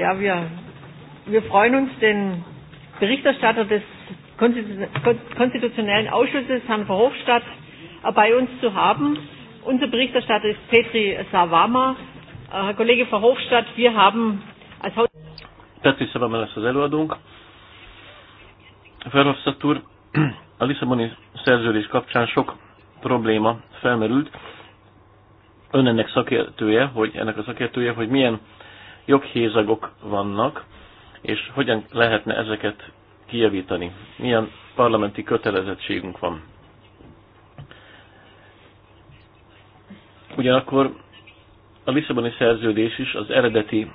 Ja, wir, wir freuen uns, den Berichterstatter des Konstitutionellen Ausschusses, Herrn Verhofstadt, äh, bei uns zu haben. Unser Berichterstatter ist Petri Savama. Äh, Herr Kollege Verhofstadt, wir haben als Haus Petri Savama lesz az előadónk. Verhofstadt úr, a Lisszaboni szerződés kapcsán sok probléma felmerült. Ön ennek szakértője, hogy ennek a szakértője, hogy milyen joghézagok vannak, és hogyan lehetne ezeket kijavítani. Milyen parlamenti kötelezettségünk van. Ugyanakkor a Lisszaboni szerződés is az eredeti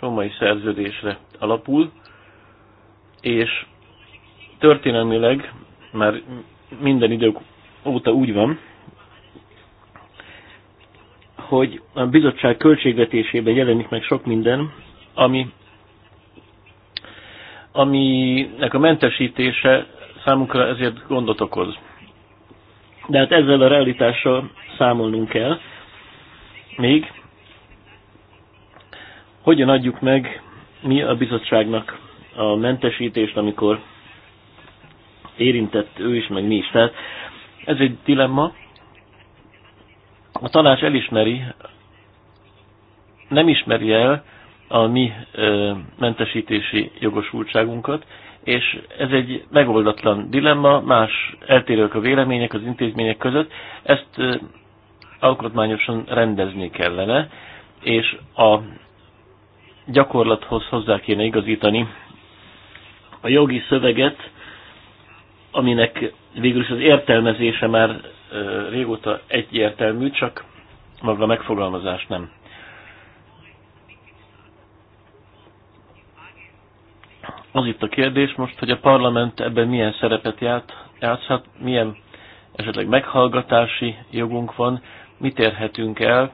római szerződésre alapul, és történelmileg már minden idők óta úgy van, hogy a bizottság költségvetésében jelenik meg sok minden, ami, aminek a mentesítése számunkra ezért gondot okoz. De hát ezzel a realitással számolnunk kell. Még hogyan adjuk meg mi a bizottságnak a mentesítést, amikor érintett ő is, meg mi is. Tehát ez egy dilemma, a tanács elismeri, nem ismeri el a mi ö, mentesítési jogosultságunkat, és ez egy megoldatlan dilemma, más eltérők a vélemények az intézmények között, ezt ö, alkotmányosan rendezni kellene, és a gyakorlathoz hozzá kéne igazítani a jogi szöveget, aminek végül is az értelmezése már régóta egyértelmű, csak maga a megfogalmazás nem. Az itt a kérdés most, hogy a parlament ebben milyen szerepet játszhat, milyen esetleg meghallgatási jogunk van, mit érhetünk el,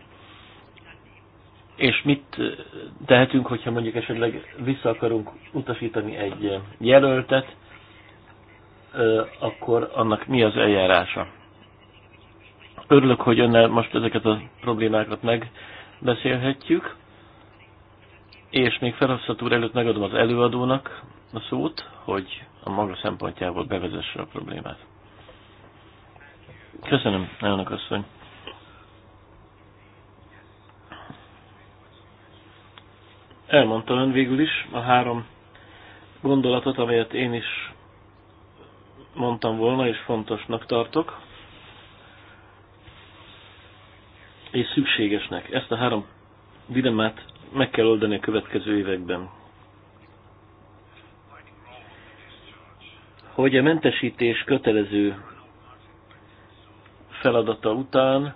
és mit tehetünk, hogyha mondjuk esetleg vissza akarunk utasítani egy jelöltet, akkor annak mi az eljárása. Örülök, hogy önnel most ezeket a problémákat megbeszélhetjük, és még Ferhofszat úr előtt megadom az előadónak a szót, hogy a maga szempontjából bevezesse a problémát. Köszönöm, elnök asszony. Elmondta ön végül is a három gondolatot, amelyet én is mondtam volna, és fontosnak tartok, és szükségesnek. Ezt a három dilemmát meg kell oldani a következő években. Hogy a mentesítés kötelező feladata után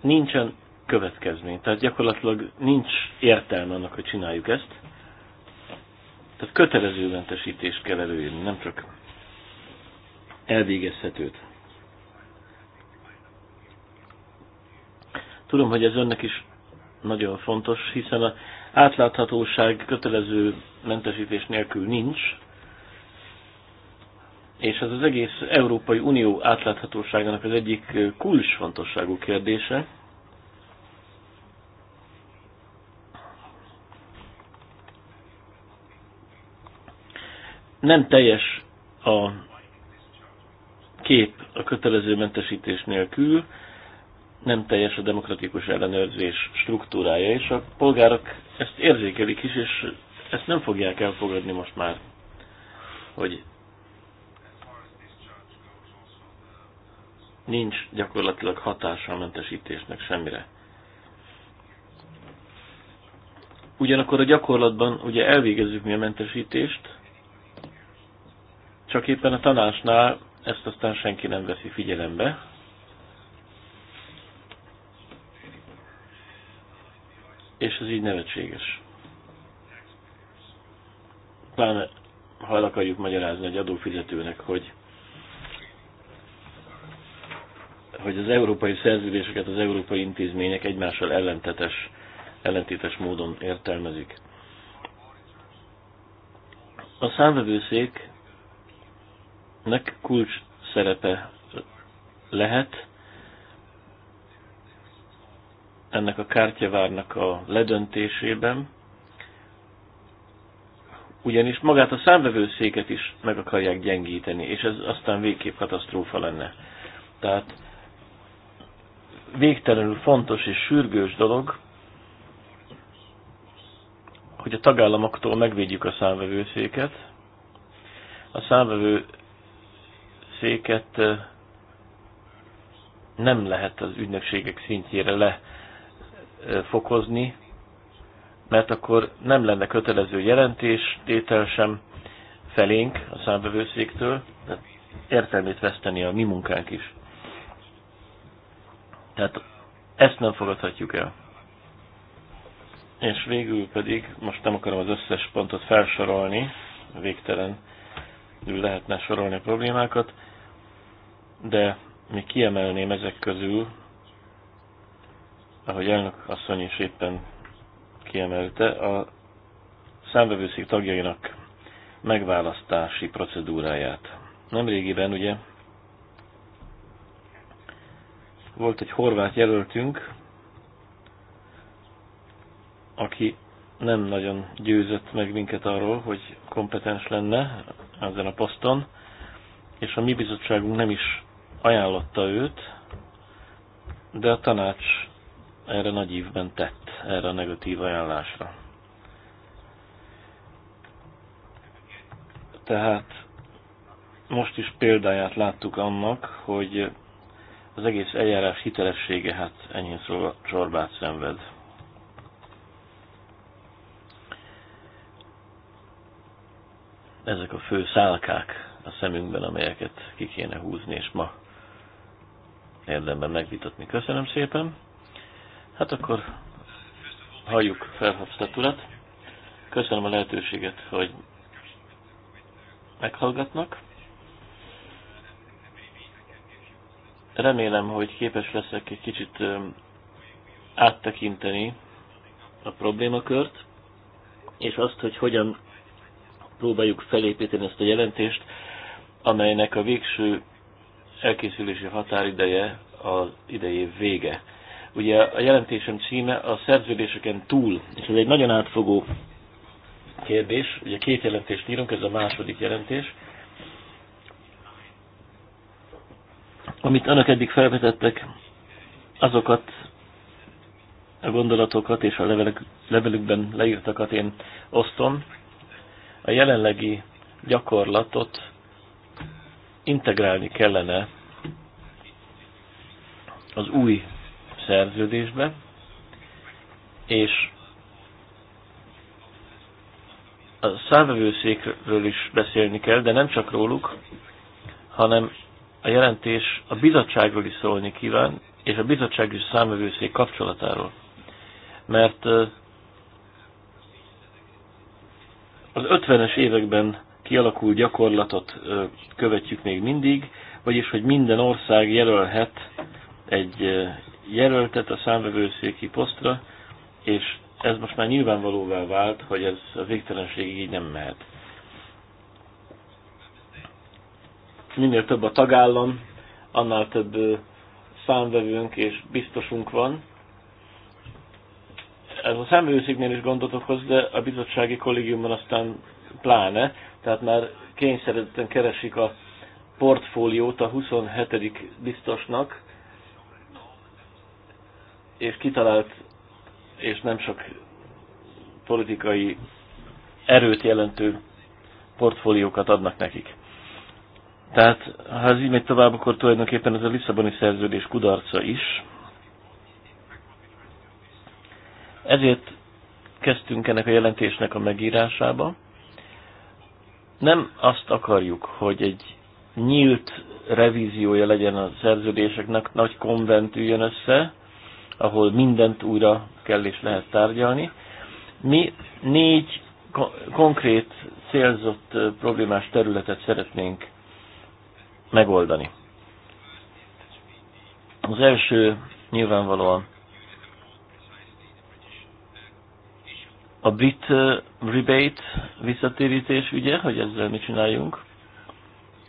nincsen következmény. Tehát gyakorlatilag nincs értelme annak, hogy csináljuk ezt. Tehát kötelező mentesítést kell előírni, nem csak elvégezhetőt. Tudom, hogy ez önnek is nagyon fontos, hiszen a átláthatóság kötelező mentesítés nélkül nincs, és ez az egész Európai Unió átláthatóságának az egyik kulcsfontosságú kérdése. Nem teljes a kép a kötelező mentesítés nélkül, nem teljes a demokratikus ellenőrzés struktúrája, és a polgárok ezt érzékelik is, és ezt nem fogják elfogadni most már, hogy nincs gyakorlatilag hatása a mentesítésnek semmire. Ugyanakkor a gyakorlatban ugye elvégezzük mi a mentesítést, csak éppen a tanácsnál ezt aztán senki nem veszi figyelembe. És ez így nevetséges. Pláne, ha el akarjuk magyarázni egy adófizetőnek, hogy hogy az európai szerződéseket az európai intézmények egymással ellentetes, ellentétes módon értelmezik. A számvevőszék nek kulcs szerepe lehet ennek a kártyavárnak a ledöntésében, ugyanis magát a számvevőszéket is meg akarják gyengíteni, és ez aztán végképp katasztrófa lenne. Tehát végtelenül fontos és sürgős dolog, hogy a tagállamoktól megvédjük a számvevőszéket. A számvevő széket nem lehet az ügynökségek szintjére lefokozni, mert akkor nem lenne kötelező tétel sem felénk a számbevőszéktől, tehát értelmét veszteni a mi munkánk is. Tehát ezt nem fogadhatjuk el. És végül pedig, most nem akarom az összes pontot felsorolni, végtelen lehetne sorolni a problémákat, de még kiemelném ezek közül, ahogy elnök asszony is éppen kiemelte, a számbevőszék tagjainak megválasztási procedúráját. Nemrégiben ugye volt egy horvát jelöltünk, aki nem nagyon győzött meg minket arról, hogy kompetens lenne ezen a poszton, és a mi bizottságunk nem is ajánlotta őt, de a tanács erre nagy ívben tett, erre a negatív ajánlásra. Tehát most is példáját láttuk annak, hogy az egész eljárás hitelessége hát enyhén szóval csorbát szenved. Ezek a fő szálkák a szemünkben, amelyeket ki kéne húzni, és ma érdemben megvitatni. Köszönöm szépen. Hát akkor halljuk Verhofstadt urat. Köszönöm a lehetőséget, hogy meghallgatnak. Remélem, hogy képes leszek egy kicsit áttekinteni a problémakört, és azt, hogy hogyan próbáljuk felépíteni ezt a jelentést, amelynek a végső elkészülési határideje az idejé vége. Ugye a jelentésem címe a szerződéseken túl, és ez egy nagyon átfogó kérdés. Ugye két jelentést írunk, ez a második jelentés. Amit önök eddig felvetettek, azokat a gondolatokat és a levelek, levelükben leírtakat én osztom. A jelenlegi gyakorlatot integrálni kellene az új szerződésbe, és a számvevőszékről is beszélni kell, de nem csak róluk, hanem a jelentés a bizottságról is szólni kíván, és a bizottság és számvevőszék kapcsolatáról. Mert az 50-es években kialakult gyakorlatot követjük még mindig, vagyis hogy minden ország jelölhet egy jelöltet a számvevőszéki posztra, és ez most már nyilvánvalóvá vált, hogy ez a végtelenségig így nem mehet. Minél több a tagállam, annál több számvevőnk és biztosunk van. Ez a számvevőszéknél is gondot okoz, de a bizottsági kollégiumban aztán pláne, tehát már kényszerülten keresik a portfóliót a 27. biztosnak, és kitalált, és nem sok politikai erőt jelentő portfóliókat adnak nekik. Tehát, ha ez így megy tovább, akkor tulajdonképpen ez a Lisszaboni szerződés kudarca is. Ezért kezdtünk ennek a jelentésnek a megírásába. Nem azt akarjuk, hogy egy nyílt revíziója legyen a szerződéseknek, nagy konvent üljön össze, ahol mindent újra kell és lehet tárgyalni. Mi négy konkrét célzott problémás területet szeretnénk megoldani. Az első nyilvánvalóan a bit rebate visszatérítés ügye, hogy ezzel mit csináljunk,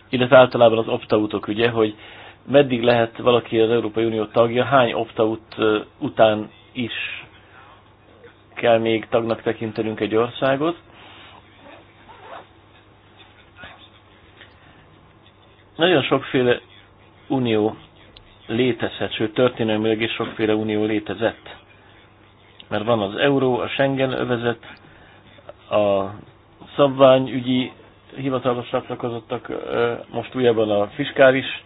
illetve általában az opt-outok ügye, hogy meddig lehet valaki az Európai Unió tagja, hány opt-out után is kell még tagnak tekintenünk egy országot. Nagyon sokféle unió létezhet, sőt történelmileg is sokféle unió létezett mert van az euró, a Schengen övezet, a szabványügyi hivatalos csatlakozottak, most újabban a fiskális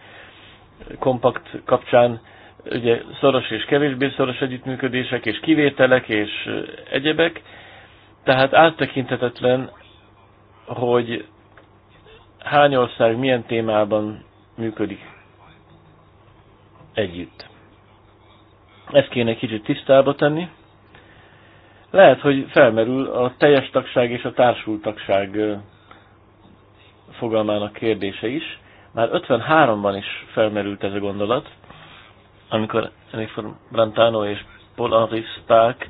kompakt kapcsán, ugye szoros és kevésbé szoros együttműködések, és kivételek, és egyebek, tehát áttekinthetetlen, hogy hány ország milyen témában működik együtt. Ezt kéne kicsit tisztába tenni. Lehet, hogy felmerül a teljes tagság és a társultagság fogalmának kérdése is. Már 53-ban is felmerült ez a gondolat, amikor Enifor Brantano és Paul Henri Stark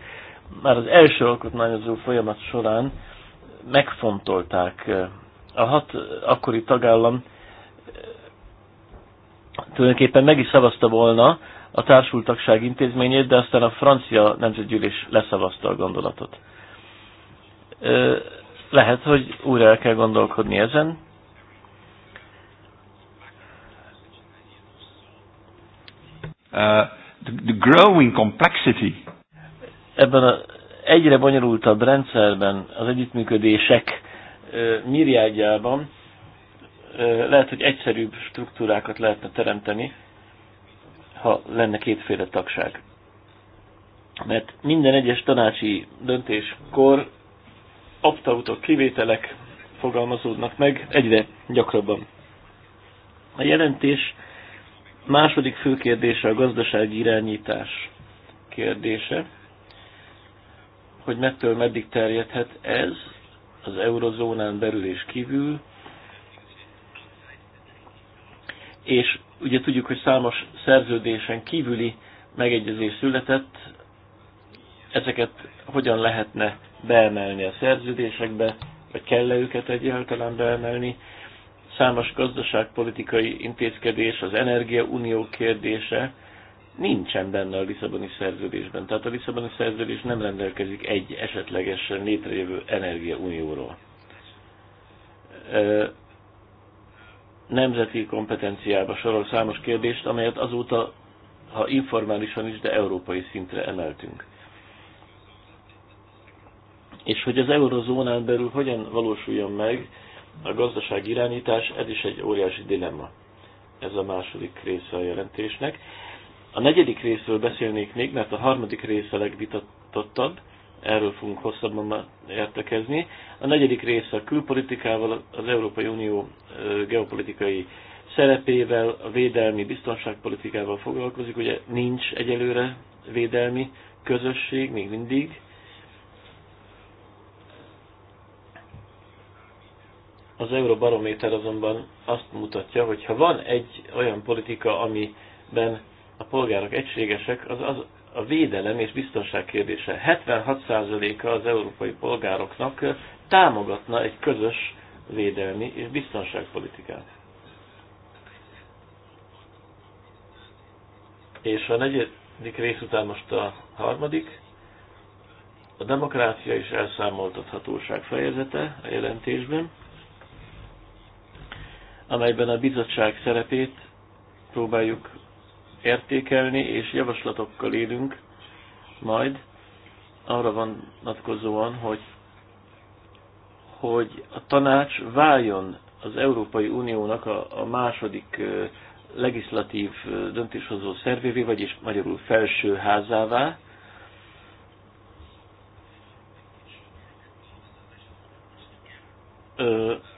már az első alkotmányozó folyamat során megfontolták. A hat akkori tagállam tulajdonképpen meg is szavazta volna a társultagság intézményét, de aztán a francia nemzetgyűlés leszavazta a gondolatot. Lehet, hogy újra el kell gondolkodni ezen. Uh, the growing complexity. Ebben az egyre bonyolultabb rendszerben, az együttműködések mirjágyában lehet, hogy egyszerűbb struktúrákat lehetne teremteni, ha lenne kétféle tagság. Mert minden egyes tanácsi döntéskor optautok, kivételek fogalmazódnak meg egyre gyakrabban. A jelentés második fő kérdése a gazdasági irányítás kérdése, hogy mettől meddig terjedhet ez az eurozónán belül és kívül, és Ugye tudjuk, hogy számos szerződésen kívüli megegyezés született, ezeket hogyan lehetne beemelni a szerződésekbe, vagy kell-e őket egyáltalán beemelni. Számos gazdaságpolitikai intézkedés, az energiaunió kérdése nincsen benne a Lisszaboni szerződésben. Tehát a Lisszaboni szerződés nem rendelkezik egy esetlegesen létrejövő energiaunióról nemzeti kompetenciába sorol számos kérdést, amelyet azóta, ha informálisan is, de európai szintre emeltünk. És hogy az eurozónán belül hogyan valósuljon meg a gazdaság irányítás, ez is egy óriási dilemma. Ez a második része a jelentésnek. A negyedik részről beszélnék még, mert a harmadik része legvitatottabb, erről fogunk hosszabban már értekezni. A negyedik része a külpolitikával, az Európai Unió geopolitikai szerepével, a védelmi biztonságpolitikával foglalkozik. Ugye nincs egyelőre védelmi közösség még mindig. Az Euróbarométer azonban azt mutatja, hogy ha van egy olyan politika, amiben a polgárok egységesek, az, az a védelem és biztonság kérdése. 76%-a az európai polgároknak támogatna egy közös védelmi és biztonságpolitikát. És a negyedik rész után most a harmadik, a demokrácia és elszámoltathatóság fejezete a jelentésben, amelyben a bizottság szerepét próbáljuk értékelni, és javaslatokkal élünk majd arra vonatkozóan, hogy, hogy a tanács váljon az Európai Uniónak a, a második legislatív döntéshozó szervévé, vagyis magyarul felsőházává,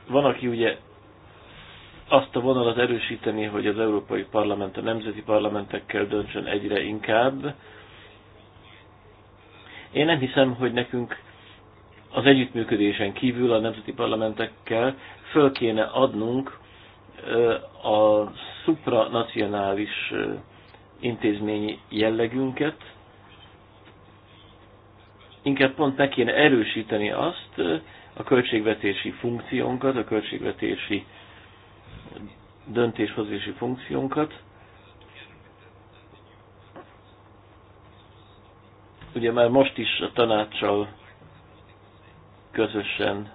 van, aki ugye azt a vonalat erősíteni, hogy az Európai Parlament a nemzeti parlamentekkel döntsön egyre inkább. Én nem hiszem, hogy nekünk az együttműködésen kívül a nemzeti parlamentekkel föl kéne adnunk a supranacionális intézményi jellegünket, inkább pont meg kéne erősíteni azt, a költségvetési funkciónkat, a költségvetési döntéshozási funkciónkat. Ugye már most is a tanácssal közösen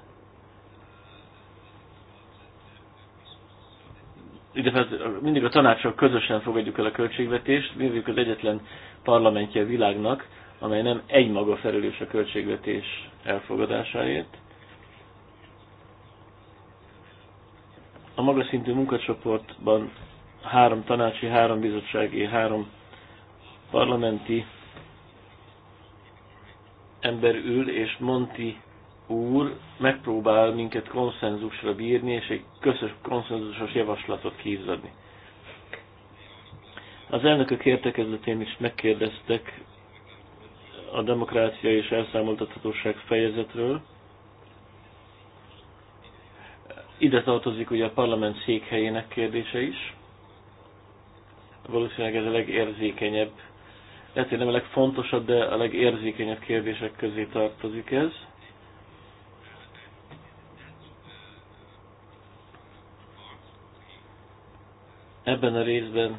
ugye hát mindig a tanácsok közösen fogadjuk el a költségvetést, mivel az egyetlen parlamentje a világnak, amely nem egymaga felelős a költségvetés elfogadásáért. A magas szintű munkacsoportban három tanácsi, három bizottsági, három parlamenti ember ül, és Monti úr megpróbál minket konszenzusra bírni, és egy közös konszenzusos javaslatot kívzadni. Az elnökök értekezletén is megkérdeztek a demokrácia és elszámoltathatóság fejezetről, ide tartozik ugye a parlament székhelyének kérdése is. Valószínűleg ez a legérzékenyebb, lehet, hogy nem a legfontosabb, de a legérzékenyebb kérdések közé tartozik ez. Ebben a részben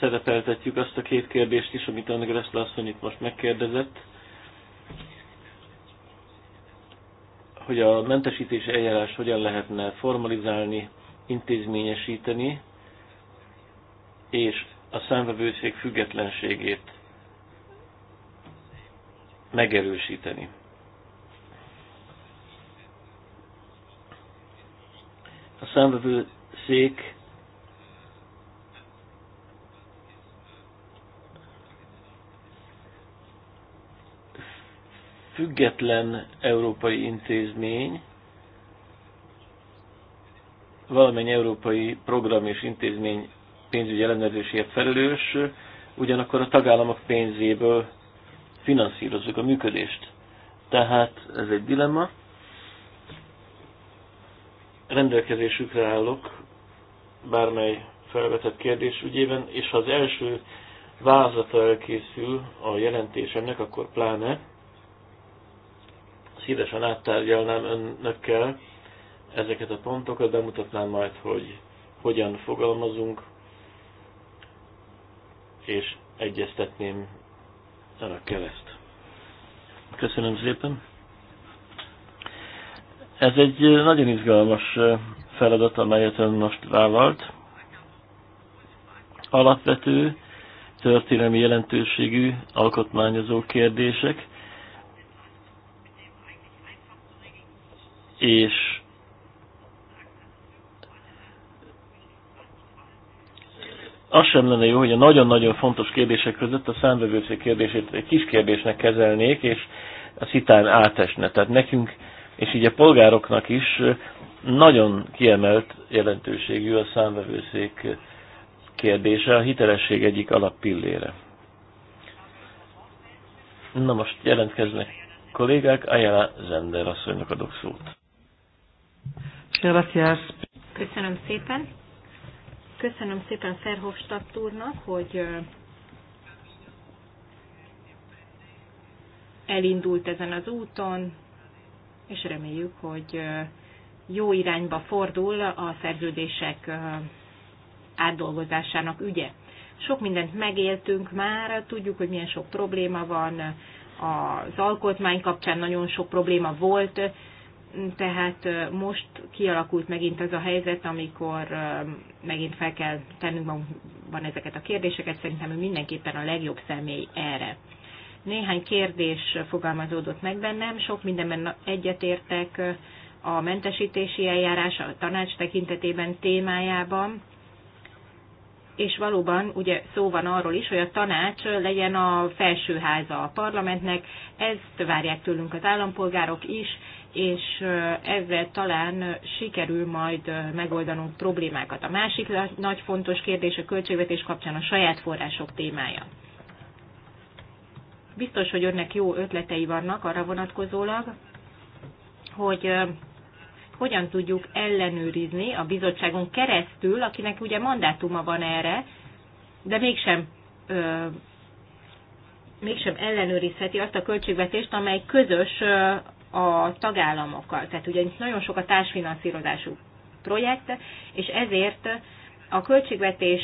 szerepeltetjük azt a két kérdést is, amit Anne Gressler asszony itt most megkérdezett, hogy a mentesítés eljárás hogyan lehetne formalizálni, intézményesíteni, és a számvevőség függetlenségét megerősíteni. A számvevőszék független európai intézmény, valamennyi európai program és intézmény pénzügyi ellenőrzésért felelős, ugyanakkor a tagállamok pénzéből finanszírozzuk a működést. Tehát ez egy dilemma. Rendelkezésükre állok bármely felvetett kérdés ügyében, és ha az első vázata elkészül a jelentésemnek, akkor pláne, szívesen áttárgyalnám önökkel ezeket a pontokat, bemutatnám majd, hogy hogyan fogalmazunk, és egyeztetném önökkel ezt. Köszönöm szépen! Ez egy nagyon izgalmas feladat, amelyet ön most vállalt. Alapvető, történelmi jelentőségű alkotmányozó kérdések, és az sem lenne jó, hogy a nagyon-nagyon fontos kérdések között a számvevőszék kérdését egy kis kérdésnek kezelnék, és a szitán átesne. Tehát nekünk, és így a polgároknak is nagyon kiemelt jelentőségű a számvevőszék kérdése, a hitelesség egyik alappillére. Na most jelentkeznek kollégák, Ayala Zender asszonynak adok szót. Köszönöm szépen. Köszönöm szépen Ferhofstadt úrnak, hogy elindult ezen az úton, és reméljük, hogy jó irányba fordul a szerződések átdolgozásának ügye. Sok mindent megéltünk már, tudjuk, hogy milyen sok probléma van, az alkotmány kapcsán nagyon sok probléma volt, tehát most kialakult megint az a helyzet, amikor megint fel kell tennünk magunkban ezeket a kérdéseket, szerintem ő mindenképpen a legjobb személy erre. Néhány kérdés fogalmazódott meg bennem, sok mindenben egyetértek a mentesítési eljárás a tanács tekintetében témájában, és valóban ugye szó van arról is, hogy a tanács legyen a felsőháza a parlamentnek, ezt várják tőlünk az állampolgárok is, és ezzel talán sikerül majd megoldanunk problémákat. A másik nagy fontos kérdés a költségvetés kapcsán a saját források témája. Biztos, hogy önnek jó ötletei vannak arra vonatkozólag, hogy hogyan tudjuk ellenőrizni a bizottságon keresztül, akinek ugye mandátuma van erre, de mégsem mégsem ellenőrizheti azt a költségvetést, amely közös a tagállamokkal. Tehát ugye nagyon sok a társfinanszírozású projekt, és ezért a költségvetés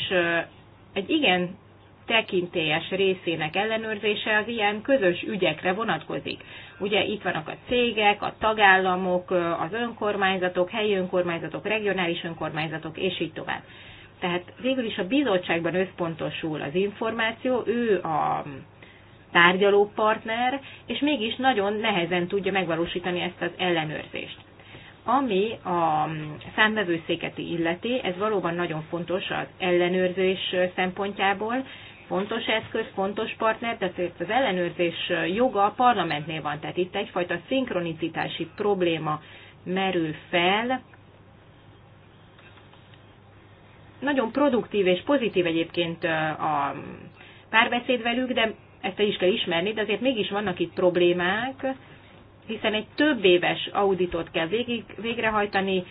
egy igen tekintélyes részének ellenőrzése az ilyen közös ügyekre vonatkozik. Ugye itt vannak a cégek, a tagállamok, az önkormányzatok, helyi önkormányzatok, regionális önkormányzatok, és így tovább. Tehát végül is a bizottságban összpontosul az információ, ő a tárgyaló partner, és mégis nagyon nehezen tudja megvalósítani ezt az ellenőrzést. Ami a számvevőszéket illeti, ez valóban nagyon fontos az ellenőrzés szempontjából, fontos eszköz, fontos partner, tehát az ellenőrzés joga a parlamentnél van, tehát itt egyfajta szinkronicitási probléma merül fel. Nagyon produktív és pozitív egyébként a párbeszéd velük, de ezt is kell ismerni, de azért mégis vannak itt problémák, hiszen egy több éves auditot kell végig, végrehajtani,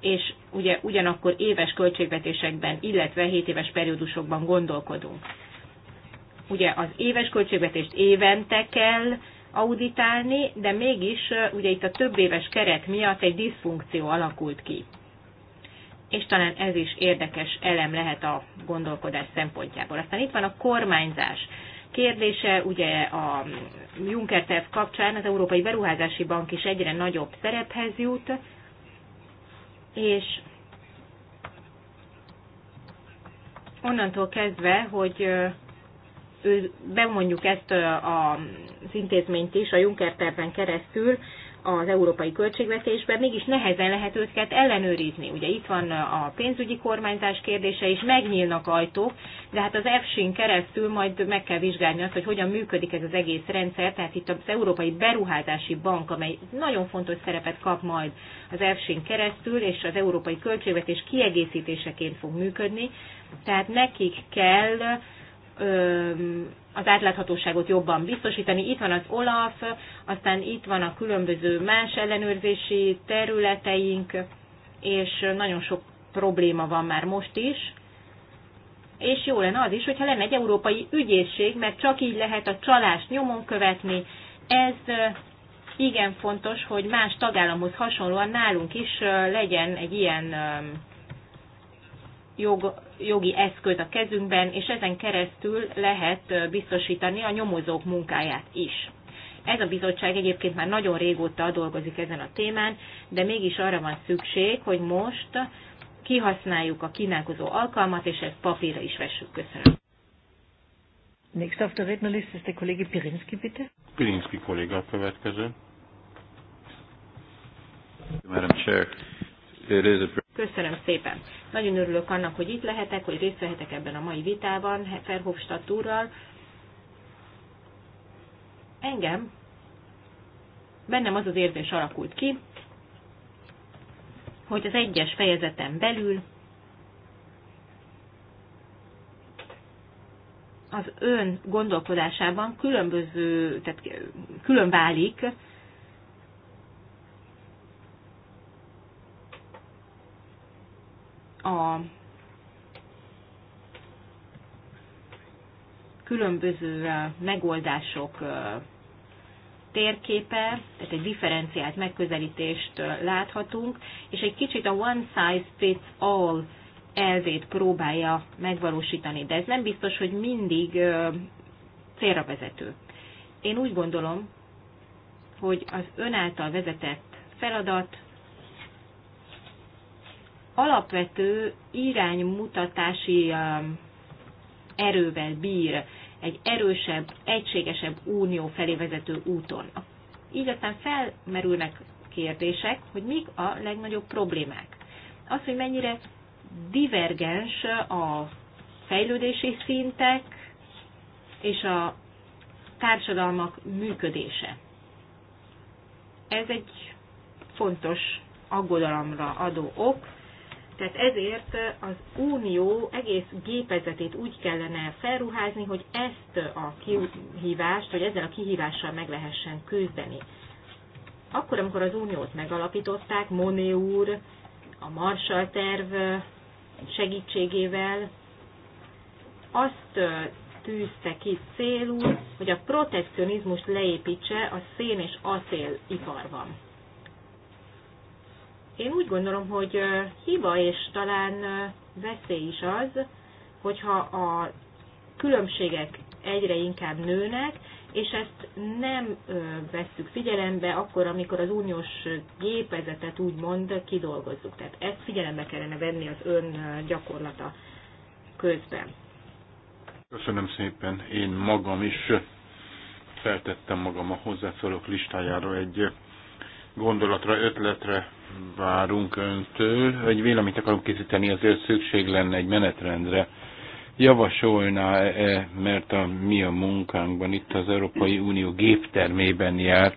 és ugye ugyanakkor éves költségvetésekben, illetve 7 éves periódusokban gondolkodunk. Ugye az éves költségvetést évente kell auditálni, de mégis ugye itt a több éves keret miatt egy diszfunkció alakult ki. És talán ez is érdekes elem lehet a gondolkodás szempontjából. Aztán itt van a kormányzás kérdése, ugye a Juncker terv kapcsán az Európai Beruházási Bank is egyre nagyobb szerephez jut, és onnantól kezdve, hogy ő bemondjuk ezt az intézményt is a Juncker terven keresztül, az európai költségvetésben, mégis nehezen lehet őket ellenőrizni. Ugye itt van a pénzügyi kormányzás kérdése, és megnyílnak ajtók, de hát az EFSIN keresztül majd meg kell vizsgálni azt, hogy hogyan működik ez az egész rendszer. Tehát itt az Európai Beruházási Bank, amely nagyon fontos szerepet kap majd az EFSIN keresztül, és az európai költségvetés kiegészítéseként fog működni. Tehát nekik kell az átláthatóságot jobban biztosítani. Itt van az OLAF, aztán itt van a különböző más ellenőrzési területeink, és nagyon sok probléma van már most is. És jó lenne az is, hogyha lenne egy európai ügyészség, mert csak így lehet a csalást nyomon követni. Ez igen fontos, hogy más tagállamhoz hasonlóan nálunk is legyen egy ilyen jog, jogi eszköz a kezünkben, és ezen keresztül lehet biztosítani a nyomozók munkáját is. Ez a bizottság egyébként már nagyon régóta dolgozik ezen a témán, de mégis arra van szükség, hogy most kihasználjuk a kínálkozó alkalmat, és ezt papírra is vessük. Köszönöm. Next auf der Rednerliste ist der Kollege Pirinski, bitte. Pirinski kolléga a következő. Madam Chair. Köszönöm szépen. Nagyon örülök annak, hogy itt lehetek, hogy részt vehetek ebben a mai vitában Ferhofstadt úrral. Engem bennem az az érzés alakult ki, hogy az egyes fejezeten belül az ön gondolkodásában különböző, tehát külön válik a különböző megoldások térképe, tehát egy differenciált megközelítést láthatunk, és egy kicsit a one size fits all elvét próbálja megvalósítani, de ez nem biztos, hogy mindig célra vezető. Én úgy gondolom, hogy az ön által vezetett feladat alapvető iránymutatási um, erővel bír egy erősebb, egységesebb unió felé vezető úton. Így aztán felmerülnek kérdések, hogy mik a legnagyobb problémák. Az, hogy mennyire divergens a fejlődési szintek és a társadalmak működése. Ez egy fontos aggodalomra adó ok, tehát ezért az unió egész gépezetét úgy kellene felruházni, hogy ezt a kihívást, hogy ezzel a kihívással meg lehessen küzdeni. Akkor, amikor az uniót megalapították, Moné úr, a Marshall terv segítségével azt tűzte ki célul, hogy a protekcionizmust leépítse a szén és acél iparban. Én úgy gondolom, hogy hiba és talán veszély is az, hogyha a különbségek egyre inkább nőnek, és ezt nem vesszük figyelembe akkor, amikor az uniós gépezetet úgymond kidolgozzuk. Tehát ezt figyelembe kellene venni az ön gyakorlata közben. Köszönöm szépen. Én magam is feltettem magam a hozzászólók listájára egy gondolatra, ötletre, várunk öntől. hogy véleményt akarunk készíteni, azért szükség lenne egy menetrendre. Javasolná, -e, mert a mi a munkánkban itt az Európai Unió géptermében jár,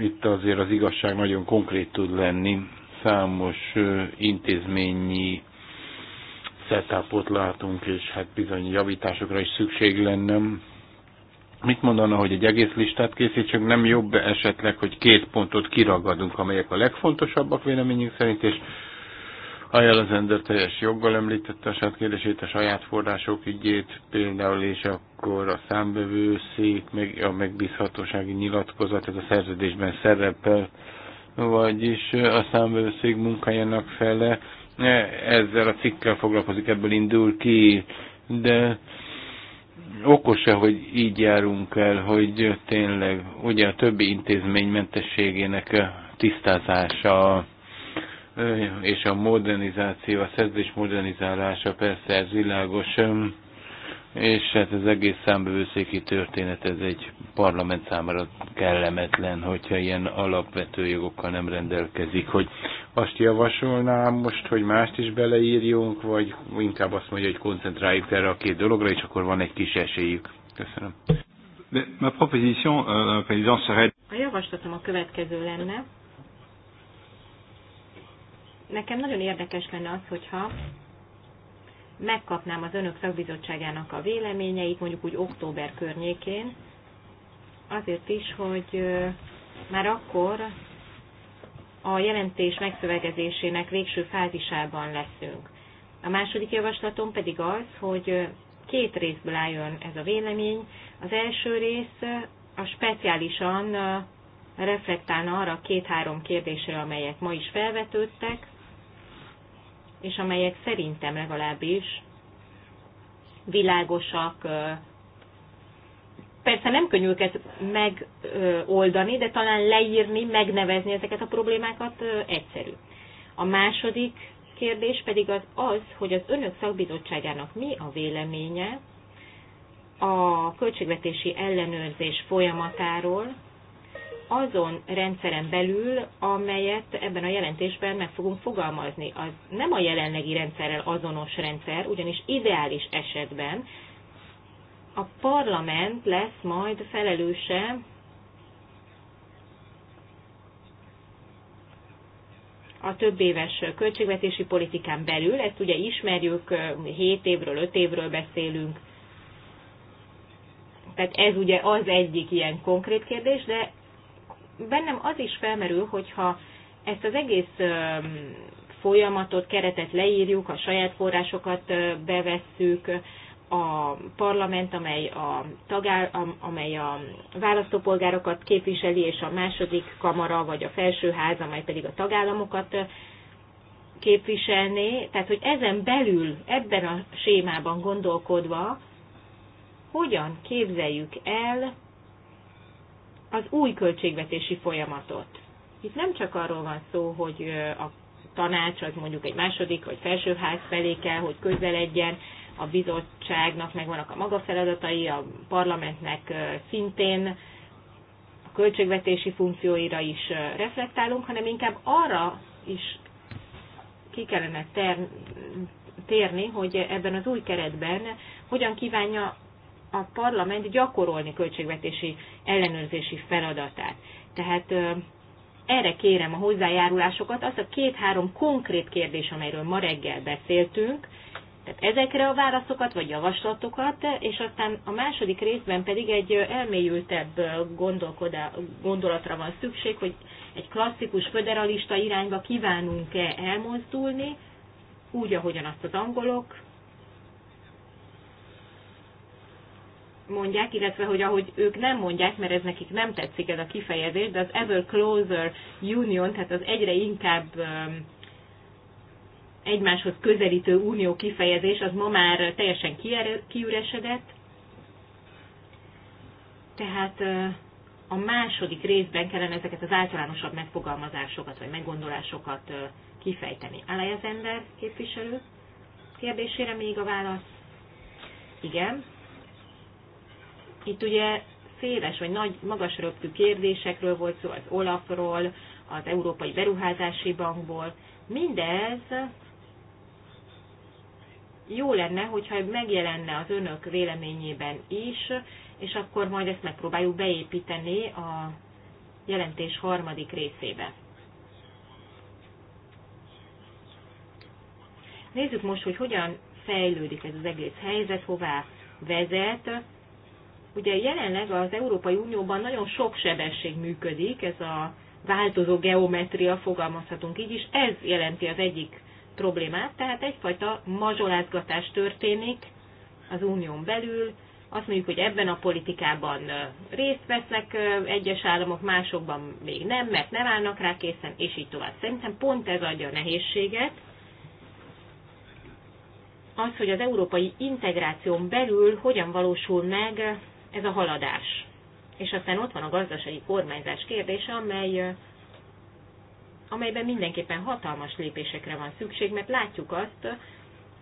itt azért az igazság nagyon konkrét tud lenni. Számos intézményi setupot látunk, és hát bizony javításokra is szükség lenne mit mondana, hogy egy egész listát készítsünk, nem jobb esetleg, hogy két pontot kiragadunk, amelyek a legfontosabbak véleményünk szerint, és a az ember teljes joggal említette a saját kérdését, a saját források ügyét például, és akkor a számbevőszék, meg a megbízhatósági nyilatkozat, ez a szerződésben szerepel, vagyis a számbevőszék munkájának fele e, ezzel a cikkkel foglalkozik, ebből indul ki, de okos-e, hogy így járunk el, hogy tényleg ugye a többi intézmény mentességének tisztázása és a modernizáció, a szerzés modernizálása persze ez világos, és hát az egész számbevőszéki történet, ez egy parlament számára kellemetlen, hogyha ilyen alapvető jogokkal nem rendelkezik, hogy azt javasolnám most, hogy mást is beleírjunk, vagy inkább azt mondja, hogy koncentráljuk erre a két dologra, és akkor van egy kis esélyük. Köszönöm. ma proposition, euh, A javaslatom a következő lenne. Nekem nagyon érdekes lenne az, hogyha megkapnám az önök szakbizottságának a véleményeit, mondjuk úgy október környékén, azért is, hogy már akkor a jelentés megszövegezésének végső fázisában leszünk. A második javaslatom pedig az, hogy két részből álljon ez a vélemény. Az első rész a speciálisan reflektálna arra a két-három kérdésre, amelyek ma is felvetődtek, és amelyek szerintem legalábbis világosak. Persze nem könnyű őket megoldani, de talán leírni, megnevezni ezeket a problémákat egyszerű. A második kérdés pedig az az, hogy az önök szakbizottságának mi a véleménye a költségvetési ellenőrzés folyamatáról, azon rendszeren belül, amelyet ebben a jelentésben meg fogunk fogalmazni. Az nem a jelenlegi rendszerrel azonos rendszer, ugyanis ideális esetben a parlament lesz majd felelőse a több éves költségvetési politikán belül, ezt ugye ismerjük, 7 évről, 5 évről beszélünk, tehát ez ugye az egyik ilyen konkrét kérdés, de bennem az is felmerül, hogyha ezt az egész folyamatot, keretet leírjuk, a saját forrásokat bevesszük, a parlament, amely a, tagál, amely a választópolgárokat képviseli, és a második kamara, vagy a felsőház, amely pedig a tagállamokat képviselné. Tehát, hogy ezen belül, ebben a sémában gondolkodva, hogyan képzeljük el az új költségvetési folyamatot. Itt nem csak arról van szó, hogy a tanács az mondjuk egy második vagy felsőház felé kell, hogy közeledjen, a bizottságnak megvannak a maga feladatai, a parlamentnek szintén a költségvetési funkcióira is reflektálunk, hanem inkább arra is ki kellene ter- térni, hogy ebben az új keretben hogyan kívánja a parlament gyakorolni költségvetési ellenőrzési feladatát. Tehát erre kérem a hozzájárulásokat, az a két-három konkrét kérdés, amelyről ma reggel beszéltünk, tehát ezekre a válaszokat vagy javaslatokat, és aztán a második részben pedig egy elmélyültebb gondolatra van szükség, hogy egy klasszikus föderalista irányba kívánunk-e elmozdulni, úgy, ahogyan azt az angolok mondják, illetve hogy ahogy ők nem mondják, mert ez nekik nem tetszik ez a kifejezés, de az Ever Closer Union, tehát az egyre inkább egymáshoz közelítő unió kifejezés, az ma már teljesen kiüresedett. Tehát a második részben kellene ezeket az általánosabb megfogalmazásokat vagy meggondolásokat kifejteni. Alajazember képviselő kérdésére még a válasz? Igen. Itt ugye széles vagy nagy, magas röptű kérdésekről volt szó, az Olafról, az Európai Beruházási Bankból. Mindez jó lenne, hogyha megjelenne az önök véleményében is, és akkor majd ezt megpróbáljuk beépíteni a jelentés harmadik részébe. Nézzük most, hogy hogyan fejlődik ez az egész helyzet, hová vezet, Ugye jelenleg az Európai Unióban nagyon sok sebesség működik, ez a változó geometria, fogalmazhatunk így is, ez jelenti az egyik problémát, tehát egyfajta mazsolázgatás történik az unión belül, azt mondjuk, hogy ebben a politikában részt vesznek egyes államok, másokban még nem, mert nem állnak rá készen, és így tovább. Szerintem pont ez adja a nehézséget, az, hogy az európai integráción belül hogyan valósul meg ez a haladás. És aztán ott van a gazdasági kormányzás kérdése, amely, amelyben mindenképpen hatalmas lépésekre van szükség, mert látjuk azt,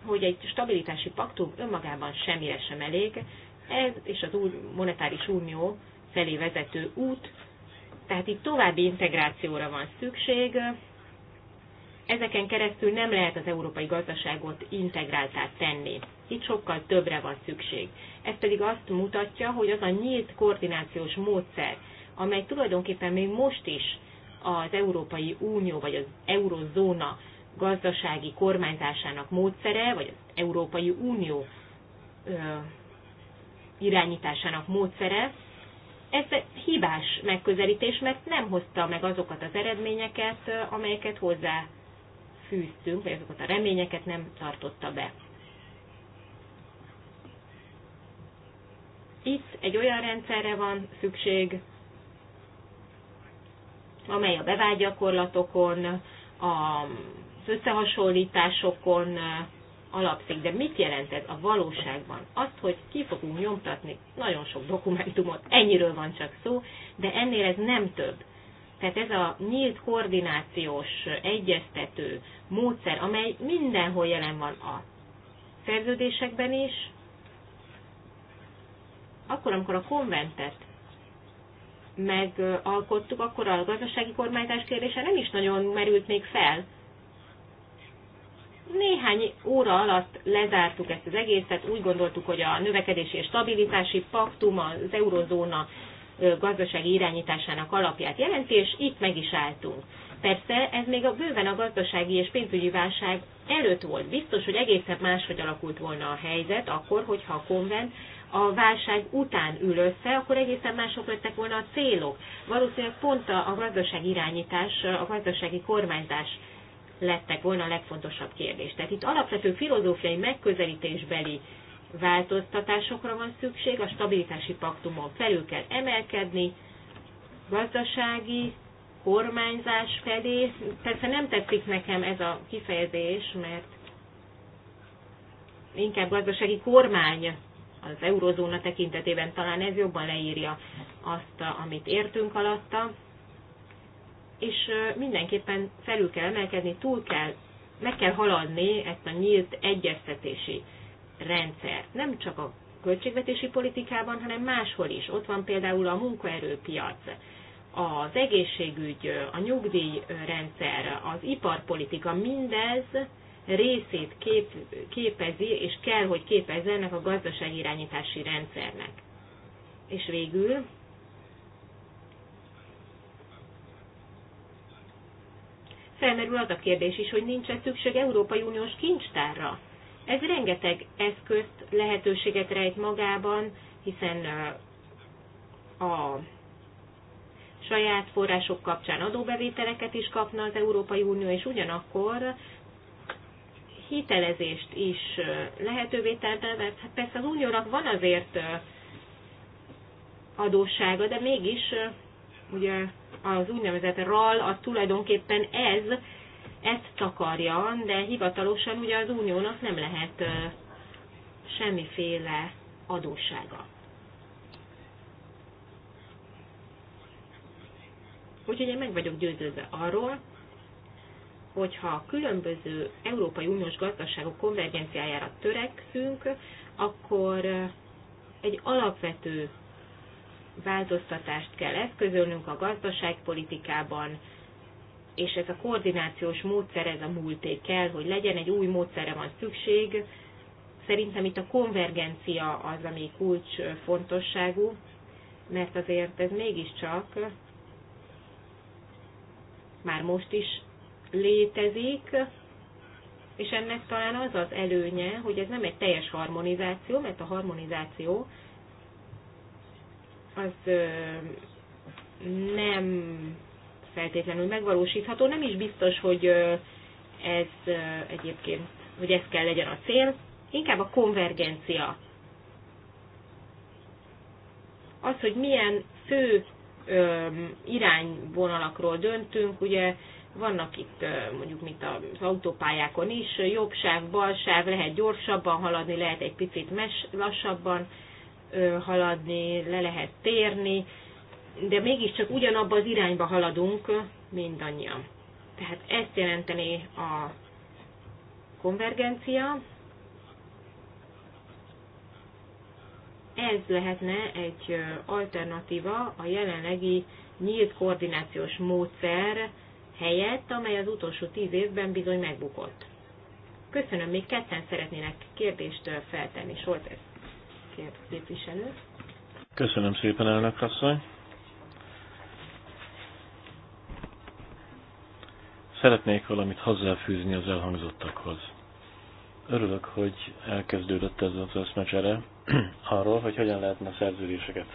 hogy egy stabilitási paktum önmagában semmire sem elég, ez és az új monetáris unió felé vezető út, tehát itt további integrációra van szükség, ezeken keresztül nem lehet az európai gazdaságot integráltá tenni. Itt sokkal többre van szükség. Ez pedig azt mutatja, hogy az a nyílt koordinációs módszer, amely tulajdonképpen még most is az Európai Unió vagy az Eurozóna gazdasági kormányzásának módszere, vagy az Európai Unió ö, irányításának módszere, ez hibás megközelítés, mert nem hozta meg azokat az eredményeket, amelyeket hozzá fűztünk, vagy azokat a reményeket nem tartotta be. Itt egy olyan rendszerre van szükség, amely a bevágyakorlatokon, az összehasonlításokon alapszik. De mit jelent ez a valóságban? Azt, hogy ki fogunk nyomtatni nagyon sok dokumentumot, ennyiről van csak szó, de ennél ez nem több. Tehát ez a nyílt koordinációs, egyeztető módszer, amely mindenhol jelen van a szerződésekben is, akkor, amikor a konventet megalkottuk, akkor a gazdasági kormányzás kérdése nem is nagyon merült még fel. Néhány óra alatt lezártuk ezt az egészet, úgy gondoltuk, hogy a növekedési és stabilitási paktum, az eurozóna gazdasági irányításának alapját jelenti, és itt meg is álltunk. Persze ez még a bőven a gazdasági és pénzügyi válság előtt volt. Biztos, hogy egészen máshogy alakult volna a helyzet akkor, hogyha a konvent a válság után ül össze, akkor egészen mások lettek volna a célok. Valószínűleg pont a gazdaság irányítás, a gazdasági kormányzás lettek volna a legfontosabb kérdés. Tehát itt alapvető filozófiai megközelítésbeli változtatásokra van szükség, a stabilitási paktumon felül kell emelkedni, gazdasági, kormányzás felé. Persze nem tetszik nekem ez a kifejezés, mert inkább gazdasági kormány az eurozóna tekintetében talán ez jobban leírja azt, amit értünk alatta, és mindenképpen felül kell emelkedni, túl kell, meg kell haladni ezt a nyílt egyeztetési rendszert. Nem csak a költségvetési politikában, hanem máshol is. Ott van például a munkaerőpiac, az egészségügy, a nyugdíjrendszer, az iparpolitika, mindez részét kép, képezi, és kell, hogy képezze ennek a gazdaságirányítási rendszernek. És végül felmerül az a kérdés is, hogy nincs-e szükség Európai Uniós kincstárra, ez rengeteg eszközt, lehetőséget rejt magában, hiszen a saját források kapcsán adóbevételeket is kapna az Európai Unió, és ugyanakkor hitelezést is lehetővé tette. mert hát persze az uniónak van azért adóssága, de mégis ugye az úgynevezett RAL az tulajdonképpen ez, ezt takarja, de hivatalosan ugye az uniónak nem lehet semmiféle adóssága. Úgyhogy én meg vagyok győződve arról, hogyha a különböző Európai Uniós gazdaságok konvergenciájára törekszünk, akkor egy alapvető változtatást kell eszközölnünk a gazdaságpolitikában, és ez a koordinációs módszer, ez a múlté kell, hogy legyen, egy új módszerre van szükség. Szerintem itt a konvergencia az, ami kulcs fontosságú, mert azért ez mégiscsak már most is létezik, és ennek talán az az előnye, hogy ez nem egy teljes harmonizáció, mert a harmonizáció az nem feltétlenül megvalósítható. Nem is biztos, hogy ez egyébként, hogy ez kell legyen a cél, inkább a konvergencia. Az, hogy milyen fő irányvonalakról döntünk, ugye vannak itt mondjuk, mint az autópályákon is, jobb sáv, bal sáv, lehet gyorsabban haladni, lehet egy picit mes, lassabban haladni, le lehet térni, de mégiscsak ugyanabba az irányba haladunk mindannyian. Tehát ezt jelenteni a konvergencia. Ez lehetne egy alternatíva a jelenlegi nyílt koordinációs módszer helyett, amely az utolsó tíz évben bizony megbukott. Köszönöm, még ketten szeretnének kérdést feltenni. Soltesz képviselő. Köszönöm szépen, elnök asszony. Szeretnék valamit hozzáfűzni az elhangzottakhoz. Örülök, hogy elkezdődött ez az összmecsere arról, hogy hogyan lehetne a szerződéseket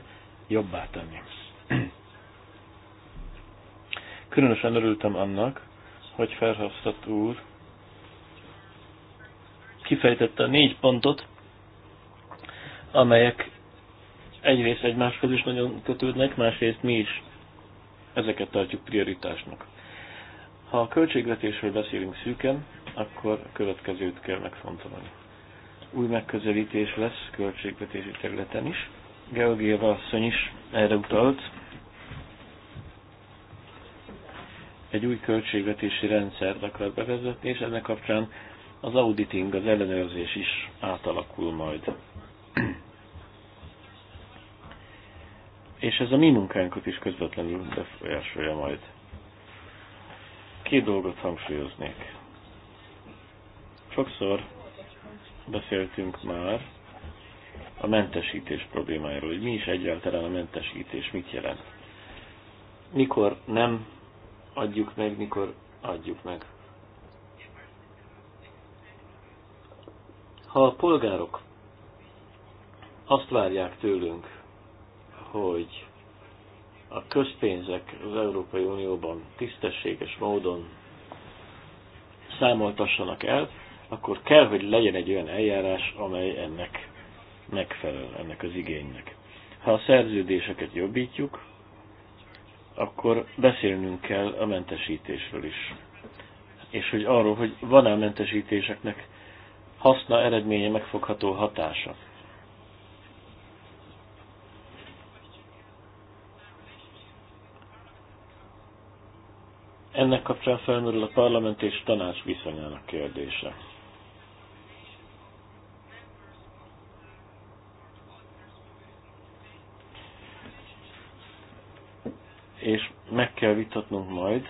jobbá tenni. Különösen örültem annak, hogy felhasztott úr kifejtette a négy pontot, amelyek egyrészt egymáshoz is nagyon kötődnek, másrészt mi is ezeket tartjuk prioritásnak. Ha a költségvetésről beszélünk szűken, akkor a következőt kell megfontolni. Új megközelítés lesz költségvetési területen is. Georgieva asszony is erre utalt. Egy új költségvetési rendszert akar bevezetni, és ennek kapcsán az auditing, az ellenőrzés is átalakul majd. és ez a mi munkánkat is közvetlenül befolyásolja majd. Két dolgot hangsúlyoznék. Sokszor beszéltünk már a mentesítés problémáiról. hogy mi is egyáltalán a mentesítés mit jelent. Mikor nem adjuk meg, mikor adjuk meg. Ha a polgárok azt várják tőlünk, hogy a közpénzek az Európai Unióban tisztességes módon számoltassanak el, akkor kell, hogy legyen egy olyan eljárás, amely ennek megfelel, ennek az igénynek. Ha a szerződéseket jobbítjuk, akkor beszélnünk kell a mentesítésről is. És hogy arról, hogy van-e a mentesítéseknek haszna, eredménye, megfogható hatása. Ennek kapcsán felmerül a parlament és tanács viszonyának kérdése. És meg kell vitatnunk majd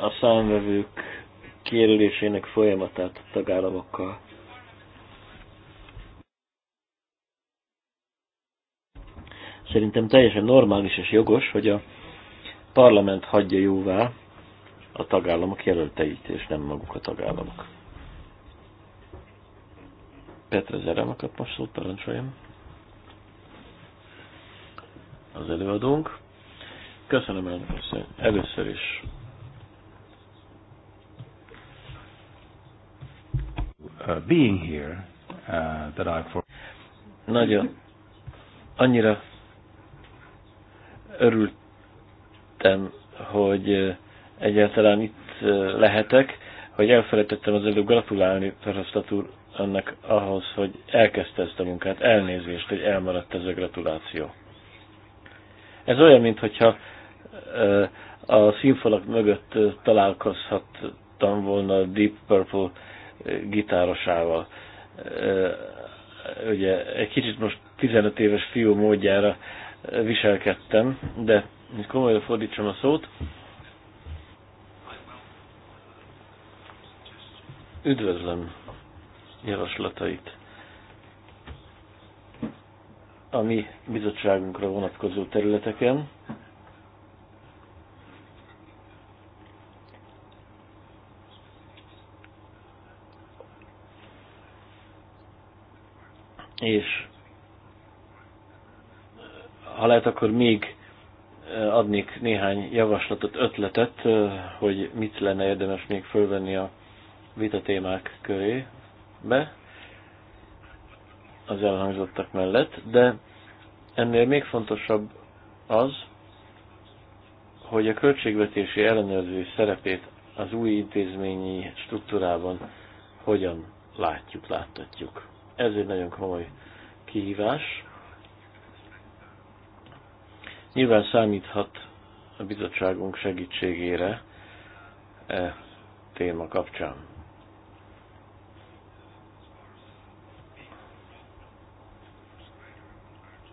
a számvevők kérülésének folyamatát a tagállamokkal. Szerintem teljesen normális és jogos, hogy a parlament hagyja jóvá a tagállamok jelölteit, és nem maguk a tagállamok. Petra Zerem kap most szót, parancsoljam. Az előadónk. Köszönöm el, először is. Uh, being here, uh, that I for... Nagyon, annyira örült Örültem, hogy egyáltalán itt lehetek, hogy elfelejtettem az előbb gratulálni Verhofstadt úr annak ahhoz, hogy elkezdte ezt a munkát. Elnézést, hogy elmaradt ez a gratuláció. Ez olyan, mintha a színfalak mögött találkozhattam volna a Deep Purple gitárosával. Ugye egy kicsit most 15 éves fiú módjára viselkedtem, de hogy komolyra fordítsam a szót. Üdvözlöm javaslatait a mi bizottságunkra vonatkozó területeken. És ha lehet, akkor még adnék néhány javaslatot, ötletet, hogy mit lenne érdemes még fölvenni a témák köré be az elhangzottak mellett, de ennél még fontosabb az, hogy a költségvetési ellenőrző szerepét az új intézményi struktúrában hogyan látjuk, láttatjuk. Ez egy nagyon komoly kihívás, Nyilván számíthat a bizottságunk segítségére e téma kapcsán.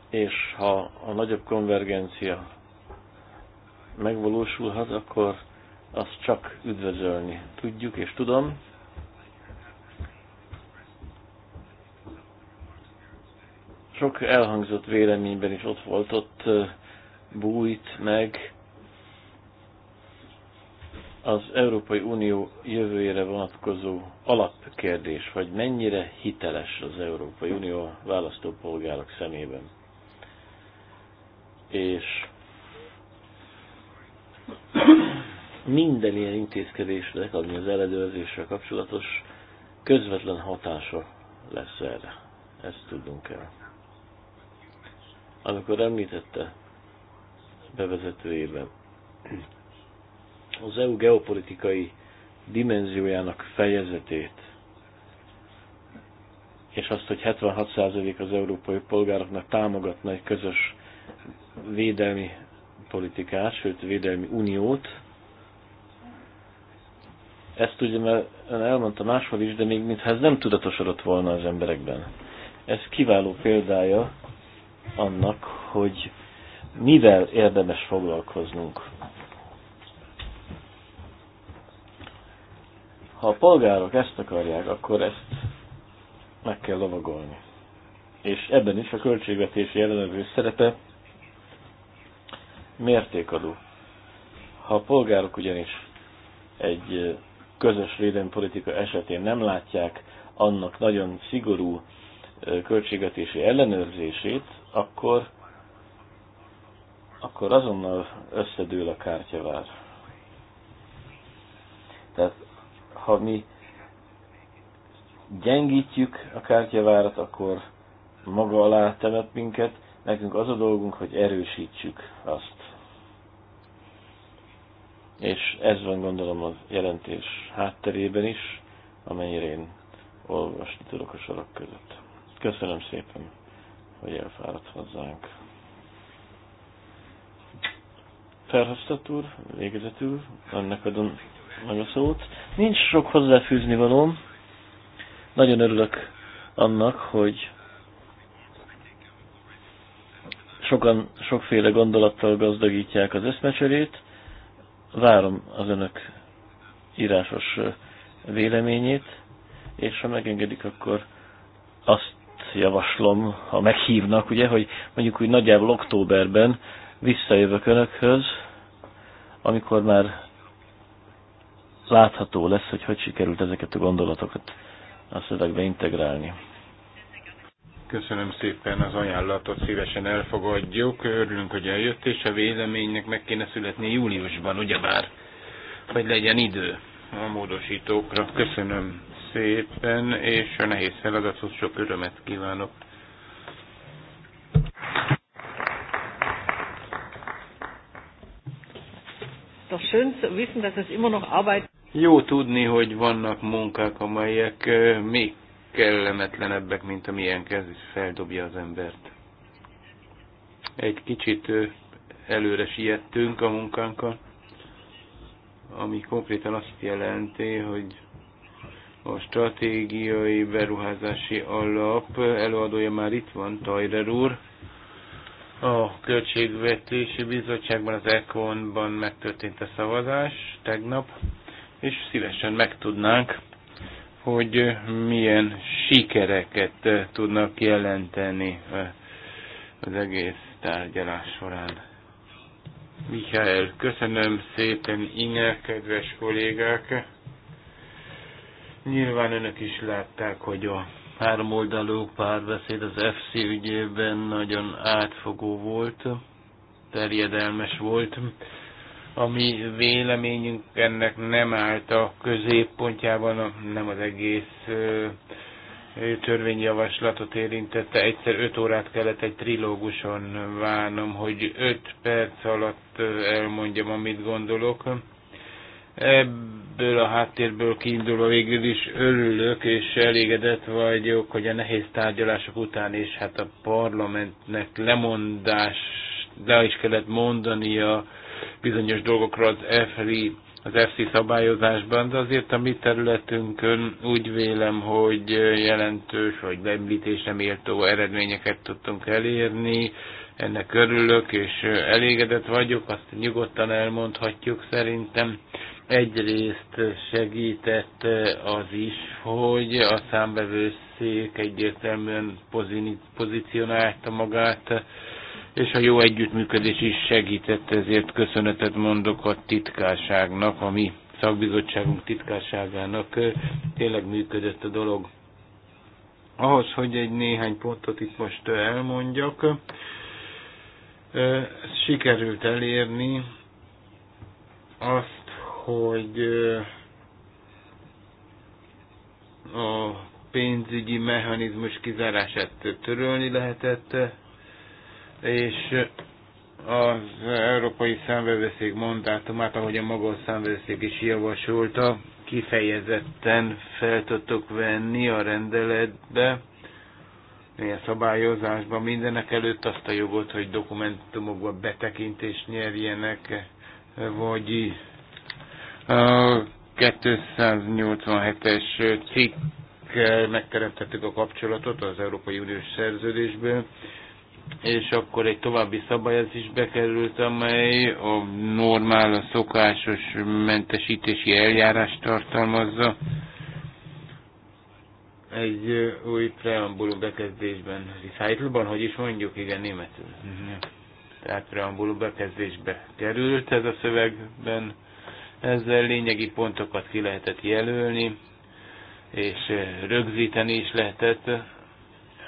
És ha a nagyobb konvergencia megvalósulhat, akkor azt csak üdvözölni tudjuk, és tudom, sok elhangzott véleményben is ott volt, ott bújt meg az Európai Unió jövőjére vonatkozó alapkérdés, hogy mennyire hiteles az Európai Unió a választópolgárok szemében. És minden ilyen intézkedésnek, ami az eledőzéssel kapcsolatos, közvetlen hatása lesz erre. Ezt tudunk el. Amikor említette bevezetőjében. Az EU geopolitikai dimenziójának fejezetét és azt, hogy 76% az európai polgároknak támogatna egy közös védelmi politikát, sőt védelmi uniót. Ezt ugye már ön elmondta máshol is, de még mintha ez nem tudatosodott volna az emberekben. Ez kiváló példája annak, hogy mivel érdemes foglalkoznunk. Ha a polgárok ezt akarják, akkor ezt meg kell lovagolni. És ebben is a költségvetési ellenőrző szerepe mértékadó. Ha a polgárok ugyanis egy közös védelmi politika esetén nem látják annak nagyon szigorú költségvetési ellenőrzését, akkor akkor azonnal összedől a kártyavár. Tehát ha mi gyengítjük a kártyavárat, akkor maga alá temet minket, nekünk az a dolgunk, hogy erősítsük azt. És ez van gondolom a jelentés hátterében is, amennyire én olvasni tudok a sorok között. Köszönöm szépen, hogy elfáradt hozzánk. Ferhasztat úr, végezetül, annak adom meg a szót. Nincs sok hozzáfűzni valóm. Nagyon örülök annak, hogy sokan sokféle gondolattal gazdagítják az eszmecserét. Várom az önök írásos véleményét, és ha megengedik, akkor azt javaslom, ha meghívnak, ugye, hogy mondjuk úgy nagyjából októberben visszajövök önökhöz, amikor már látható lesz, hogy hogy sikerült ezeket a gondolatokat a szövegbe integrálni. Köszönöm szépen az ajánlatot, szívesen elfogadjuk. Örülünk, hogy eljött, és a véleménynek meg kéne születni júliusban, ugyebár, hogy legyen idő a módosítókra. Köszönöm szépen, és a nehéz feladathoz sok örömet kívánok. Jó tudni, hogy vannak munkák, amelyek még kellemetlenebbek, mint amilyen ez feldobja az embert. Egy kicsit előre siettünk a munkánkkal, ami konkrétan azt jelenti, hogy a stratégiai beruházási alap előadója már itt van, Tajder úr, a Költségvetési Bizottságban, az ECON-ban megtörtént a szavazás tegnap, és szívesen megtudnánk, hogy milyen sikereket tudnak jelenteni az egész tárgyalás során. Mikael, köszönöm szépen, Inge, kedves kollégák! Nyilván önök is látták, hogy a háromoldalú párbeszéd az FC ügyében nagyon átfogó volt, terjedelmes volt. A mi véleményünk ennek nem állt a középpontjában, nem az egész törvényjavaslatot érintette. Egyszer öt órát kellett egy trilóguson várnom, hogy öt perc alatt elmondjam, amit gondolok. Ebből a háttérből kiindulva végül is örülök, és elégedett vagyok, hogy a nehéz tárgyalások után is hát a parlamentnek lemondás, le is kellett mondania bizonyos dolgokra az EFRI az FC szabályozásban, de azért a mi területünkön úgy vélem, hogy jelentős vagy beemlítésre méltó eredményeket tudtunk elérni. Ennek örülök és elégedett vagyok, azt nyugodtan elmondhatjuk szerintem egyrészt segített az is, hogy a számbevőszék egyértelműen pozícionálta magát, és a jó együttműködés is segített, ezért köszönetet mondok a titkárságnak, a mi szakbizottságunk titkárságának. Tényleg működött a dolog. Ahhoz, hogy egy néhány pontot itt most elmondjak, eh, sikerült elérni azt, hogy a pénzügyi mechanizmus kizárását törölni lehetett, és az Európai Számvevőszék mondátumát, ahogy a maga a számvevőszék is javasolta, kifejezetten fel tudtok venni a rendeletbe, a szabályozásban mindenek előtt azt a jogot, hogy dokumentumokba betekintést nyerjenek, vagy a 287-es cikk megteremtettük a kapcsolatot az Európai Uniós szerződésből, és akkor egy további szabályozás is bekerült, amely a normál, a szokásos mentesítési eljárást tartalmazza egy új preambulum bekezdésben, recitalban, hogy is mondjuk, igen, németül. Mhm. Tehát preambulum bekezdésbe került ez a szövegben, ezzel lényegi pontokat ki lehetett jelölni, és eh, rögzíteni is lehetett.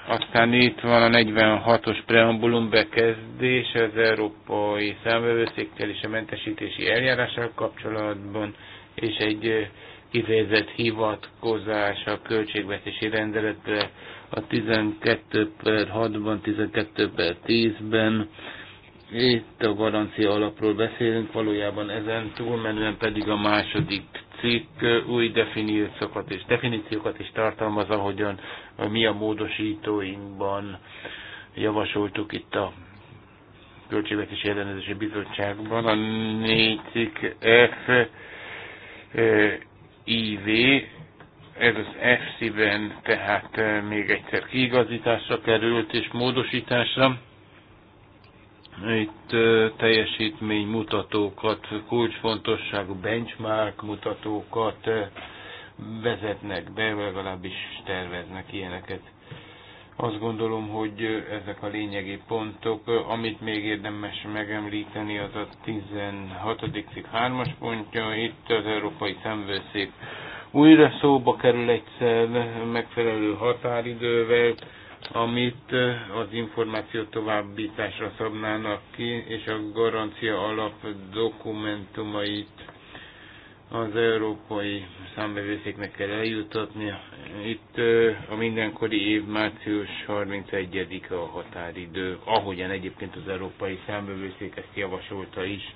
Aztán itt van a 46-os preambulum bekezdés az európai számvevőszékkel és a mentesítési eljárással kapcsolatban, és egy eh, kifejezett hivatkozás a költségvetési rendeletre a 12 per 6-ban, 12 per 10-ben itt a garancia alapról beszélünk, valójában ezen túlmenően pedig a második cikk új definíciókat és definíciókat is tartalmaz, ahogyan mi a módosítóinkban javasoltuk itt a Költségvetési Ellenőrzési Bizottságban. A négy cikk F, IV, ez az F ben tehát még egyszer kiigazításra került és módosításra itt teljesítménymutatókat, kulcsfontosságú benchmark mutatókat vezetnek be, legalábbis terveznek ilyeneket. Azt gondolom, hogy ezek a lényegi pontok, amit még érdemes megemlíteni, az a 16. cikk 3-as pontja, itt az Európai Szemvőszék újra szóba kerül egyszer megfelelő határidővel, amit eh, az információ továbbításra szabnának ki, és a garancia alap dokumentumait az európai számbevészéknek kell eljutatni. Itt eh, a mindenkori év március 31-e a határidő, ahogyan egyébként az európai számbevőszék ezt javasolta is.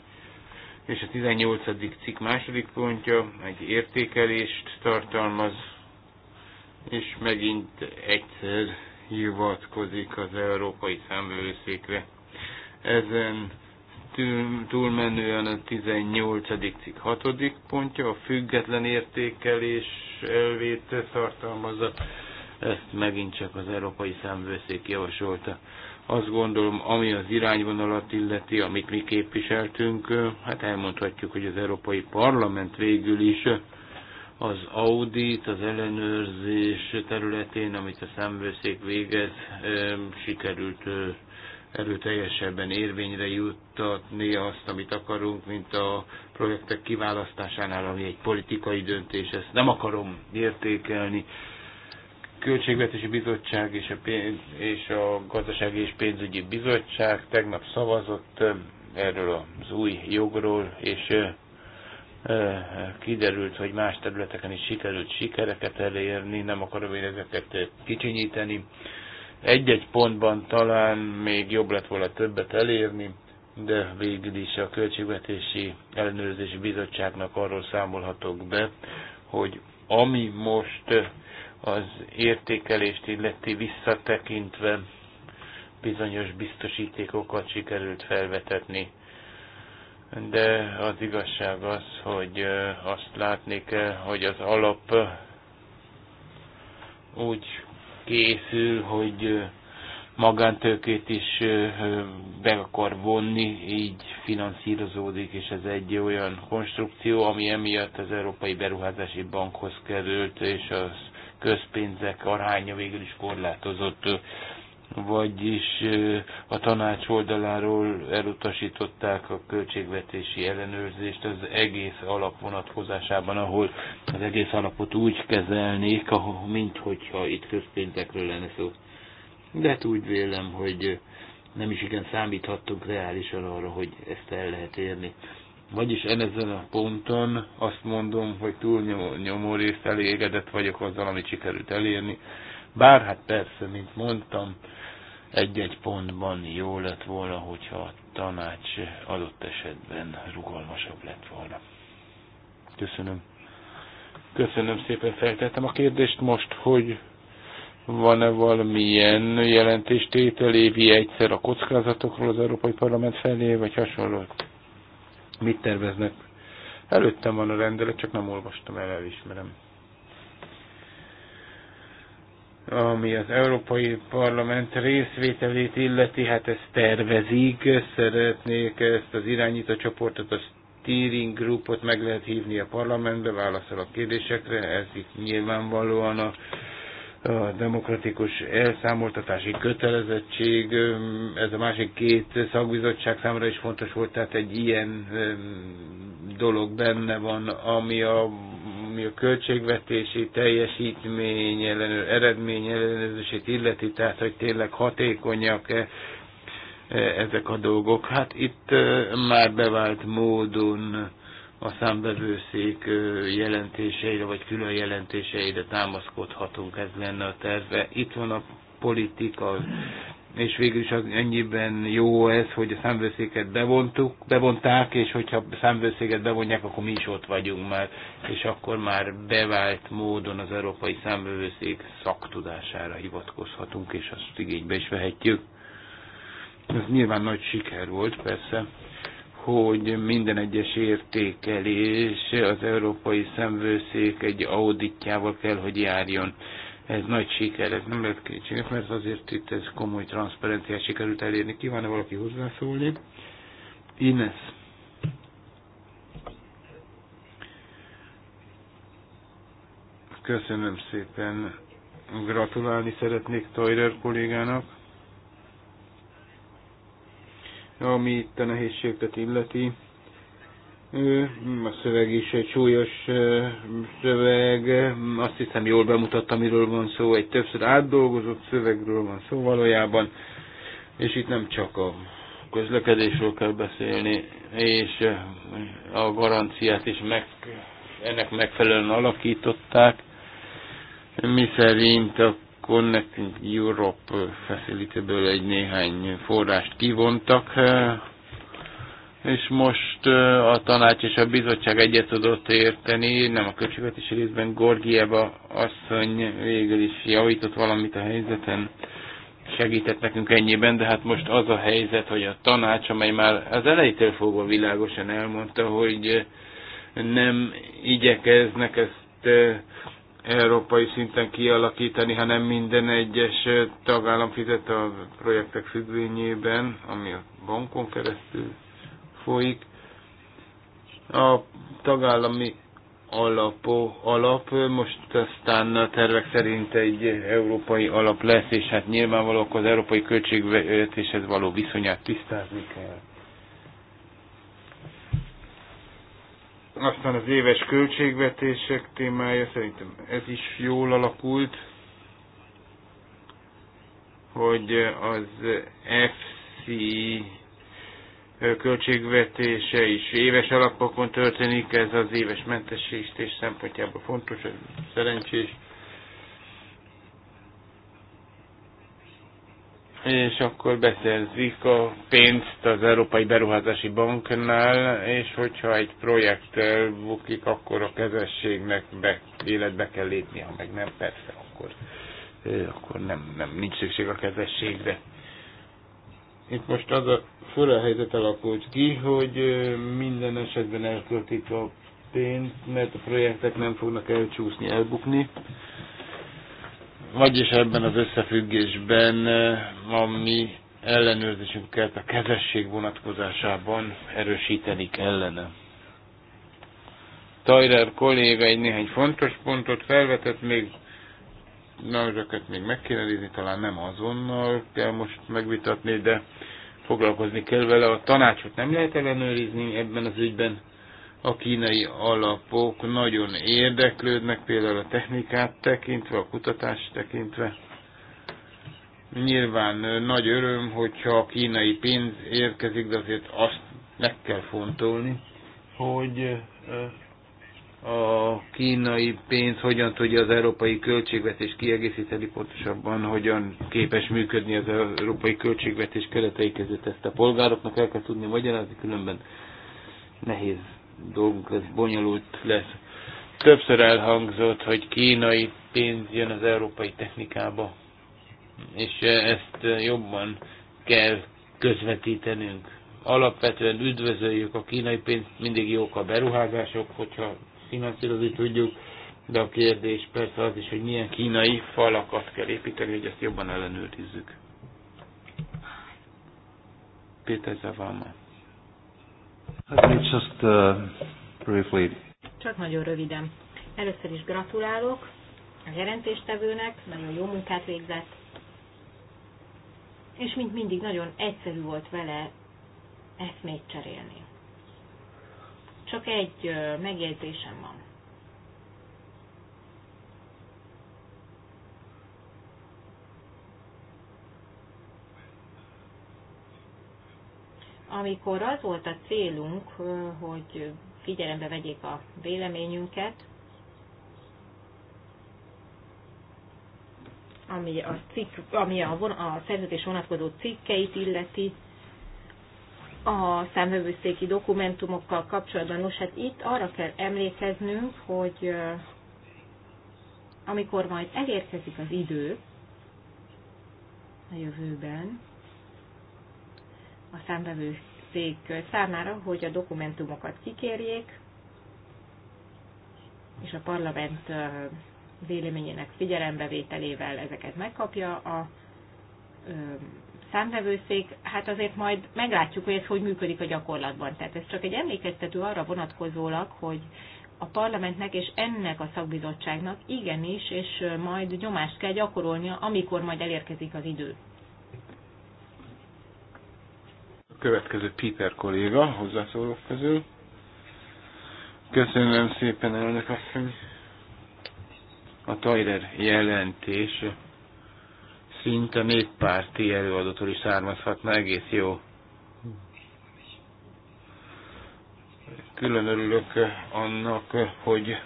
És a 18. cikk második pontja egy értékelést tartalmaz, és megint egyszer hivatkozik az európai számvevőszékre. Ezen túlmenően a 18. cikk 6. pontja a független értékelés elvét tartalmazza. Ezt megint csak az Európai Számvőszék javasolta. Azt gondolom, ami az irányvonalat illeti, amit mi képviseltünk, hát elmondhatjuk, hogy az Európai Parlament végül is az audit, az ellenőrzés területén, amit a számvőszék végez, sikerült erőteljesebben érvényre juttatni azt, amit akarunk, mint a projektek kiválasztásánál, ami egy politikai döntés, ezt nem akarom értékelni. Költségvetési Bizottság és a, pénz, és a Gazdasági és Pénzügyi Bizottság tegnap szavazott erről az új jogról, és kiderült, hogy más területeken is sikerült sikereket elérni, nem akarom én ezeket kicsinyíteni. Egy-egy pontban talán még jobb lett volna többet elérni, de végül is a Költségvetési Ellenőrzési Bizottságnak arról számolhatok be, hogy ami most az értékelést illeti visszatekintve bizonyos biztosítékokat sikerült felvetetni, de az igazság az, hogy azt látni kell, hogy az alap úgy készül, hogy magántőkét is be akar vonni, így finanszírozódik, és ez egy olyan konstrukció, ami emiatt az Európai Beruházási Bankhoz került, és az közpénzek aránya végül is korlátozott vagyis a tanács oldaláról elutasították a költségvetési ellenőrzést az egész alap vonatkozásában, ahol az egész alapot úgy kezelnék, mint hogyha itt közpéntekről lenne szó. De hát úgy vélem, hogy nem is igen számíthattunk reálisan arra, hogy ezt el lehet érni. Vagyis en ezen a ponton azt mondom, hogy túl nyomó részt elégedett vagyok azzal, amit sikerült elérni bár hát persze, mint mondtam, egy-egy pontban jó lett volna, hogyha a tanács adott esetben rugalmasabb lett volna. Köszönöm. Köszönöm szépen, feltettem a kérdést most, hogy van-e valamilyen jelentéstétel évi egyszer a kockázatokról az Európai Parlament felé, vagy hasonló? Mit terveznek? Előttem van a rendelet, csak nem olvastam el, elismerem ami az Európai Parlament részvételét illeti, hát ezt tervezik, szeretnék ezt az irányító csoportot, a steering groupot meg lehet hívni a parlamentbe, válaszol a kérdésekre, ez itt nyilvánvalóan a a demokratikus elszámoltatási kötelezettség, ez a másik két szakbizottság számára is fontos volt, tehát egy ilyen dolog benne van, ami a, ami a költségvetési teljesítmény ellenőr, eredmény ellenőrzését illeti, tehát hogy tényleg hatékonyak-e e, ezek a dolgok. Hát itt már bevált módon a számbevőszék jelentéseire, vagy külön jelentéseire támaszkodhatunk, ez lenne a terve. Itt van a politika, és végül is ennyiben jó ez, hogy a számbevőszéket bevontuk, bevonták, és hogyha a számvőszéket bevonják, akkor mi is ott vagyunk már, és akkor már bevált módon az európai Számbevőszék szaktudására hivatkozhatunk, és azt igénybe is vehetjük. Ez nyilván nagy siker volt, persze hogy minden egyes értékelés az Európai Szemvőszék egy auditjával kell, hogy járjon. Ez nagy siker, ez nem lehet kétség, mert azért itt ez komoly transzparenciát sikerült elérni. Kívánna valaki hozzászólni? Ines. Köszönöm szépen. Gratulálni szeretnék Toirer kollégának ami itt a nehézségeket illeti. A szöveg is egy súlyos szöveg, azt hiszem jól bemutatta, miről van szó, egy többször átdolgozott szövegről van szó valójában, és itt nem csak a közlekedésről kell beszélni, és a garanciát is meg, ennek megfelelően alakították, mi szerint a Connecting Europe facility egy néhány forrást kivontak, eh, és most eh, a tanács és a bizottság egyet tudott érteni, nem a költségvetési részben Gorgieva asszony végül is javított valamit a helyzeten, segített nekünk ennyiben, de hát most az a helyzet, hogy a tanács, amely már az elejétől fogva világosan elmondta, hogy nem igyekeznek ezt eh, európai szinten kialakítani, hanem minden egyes tagállam fizet a projektek függvényében, ami a bankon keresztül folyik. A tagállami alapó alap, most aztán a tervek szerint egy európai alap lesz, és hát nyilvánvalóan az európai költségvetéshez való viszonyát tisztázni kell. Aztán az éves költségvetések témája, szerintem ez is jól alakult, hogy az FC költségvetése is éves alapokon történik, ez az éves mentesítés szempontjából fontos, ez szerencsés. és akkor beszerzik a pénzt az Európai Beruházási Banknál, és hogyha egy projekt bukik, akkor a kezességnek be, életbe kell lépni, ha meg nem, persze, akkor, akkor nem, nem, nincs szükség a kezességre. Itt most az a fura helyzet alakult ki, hogy minden esetben elköltik a pénzt, mert a projektek nem fognak elcsúszni, elbukni, vagyis ebben az összefüggésben eh, a mi ellenőrzésünket a kezesség vonatkozásában erősíteni kellene. Tajrer kolléga egy néhány fontos pontot felvetett, még na, ezeket még meg kéne nézni, talán nem azonnal kell most megvitatni, de foglalkozni kell vele. A tanácsot nem lehet ellenőrizni ebben az ügyben a kínai alapok nagyon érdeklődnek, például a technikát tekintve, a kutatást tekintve. Nyilván nagy öröm, hogyha a kínai pénz érkezik, de azért azt meg kell fontolni, hogy a kínai pénz hogyan tudja az európai költségvetés kiegészíteni, pontosabban hogyan képes működni az európai költségvetés keretei között. Ezt a polgároknak el kell tudni magyarázni, különben nehéz dolgunk lesz, bonyolult lesz. Többször elhangzott, hogy kínai pénz jön az európai technikába, és ezt jobban kell közvetítenünk. Alapvetően üdvözöljük a kínai pénzt, mindig jók a beruházások, hogyha finanszírozni tudjuk, de a kérdés persze az is, hogy milyen kínai falakat kell építeni, hogy ezt jobban ellenőrizzük. Péter Zavalma. Just, uh, Csak nagyon röviden. Először is gratulálok a jelentéstevőnek, nagyon jó munkát végzett, és mint mindig nagyon egyszerű volt vele eszmét cserélni. Csak egy megjegyzésem van. amikor az volt a célunk, hogy figyelembe vegyék a véleményünket, ami a, cikk, ami a, von, a szerződés vonatkozó cikkeit illeti, a számvevőszéki dokumentumokkal kapcsolatban. Nos, hát itt arra kell emlékeznünk, hogy amikor majd elérkezik az idő a jövőben, a cég számára, hogy a dokumentumokat kikérjék, és a parlament véleményének figyelembevételével ezeket megkapja a számvevőszék, hát azért majd meglátjuk, hogy ez hogy működik a gyakorlatban. Tehát ez csak egy emlékeztető arra vonatkozólag, hogy a parlamentnek és ennek a szakbizottságnak igenis, és majd nyomást kell gyakorolnia, amikor majd elérkezik az idő. következő Piper kolléga hozzászólók közül. Köszönöm szépen, elnök asszony. A Tajler jelentés szinte néppárti előadótól is származhatna, egész jó. Külön örülök annak, hogy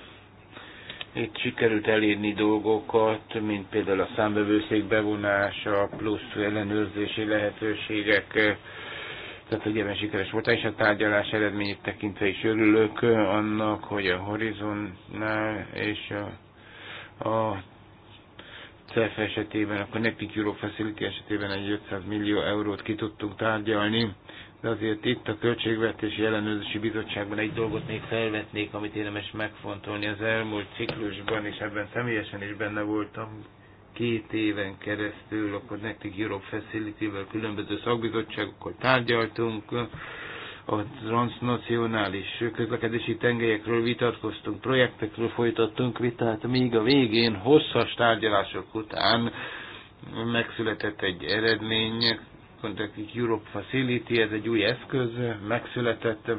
itt sikerült elérni dolgokat, mint például a számbevőszék bevonása, plusz ellenőrzési lehetőségek, tehát hogy ebben sikeres volt, és a tárgyalás eredményét tekintve is örülök annak, hogy a Horizonnál és a, a CEF esetében, a Connecting Euro Facility esetében egy 500 millió eurót ki tudtunk tárgyalni, de azért itt a Költségvetési Ellenőrzési Bizottságban egy dolgot még felvetnék, amit érdemes megfontolni az elmúlt ciklusban, és ebben személyesen is benne voltam, két éven keresztül akkor nektek Europe Facility-vel különböző szakbizottságokkal tárgyaltunk, a transnacionális közlekedési tengelyekről vitatkoztunk, projektekről folytattunk vitát, míg a végén hosszas tárgyalások után megszületett egy eredmény, Connecting Europe Facility, ez egy új eszköz, megszületett,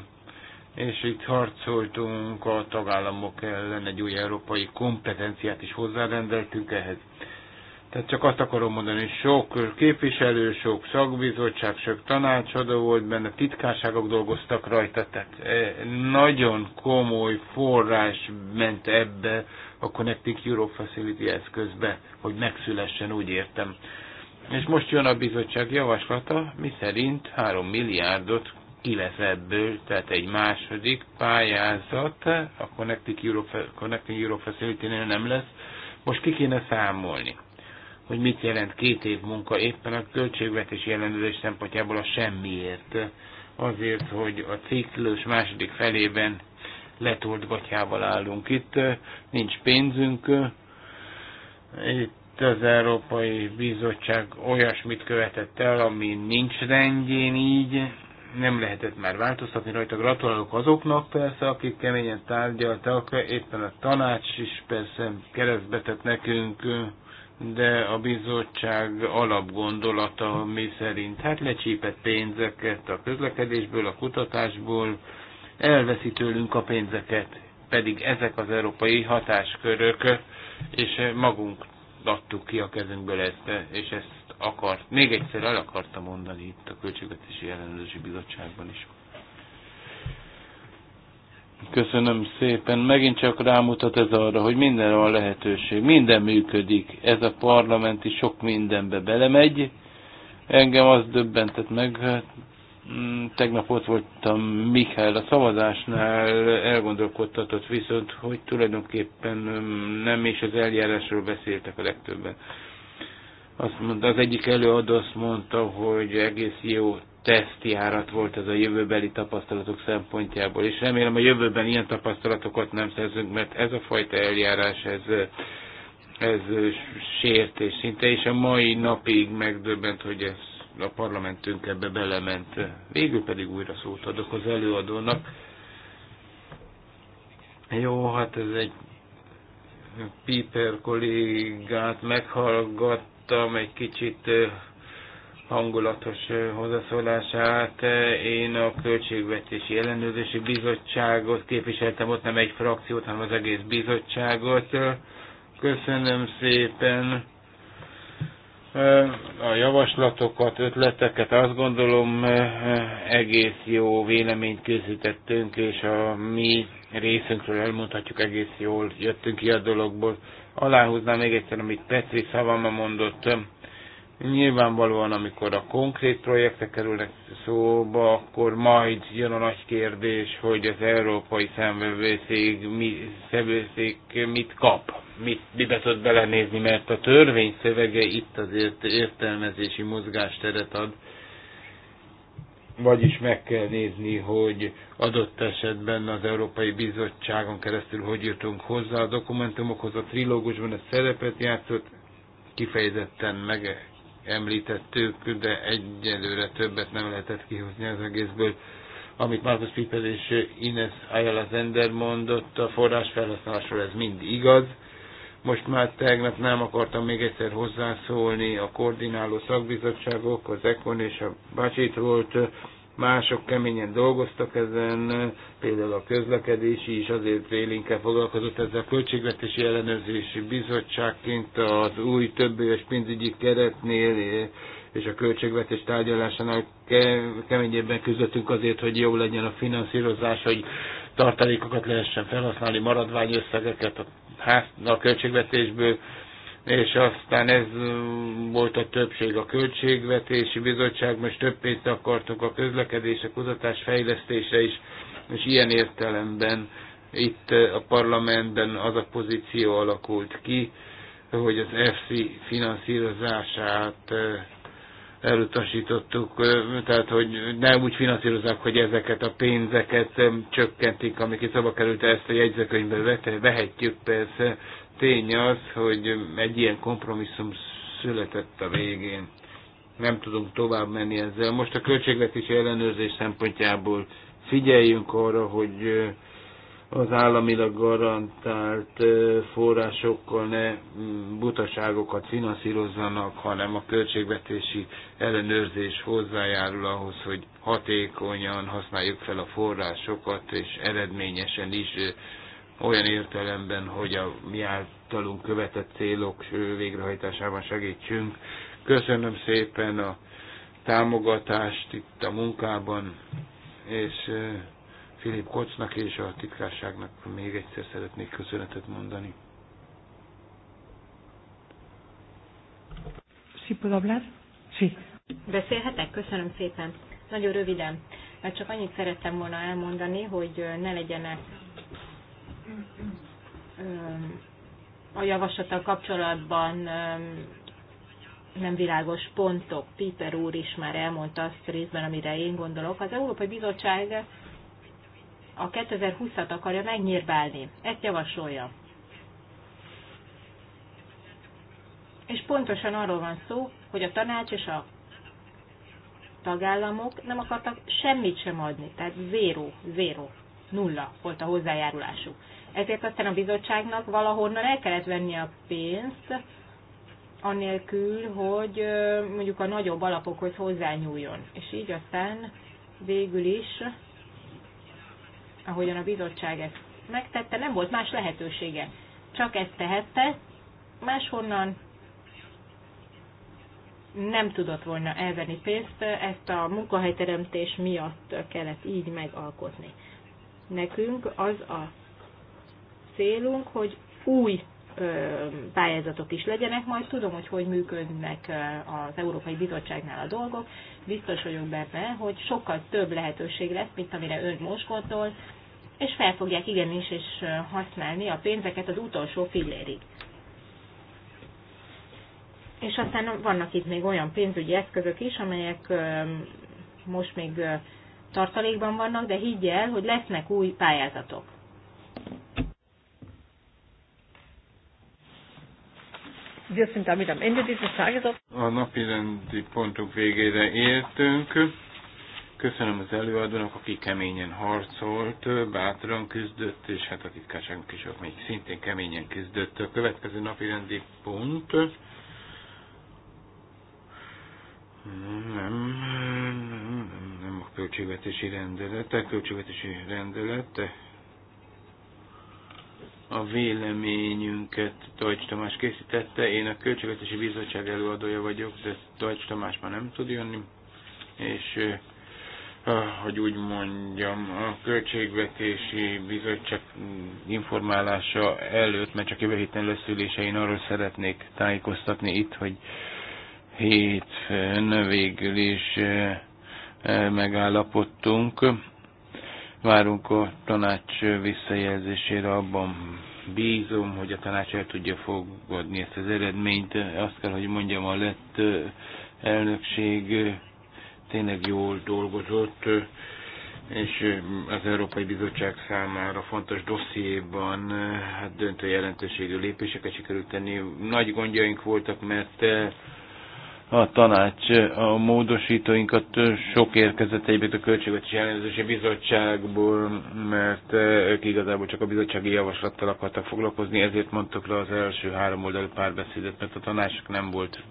és itt harcoltunk a tagállamok ellen, egy új európai kompetenciát is hozzárendeltünk ehhez. Tehát csak azt akarom mondani, hogy sok képviselő, sok szakbizottság, sok tanácsadó volt benne, titkárságok dolgoztak rajta, tehát e, nagyon komoly forrás ment ebbe a Connecting Europe Facility eszközbe, hogy megszülessen, úgy értem. És most jön a bizottság javaslata, mi szerint 3 milliárdot ki lesz ebből, tehát egy második pályázat a Connecting Europe, Connecting Europe Facility-nél nem lesz. Most ki kéne számolni hogy mit jelent két év munka éppen a költségvetés jelenlődés szempontjából a semmiért. Azért, hogy a ciklus második felében letolt gatyával állunk. Itt nincs pénzünk, itt az Európai Bizottság olyasmit követett el, ami nincs rendjén így, nem lehetett már változtatni rajta. Gratulálok azoknak persze, akik keményen tárgyaltak, éppen a tanács is persze keresztbetett nekünk, de a bizottság alapgondolata, mi szerint hát lecsípett pénzeket a közlekedésből, a kutatásból, elveszi tőlünk a pénzeket, pedig ezek az európai hatáskörök, és magunk adtuk ki a kezünkből ezt, és ezt akart, még egyszer el akarta mondani itt a Költségvetési Ellenőrzési Bizottságban is. Köszönöm szépen. Megint csak rámutat ez arra, hogy minden van lehetőség. Minden működik. Ez a parlament is sok mindenbe belemegy. Engem az döbbentett meg. Hát, mm, tegnap ott voltam Mikhail a szavazásnál, elgondolkodtatott viszont, hogy tulajdonképpen mm, nem is az eljárásról beszéltek a legtöbben. Azt mondta, az egyik előadó azt mondta, hogy egész jó tesztjárat volt ez a jövőbeli tapasztalatok szempontjából, és remélem a jövőben ilyen tapasztalatokat nem szerzünk, mert ez a fajta eljárás, ez, ez sértés szinte, és a mai napig megdöbbent, hogy ez a parlamentünk ebbe belement. Végül pedig újra szót adok az előadónak. Jó, hát ez egy Piper kollégát meghallgat hallottam egy kicsit hangulatos hozzászólását. Én a Költségvetési Ellenőrzési Bizottságot képviseltem, ott nem egy frakciót, hanem az egész bizottságot. Köszönöm szépen a javaslatokat, ötleteket, azt gondolom egész jó véleményt készítettünk, és a mi részünkről elmondhatjuk egész jól, jöttünk ki a dologból. Aláhúznám még egyszer, amit Petri Szavama mondott. Nyilvánvalóan, amikor a konkrét projektek kerülnek szóba, akkor majd jön a nagy kérdés, hogy az európai szemvevőszék mi, szemvevőszék mit kap, mit, mibe tud belenézni, mert a törvény szövege itt azért értelmezési mozgásteret ad vagyis meg kell nézni, hogy adott esetben az Európai Bizottságon keresztül hogy jutunk hozzá a dokumentumokhoz. A trilógusban ez szerepet játszott, kifejezetten megemlítettük, de egyelőre többet nem lehetett kihozni az egészből amit Markus Piper és Ines Ayala Zender mondott a forrásfelhasználásról, ez mind igaz, most már tegnap nem akartam még egyszer hozzászólni, a koordináló szakbizottságok, az Ekon és a Bacsit volt, mások keményen dolgoztak ezen, például a közlekedési is azért vélinke foglalkozott ezzel a Költségvetési Ellenőrzési Bizottságként az új többéves pénzügyi keretnél és a költségvetés tárgyalásánál keményebben küzdöttünk azért, hogy jó legyen a finanszírozás, hogy tartalékokat lehessen felhasználni, maradványösszegeket a, ház, a költségvetésből, és aztán ez mm, volt a többség a Költségvetési Bizottság, most több pénzt akartunk a közlekedésre, kutatás fejlesztése is, és ilyen értelemben itt eh, a parlamentben az a pozíció alakult ki, hogy az FC finanszírozását eh, elutasítottuk, tehát hogy ne úgy finanszírozzák, hogy ezeket a pénzeket csökkentik, amik itt szóba került, ezt a jegyzőkönyvbe vehetjük persze. Tény az, hogy egy ilyen kompromisszum született a végén. Nem tudunk tovább menni ezzel. Most a költségvetési ellenőrzés szempontjából figyeljünk arra, hogy az államilag garantált forrásokkal ne mm, butaságokat finanszírozzanak, hanem a költségvetési ellenőrzés hozzájárul ahhoz, hogy hatékonyan használjuk fel a forrásokat, és eredményesen is olyan értelemben, hogy a mi általunk követett célok végrehajtásában segítsünk. Köszönöm szépen a támogatást itt a munkában, és Filip Kocsnak és a titkárságnak még egyszer szeretnék köszönetet mondani. Sí, puedo hablar? Sí. Beszélhetek? Köszönöm szépen. Nagyon röviden, mert csak annyit szerettem volna elmondani, hogy ne legyenek a javaslattal kapcsolatban nem világos pontok. Piper úr is már elmondta azt részben, amire én gondolok. Az Európai Bizottság a 2020-at akarja megnyírbálni. Ezt javasolja. És pontosan arról van szó, hogy a tanács és a tagállamok nem akartak semmit sem adni, tehát zéró, zéró, nulla volt a hozzájárulásuk. Ezért aztán a bizottságnak valahonnan el kellett venni a pénzt, anélkül, hogy mondjuk a nagyobb alapokhoz hozzányúljon. És így aztán végül is ahogyan a bizottság ezt megtette, nem volt más lehetősége. Csak ezt tehette, máshonnan nem tudott volna elvenni pénzt, ezt a munkahelyteremtés miatt kellett így megalkotni. Nekünk az a célunk, hogy új pályázatok is legyenek, majd tudom, hogy hogy működnek az Európai Bizottságnál a dolgok. Biztos vagyok benne, hogy sokkal több lehetőség lesz, mint amire ön most gondol, és fel fogják igenis és használni a pénzeket az utolsó fillérig. És aztán vannak itt még olyan pénzügyi eszközök is, amelyek most még tartalékban vannak, de higgy el, hogy lesznek új pályázatok. A napi rendi am Ende dieses A végére értünk. Köszönöm az előadónak, aki keményen harcolt, bátran küzdött, és hát a titkárságunk is, még szintén keményen küzdött. A következő napi rendi pont, nem, nem, nem, nem a költségvetési rendelet, a költségvetési rendelet, a véleményünket Tajcs Tamás készítette. Én a Költségvetési Bizottság előadója vagyok, de Tajcs Tamás már nem tud jönni, és Ah, hogy úgy mondjam, a Költségvetési Bizottság informálása előtt, mert csak jövő héten lesz ülése, én arról szeretnék tájékoztatni itt, hogy hét végül is eh, eh, megállapodtunk. Várunk a tanács visszajelzésére abban bízom, hogy a tanács el tudja fogadni ezt az eredményt. Azt kell, hogy mondjam, a lett eh, elnökség tényleg jól dolgozott, és az Európai Bizottság számára fontos dossziéban hát döntő jelentőségű lépéseket sikerült tenni. Nagy gondjaink voltak, mert a tanács a módosítóinkat sok érkezett egyébként a Költségvetési Ellenőrzési Bizottságból, mert ők igazából csak a bizottsági javaslattal akartak foglalkozni, ezért mondtuk le az első három oldalú párbeszédet, mert a tanácsnak nem volt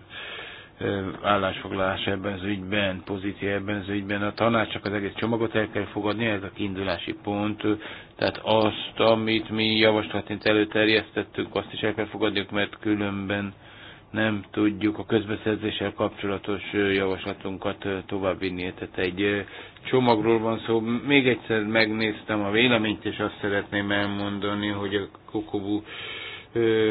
állásfoglalás ebben az ügyben, pozíció ebben az ügyben. A csak az egész csomagot el kell fogadni, ez a kiindulási pont. Tehát azt, amit mi javaslatint előterjesztettünk, azt is el kell fogadniuk, mert különben nem tudjuk a közbeszerzéssel kapcsolatos javaslatunkat továbbvinni. Tehát egy csomagról van szó. Még egyszer megnéztem a véleményt, és azt szeretném elmondani, hogy a kukubu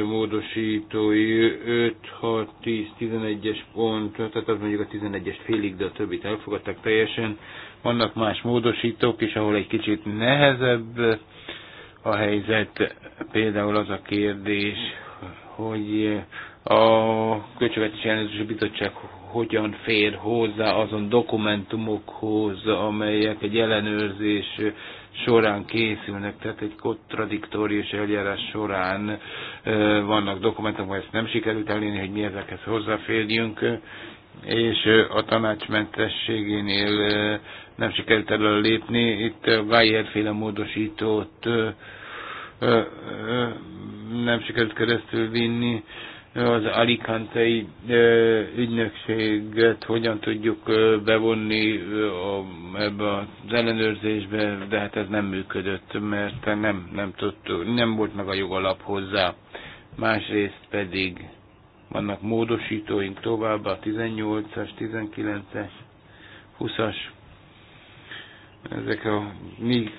módosítói 5, 6, 10, 11-es pont, tehát az mondjuk a 11-es félig, de a többit elfogadtak teljesen. Vannak más módosítók is, ahol egy kicsit nehezebb a helyzet. Például az a kérdés, hogy a Költségvetési Ellenőrzési Bizottság hogyan fér hozzá azon dokumentumokhoz, amelyek egy ellenőrzés során készülnek, tehát egy kontradiktórius eljárás során vannak dokumentumok, ezt nem sikerült elérni, hogy mi ezekhez hozzáférjünk, és a tanácsmentességénél nem sikerült elő lépni. Itt a féle módosítót nem sikerült keresztül vinni az alikantai ügynökséget hogyan tudjuk bevonni ebbe az ellenőrzésbe, de hát ez nem működött, mert nem, nem, tudtuk, nem volt meg a jogalap hozzá. Másrészt pedig vannak módosítóink tovább a 18-as, 19-es, 20-as, ezek a mi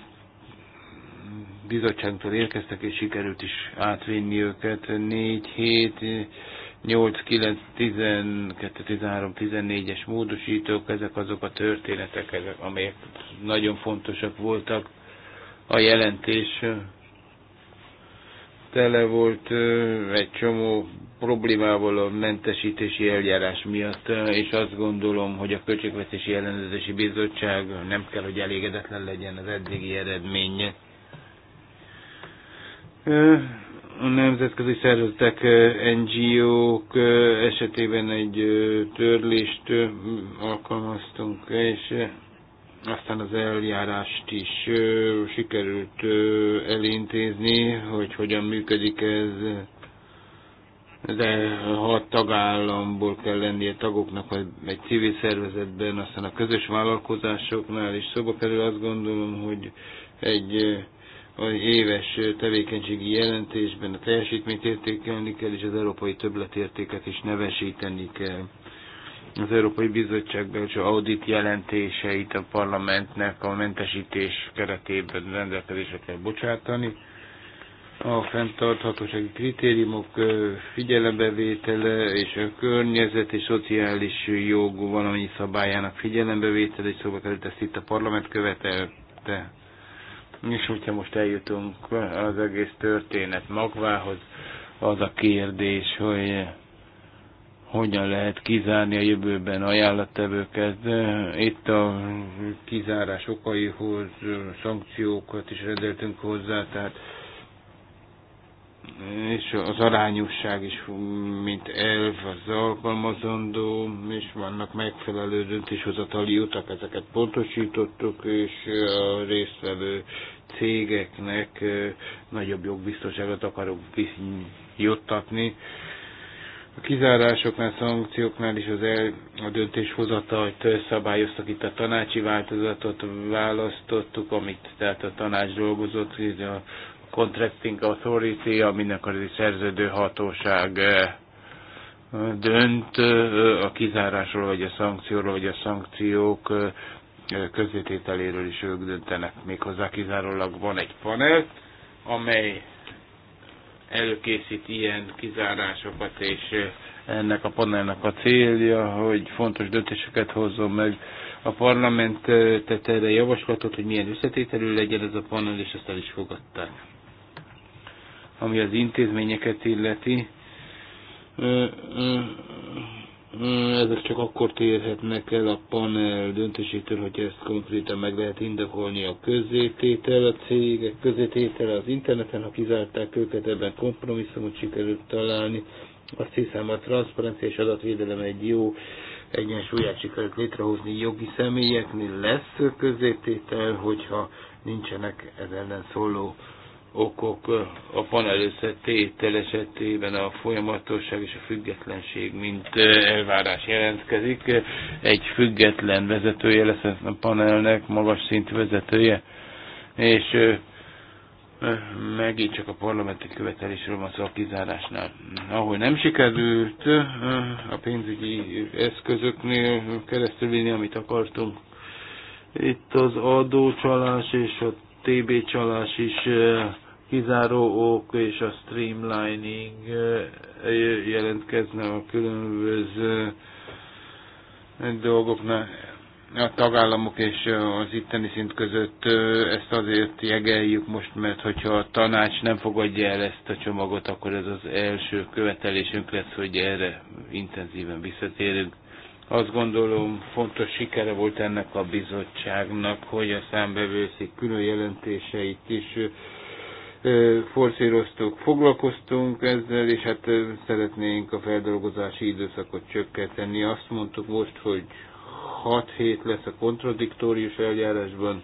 bizottságtól érkeztek, és sikerült is átvinni őket. 4, 7, 8, 9, 12, 13, 14-es módosítók, ezek azok a történetek, ezek, amelyek nagyon fontosak voltak. A jelentés tele volt egy csomó problémával a mentesítési eljárás miatt, és azt gondolom, hogy a Költségvetési Ellenőrzési Bizottság nem kell, hogy elégedetlen legyen az eddigi eredménye. A nemzetközi szervezetek, NGO-k esetében egy törlést alkalmaztunk, és aztán az eljárást is sikerült elintézni, hogy hogyan működik ez de hat tagállamból kell lennie tagoknak vagy egy civil szervezetben, aztán a közös vállalkozásoknál is szóba kerül, azt gondolom, hogy egy az éves tevékenységi jelentésben a teljesítményt értékelni kell, és az európai többletértéket is nevesíteni kell. Az Európai Bizottság belső audit jelentéseit a parlamentnek a mentesítés keretében rendelkezésre kell bocsátani. A fenntarthatósági kritériumok figyelembevétele és a környezet és szociális jog valamennyi szabályának figyelembevétele, és szóba került ezt itt a parlament követelte és hogyha most eljutunk az egész történet magvához, az a kérdés, hogy hogyan lehet kizárni a jövőben ajánlattevőket. Itt a kizárás okaihoz szankciókat is rendeltünk hozzá, tehát és az arányosság is, mint elv, az alkalmazandó, és vannak megfelelő döntéshozatali utak, ezeket pontosítottuk, és a résztvevő cégeknek nagyobb jogbiztonságot akarok juttatni. A kizárásoknál, szankcióknál is az el, a döntéshozatalt szabályoztak, itt a tanácsi változatot választottuk, amit tehát a tanács dolgozott, a Contracting Authority, a mindenkori szerződő hatóság eh, dönt eh, a kizárásról, vagy a szankcióról, vagy a szankciók eh, közvetételéről is ők döntenek. Méghozzá kizárólag van egy panel, amely előkészít ilyen kizárásokat, és ennek a panelnek a célja, hogy fontos döntéseket hozzon meg. A parlament tette erre javaslatot, hogy milyen összetételű legyen ez a panel, és ezt el is fogadták ami az intézményeket illeti, ezek csak akkor térhetnek el a panel döntésétől, hogy ezt konkrétan meg lehet indokolni a közzététel, a cégek közzététel az interneten, ha kizárták őket, ebben kompromisszumot sikerült találni. Azt hiszem a transzparencia és adatvédelem egy jó egyensúlyát sikerült létrehozni jogi személyeknél lesz közzététel, hogyha nincsenek ez ellen szóló okok a panel összetétel esetében a folyamatosság és a függetlenség, mint elvárás jelentkezik. Egy független vezetője lesz a panelnek, magas szintű vezetője, és megint csak a parlamenti követelésről van szó a kizárásnál. Ahol nem sikerült a pénzügyi eszközöknél keresztül vinni, amit akartunk, itt az adócsalás és a TB csalás is eh, kizáró ok és a streamlining eh, jelentkezne a különböző eh, dolgoknál a tagállamok és az itteni szint között ezt azért jegeljük most, mert hogyha a tanács nem fogadja el ezt a csomagot, akkor ez az első követelésünk lesz, hogy erre intenzíven visszatérünk. Azt gondolom fontos sikere volt ennek a bizottságnak, hogy a számbevőszék külön jelentéseit is forszíroztuk, foglalkoztunk ezzel, és hát szeretnénk a feldolgozási időszakot csökkenteni. Azt mondtuk most, hogy 6 hét lesz a kontradiktórius eljárásban,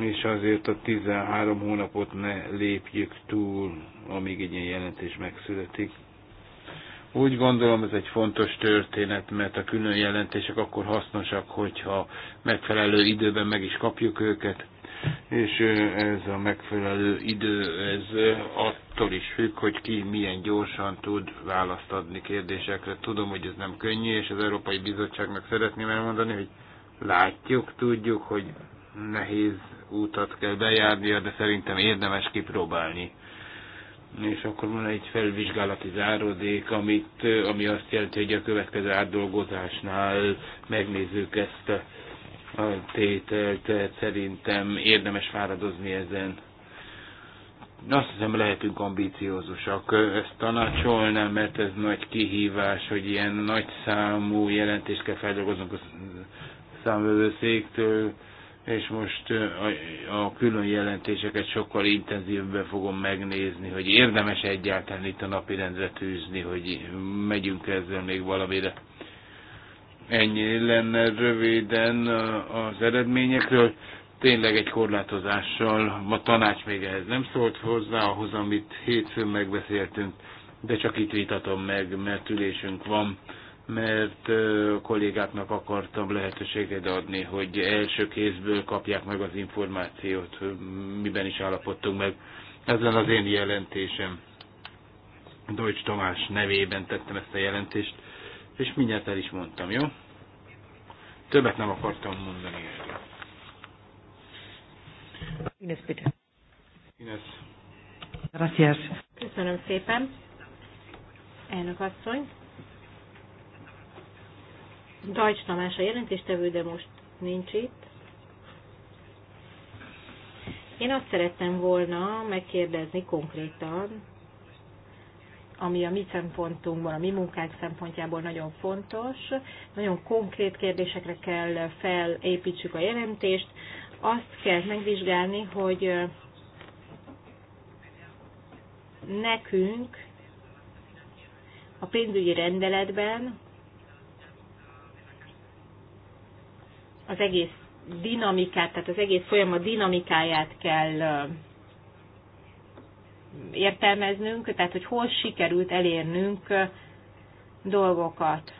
és azért a 13 hónapot ne lépjük túl, amíg egy ilyen jelentés megszületik. Úgy gondolom ez egy fontos történet, mert a külön jelentések akkor hasznosak, hogyha megfelelő időben meg is kapjuk őket, és ez a megfelelő idő, ez attól is függ, hogy ki milyen gyorsan tud választ adni kérdésekre. Tudom, hogy ez nem könnyű, és az Európai Bizottságnak szeretném elmondani, hogy látjuk, tudjuk, hogy nehéz útat kell bejárnia, de szerintem érdemes kipróbálni és akkor van egy felvizsgálati záródék, amit, ami azt jelenti, hogy a következő átdolgozásnál megnézzük ezt a, a tételt. Szerintem érdemes fáradozni ezen. Azt hiszem lehetünk ambíciózusak ezt tanácsolnám, mert ez nagy kihívás, hogy ilyen nagy számú jelentést kell feldolgoznunk a számvevőszéktől és most a külön jelentéseket sokkal intenzívebben fogom megnézni, hogy érdemes egyáltalán itt a napi rendre tűzni, hogy megyünk ezzel még valamire. Ennyi lenne röviden az eredményekről. Tényleg egy korlátozással, ma tanács még ehhez nem szólt hozzá, ahhoz, amit hétfőn megbeszéltünk, de csak itt vitatom meg, mert ülésünk van mert kollégáknak akartam lehetőséget adni, hogy első kézből kapják meg az információt, hogy miben is állapodtunk meg. Ezen az én jelentésem. Deutsch Tamás nevében tettem ezt a jelentést, és mindjárt el is mondtam, jó? Többet nem akartam mondani erről. Ines, bitte. Ines. Gracias. Köszönöm szépen. Elnök asszony. Dajcs Tamás a jelentéstevő, de most nincs itt. Én azt szerettem volna megkérdezni konkrétan, ami a mi szempontunkban, a mi munkánk szempontjából nagyon fontos. Nagyon konkrét kérdésekre kell felépítsük a jelentést. Azt kell megvizsgálni, hogy nekünk a pénzügyi rendeletben az egész dinamikát, tehát az egész folyamat dinamikáját kell értelmeznünk, tehát hogy hol sikerült elérnünk dolgokat.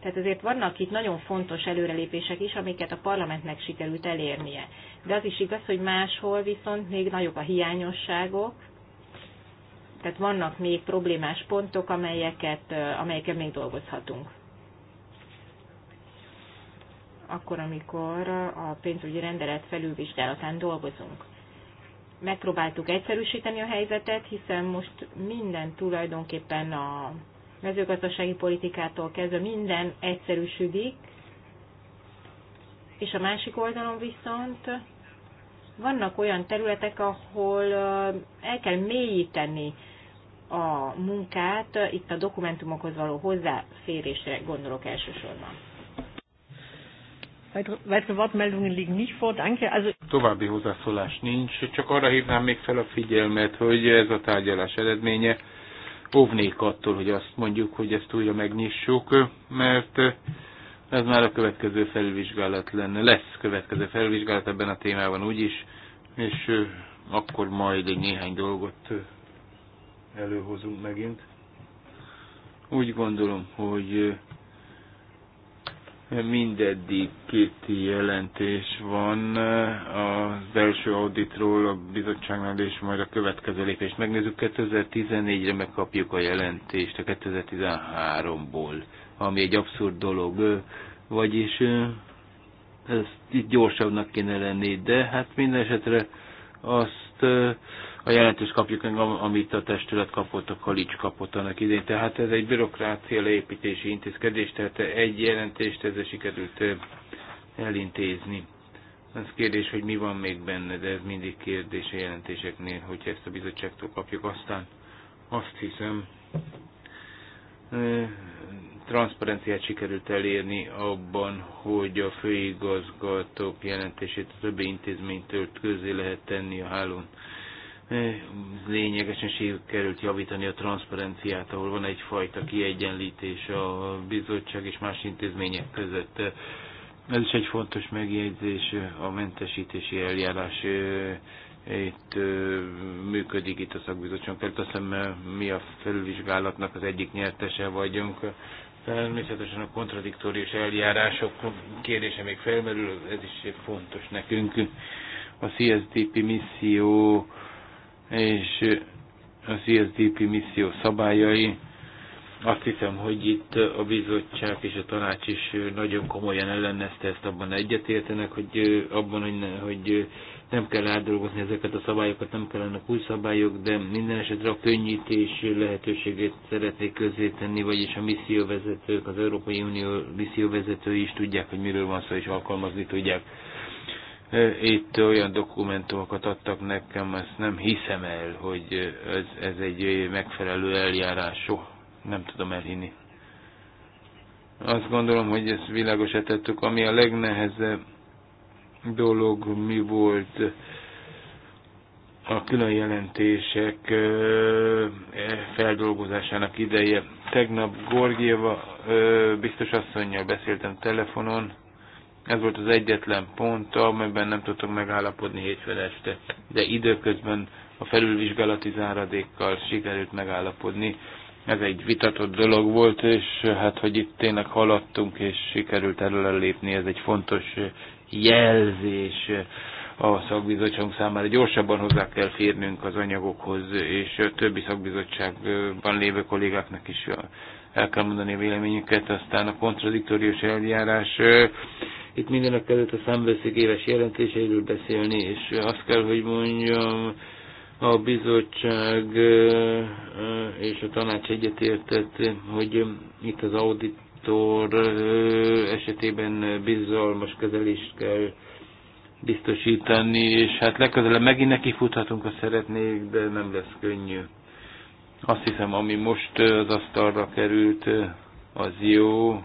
Tehát azért vannak itt nagyon fontos előrelépések is, amiket a parlamentnek sikerült elérnie. De az is igaz, hogy máshol viszont még nagyobb a hiányosságok, tehát vannak még problémás pontok, amelyeket, amelyeket még dolgozhatunk akkor, amikor a pénzügyi rendelet felülvizsgálatán dolgozunk. Megpróbáltuk egyszerűsíteni a helyzetet, hiszen most minden tulajdonképpen a mezőgazdasági politikától kezdve minden egyszerűsödik, és a másik oldalon viszont vannak olyan területek, ahol el kell mélyíteni a munkát, itt a dokumentumokhoz való hozzáférésre gondolok elsősorban. Weitere Wortmeldungen liegen nicht vor, danke. Also... További hozzászólás nincs, csak arra hívnám még fel a figyelmet, hogy ez a tárgyalás eredménye. Óvnék attól, hogy azt mondjuk, hogy ezt újra megnyissuk, mert ez már a következő felvizsgálat lenne. Lesz következő felvizsgálat ebben a témában úgyis, és akkor majd egy néhány dolgot előhozunk megint. Úgy gondolom, hogy Mindeddig két jelentés van a első auditról a bizottságnál, és majd a következő lépést megnézzük. 2014-re megkapjuk a jelentést a 2013-ból, ami egy abszurd dolog, vagyis ezt itt gyorsabbnak kéne lenni, de hát minden esetre azt a jelentős kapjuk, amit a testület kapott, a kalics kapott annak idén. Tehát ez egy bürokrácia leépítési intézkedés, tehát egy jelentést ezzel sikerült elintézni. Az kérdés, hogy mi van még benne, de ez mindig kérdés a jelentéseknél, hogy ezt a bizottságtól kapjuk. Aztán azt hiszem, transzparenciát sikerült elérni abban, hogy a főigazgatók jelentését a többi intézménytől közé lehet tenni a hálón Eh, lényegesen sikerült javítani a transzparenciát, ahol van egyfajta kiegyenlítés a bizottság és más intézmények között. Ez is egy fontos megjegyzés, a mentesítési eljárás eh, itt eh, működik itt a szakbizottság. Tehát azt hiszem, mi a felülvizsgálatnak az egyik nyertese vagyunk. Természetesen a kontradiktórius eljárások kérdése még felmerül, ez is fontos nekünk. A CSDP misszió és az ISDP misszió szabályai. Azt hiszem, hogy itt a bizottság és a tanács is nagyon komolyan ellenezte ezt, abban egyetértenek, hogy abban, hogy, ne, hogy nem kell átdolgozni ezeket a szabályokat, nem kellene új szabályok, de minden esetre a könnyítés lehetőségét szeretnék közé tenni, vagyis a misszióvezetők, az Európai Unió misszióvezetői is tudják, hogy miről van szó, és alkalmazni tudják itt olyan dokumentumokat adtak nekem, azt nem hiszem el, hogy ez, ez egy megfelelő eljárás. Soha nem tudom elhinni. Azt gondolom, hogy ezt világos tettük. Ami a legnehezebb dolog mi volt a külön jelentések e, feldolgozásának ideje. Tegnap Gorgieva biztos asszonynal beszéltem telefonon, ez volt az egyetlen pont, amelyben nem tudtunk megállapodni hétfőn este, de időközben a felülvizsgálati záradékkal sikerült megállapodni. Ez egy vitatott dolog volt, és hát, hogy itt tényleg haladtunk, és sikerült előrelépni, ez egy fontos jelzés a szakbizottságunk számára. Gyorsabban hozzá kell férnünk az anyagokhoz, és a többi szakbizottságban lévő kollégáknak is el kell mondani a véleményüket, aztán a kontradiktórius eljárás itt mindenek előtt a számvőszék éves jelentéseiről beszélni, és azt kell, hogy mondjam, a bizottság és a tanács egyetértett, hogy itt az auditor esetében bizalmas kezelést kell biztosítani, és hát legközelebb megint neki futhatunk, ha szeretnék, de nem lesz könnyű. Azt hiszem, ami most az asztalra került, az jó,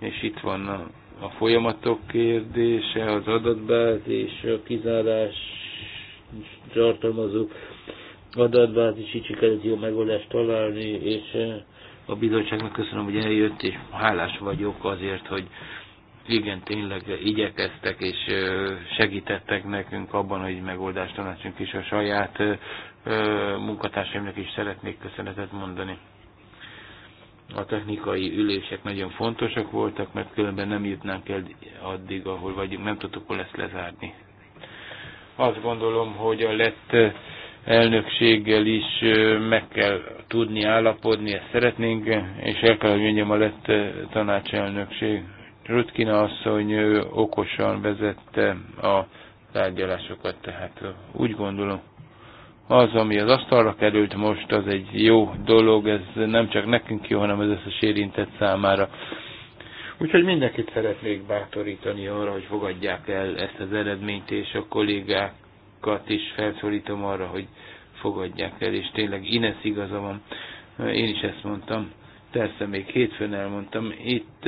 és itt van a folyamatok kérdése, az adatbázis, a kizárás tartalmazó így sikerült jó megoldást találni, és eh, a bizottságnak köszönöm, hogy eljött, és hálás vagyok azért, hogy igen, tényleg igyekeztek és eh, segítettek nekünk abban, hogy megoldást tanácsunk is a saját eh, munkatársaimnak is szeretnék köszönetet mondani a technikai ülések nagyon fontosak voltak, mert különben nem jutnánk el addig, ahol vagyunk, nem tudtuk hol ezt lezárni. Azt gondolom, hogy a lett elnökséggel is meg kell tudni állapodni, ezt szeretnénk, és el kell, hogy mondjam, a lett tanácselnökség. Rutkina asszony okosan vezette a tárgyalásokat, tehát úgy gondolom, az, ami az asztalra került most, az egy jó dolog, ez nem csak nekünk jó, hanem az összes érintett számára. Úgyhogy mindenkit szeretnék bátorítani arra, hogy fogadják el ezt az eredményt, és a kollégákat is felszólítom arra, hogy fogadják el, és tényleg Ines igaza van, én is ezt mondtam persze még hétfőn elmondtam. Itt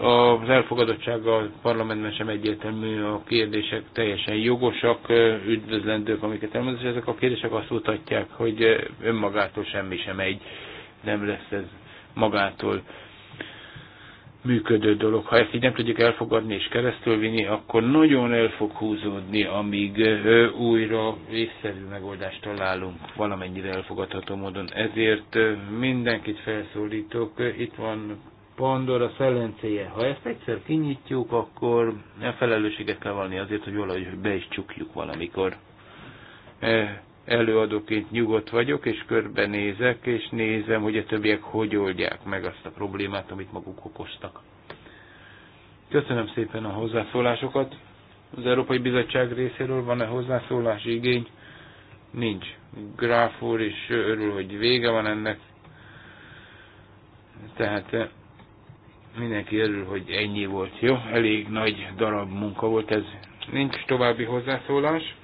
az elfogadottsága a parlamentben sem egyértelmű, a kérdések teljesen jogosak, üdvözlendők, amiket elmondott, és ezek a kérdések azt mutatják, hogy önmagától semmi sem egy, nem lesz ez magától működő dolog. Ha ezt így nem tudjuk elfogadni és keresztülvinni, akkor nagyon el fog húzódni, amíg újra észszerű megoldást találunk valamennyire elfogadható módon. Ezért mindenkit felszólítok, itt van Pandora szelencéje. Ha ezt egyszer kinyitjuk, akkor a felelősséget kell valni azért, hogy valahogy be is csukjuk valamikor előadóként nyugodt vagyok, és körbenézek, és nézem, hogy a többiek hogy oldják meg azt a problémát, amit maguk okoztak. Köszönöm szépen a hozzászólásokat. Az Európai Bizottság részéről van-e hozzászólási igény? Nincs. Gráf úr is örül, hogy vége van ennek. Tehát eh, mindenki örül, hogy ennyi volt. Jó, elég nagy darab munka volt ez. Nincs további hozzászólás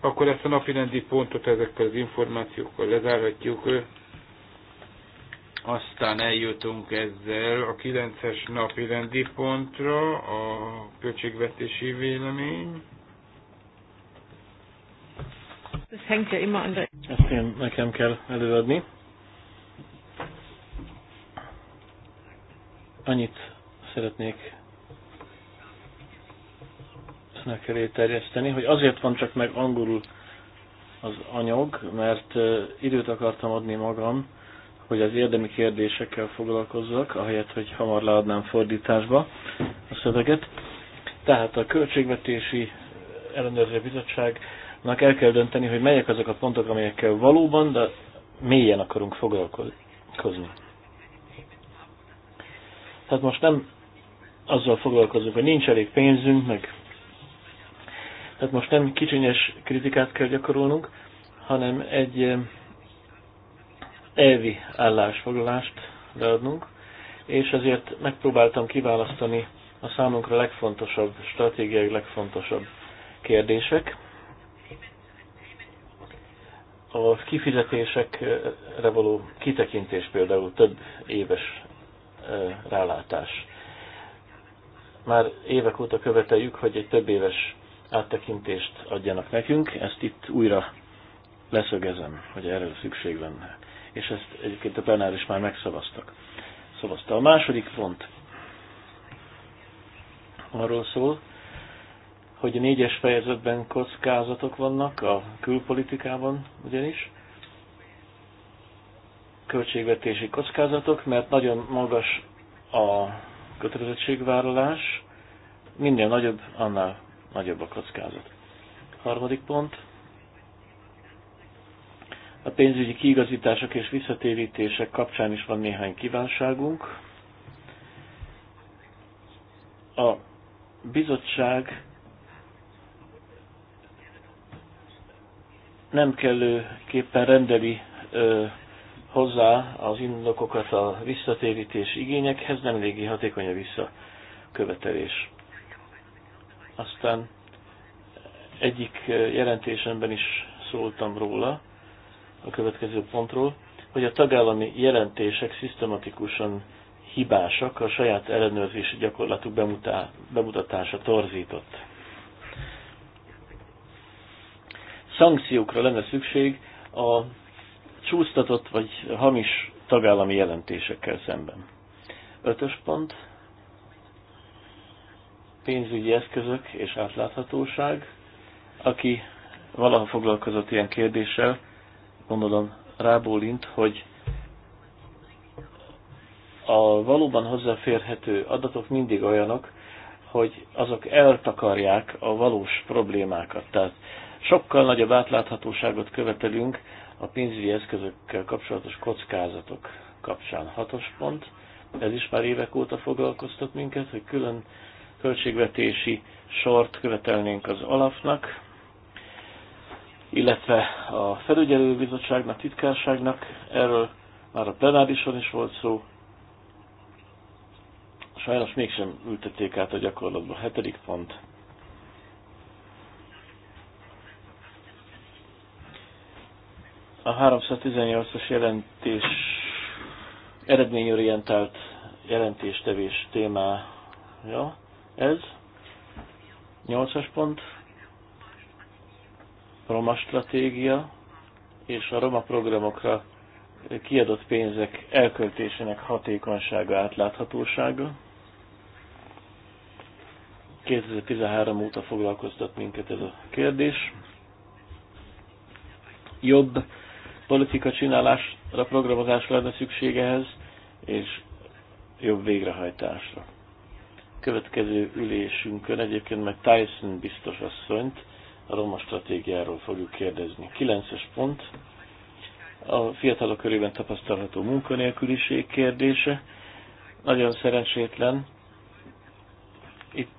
akkor ezt a napirendi pontot ezekkel az információkkal lezárhatjuk. Aztán eljutunk ezzel a 9-es napirendi pontra, a költségvetési vélemény. Ezt én nekem kell előadni. Annyit szeretnék önök elé terjeszteni, hogy azért van csak meg angolul az anyag, mert időt akartam adni magam, hogy az érdemi kérdésekkel foglalkozzak, ahelyett, hogy hamar leadnám fordításba a szöveget. Tehát a Költségvetési Ellenőrző Bizottságnak el kell dönteni, hogy melyek azok a pontok, amelyekkel valóban, de mélyen akarunk foglalkozni. Tehát most nem azzal foglalkozunk, hogy nincs elég pénzünk, meg tehát most nem kicsinyes kritikát kell gyakorolnunk, hanem egy eh, elvi állásfoglalást leadnunk, és ezért megpróbáltam kiválasztani a számunkra legfontosabb, stratégiai legfontosabb kérdések. A kifizetésekre való kitekintés például több éves eh, rálátás. Már évek óta követeljük, hogy egy több éves áttekintést adjanak nekünk, ezt itt újra leszögezem, hogy erre szükség lenne. És ezt egyébként a plenár is már megszavaztak. Szavazta. A második pont arról szól, hogy a négyes fejezetben kockázatok vannak a külpolitikában ugyanis, költségvetési kockázatok, mert nagyon magas a kötelezettségvállalás, minél nagyobb, annál nagyobb a kockázat. Harmadik pont. A pénzügyi kiigazítások és visszatérítések kapcsán is van néhány kívánságunk. A bizottság nem kellőképpen rendeli ö, hozzá az indokokat a visszatérítés igényekhez, nem eléggé hatékony a visszakövetelés aztán egyik eh, jelentésemben is szóltam róla, a következő pontról, hogy a tagállami jelentések szisztematikusan hibásak, a saját ellenőrzési gyakorlatuk bemutá, bemutatása torzított. Szankciókra lenne szükség a csúsztatott vagy hamis tagállami jelentésekkel szemben. Ötös pont pénzügyi eszközök és átláthatóság. Aki valaha foglalkozott ilyen kérdéssel, gondolom rábólint, hogy a valóban hozzáférhető adatok mindig olyanok, hogy azok eltakarják a valós problémákat. Tehát sokkal nagyobb átláthatóságot követelünk a pénzügyi eszközökkel kapcsolatos kockázatok kapcsán. Hatos pont, ez is már évek óta foglalkoztat minket, hogy külön költségvetési sort követelnénk az alapnak, illetve a felügyelőbizottságnak, titkárságnak, erről már a plenárison is volt szó, sajnos mégsem ültették át a gyakorlatba. Hetedik pont. A 318-as jelentés eredményorientált jelentéstevés témája ez 8-as pont, roma stratégia és a roma programokra kiadott pénzek elköltésének hatékonysága, átláthatósága. 2013 óta foglalkoztat minket ez a kérdés. Jobb politika csinálásra, programozásra lenne szükségehez, és jobb végrehajtásra következő ülésünkön egyébként meg Tyson biztos asszonyt a roma stratégiáról fogjuk kérdezni. 9-es pont, a fiatalok körében tapasztalható munkanélküliség kérdése. Nagyon szerencsétlen. Itt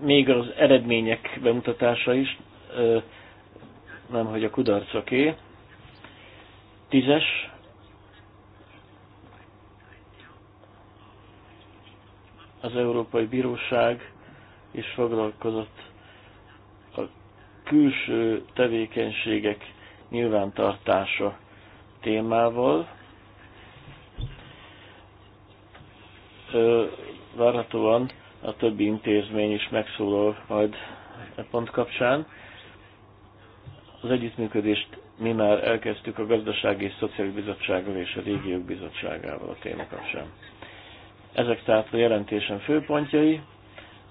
még az eredmények bemutatása is, nem hogy a kudarcoké. Tízes, az Európai Bíróság is foglalkozott a külső tevékenységek nyilvántartása témával. Várhatóan a többi intézmény is megszólal majd e pont kapcsán. Az együttműködést mi már elkezdtük a Gazdasági és Szociális Bizottsággal és a Régiók Bizottságával a téma kapcsán. Ezek tehát a jelentésem főpontjai.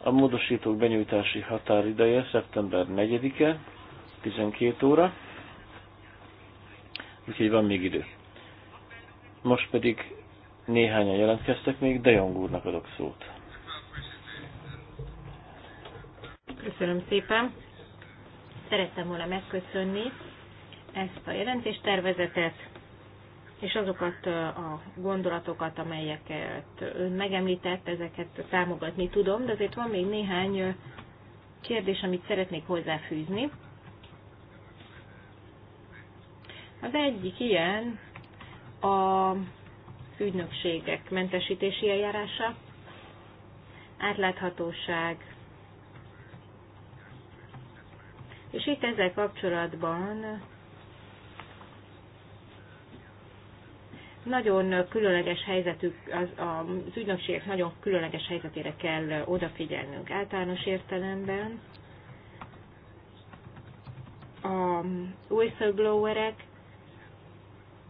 A módosítók benyújtási határideje szeptember 4-e, 12 óra, úgyhogy van még idő. Most pedig néhányan jelentkeztek még, De Jong úrnak adok szót. Köszönöm szépen. Szerettem volna megköszönni ezt a jelentéstervezetet és azokat a gondolatokat, amelyeket ön megemlített, ezeket támogatni tudom, de azért van még néhány kérdés, amit szeretnék hozzáfűzni. Az egyik ilyen a ügynökségek mentesítési eljárása, átláthatóság, és itt ezzel kapcsolatban nagyon különleges helyzetük, az, az ügynökségek nagyon különleges helyzetére kell odafigyelnünk általános értelemben. A whistleblowerek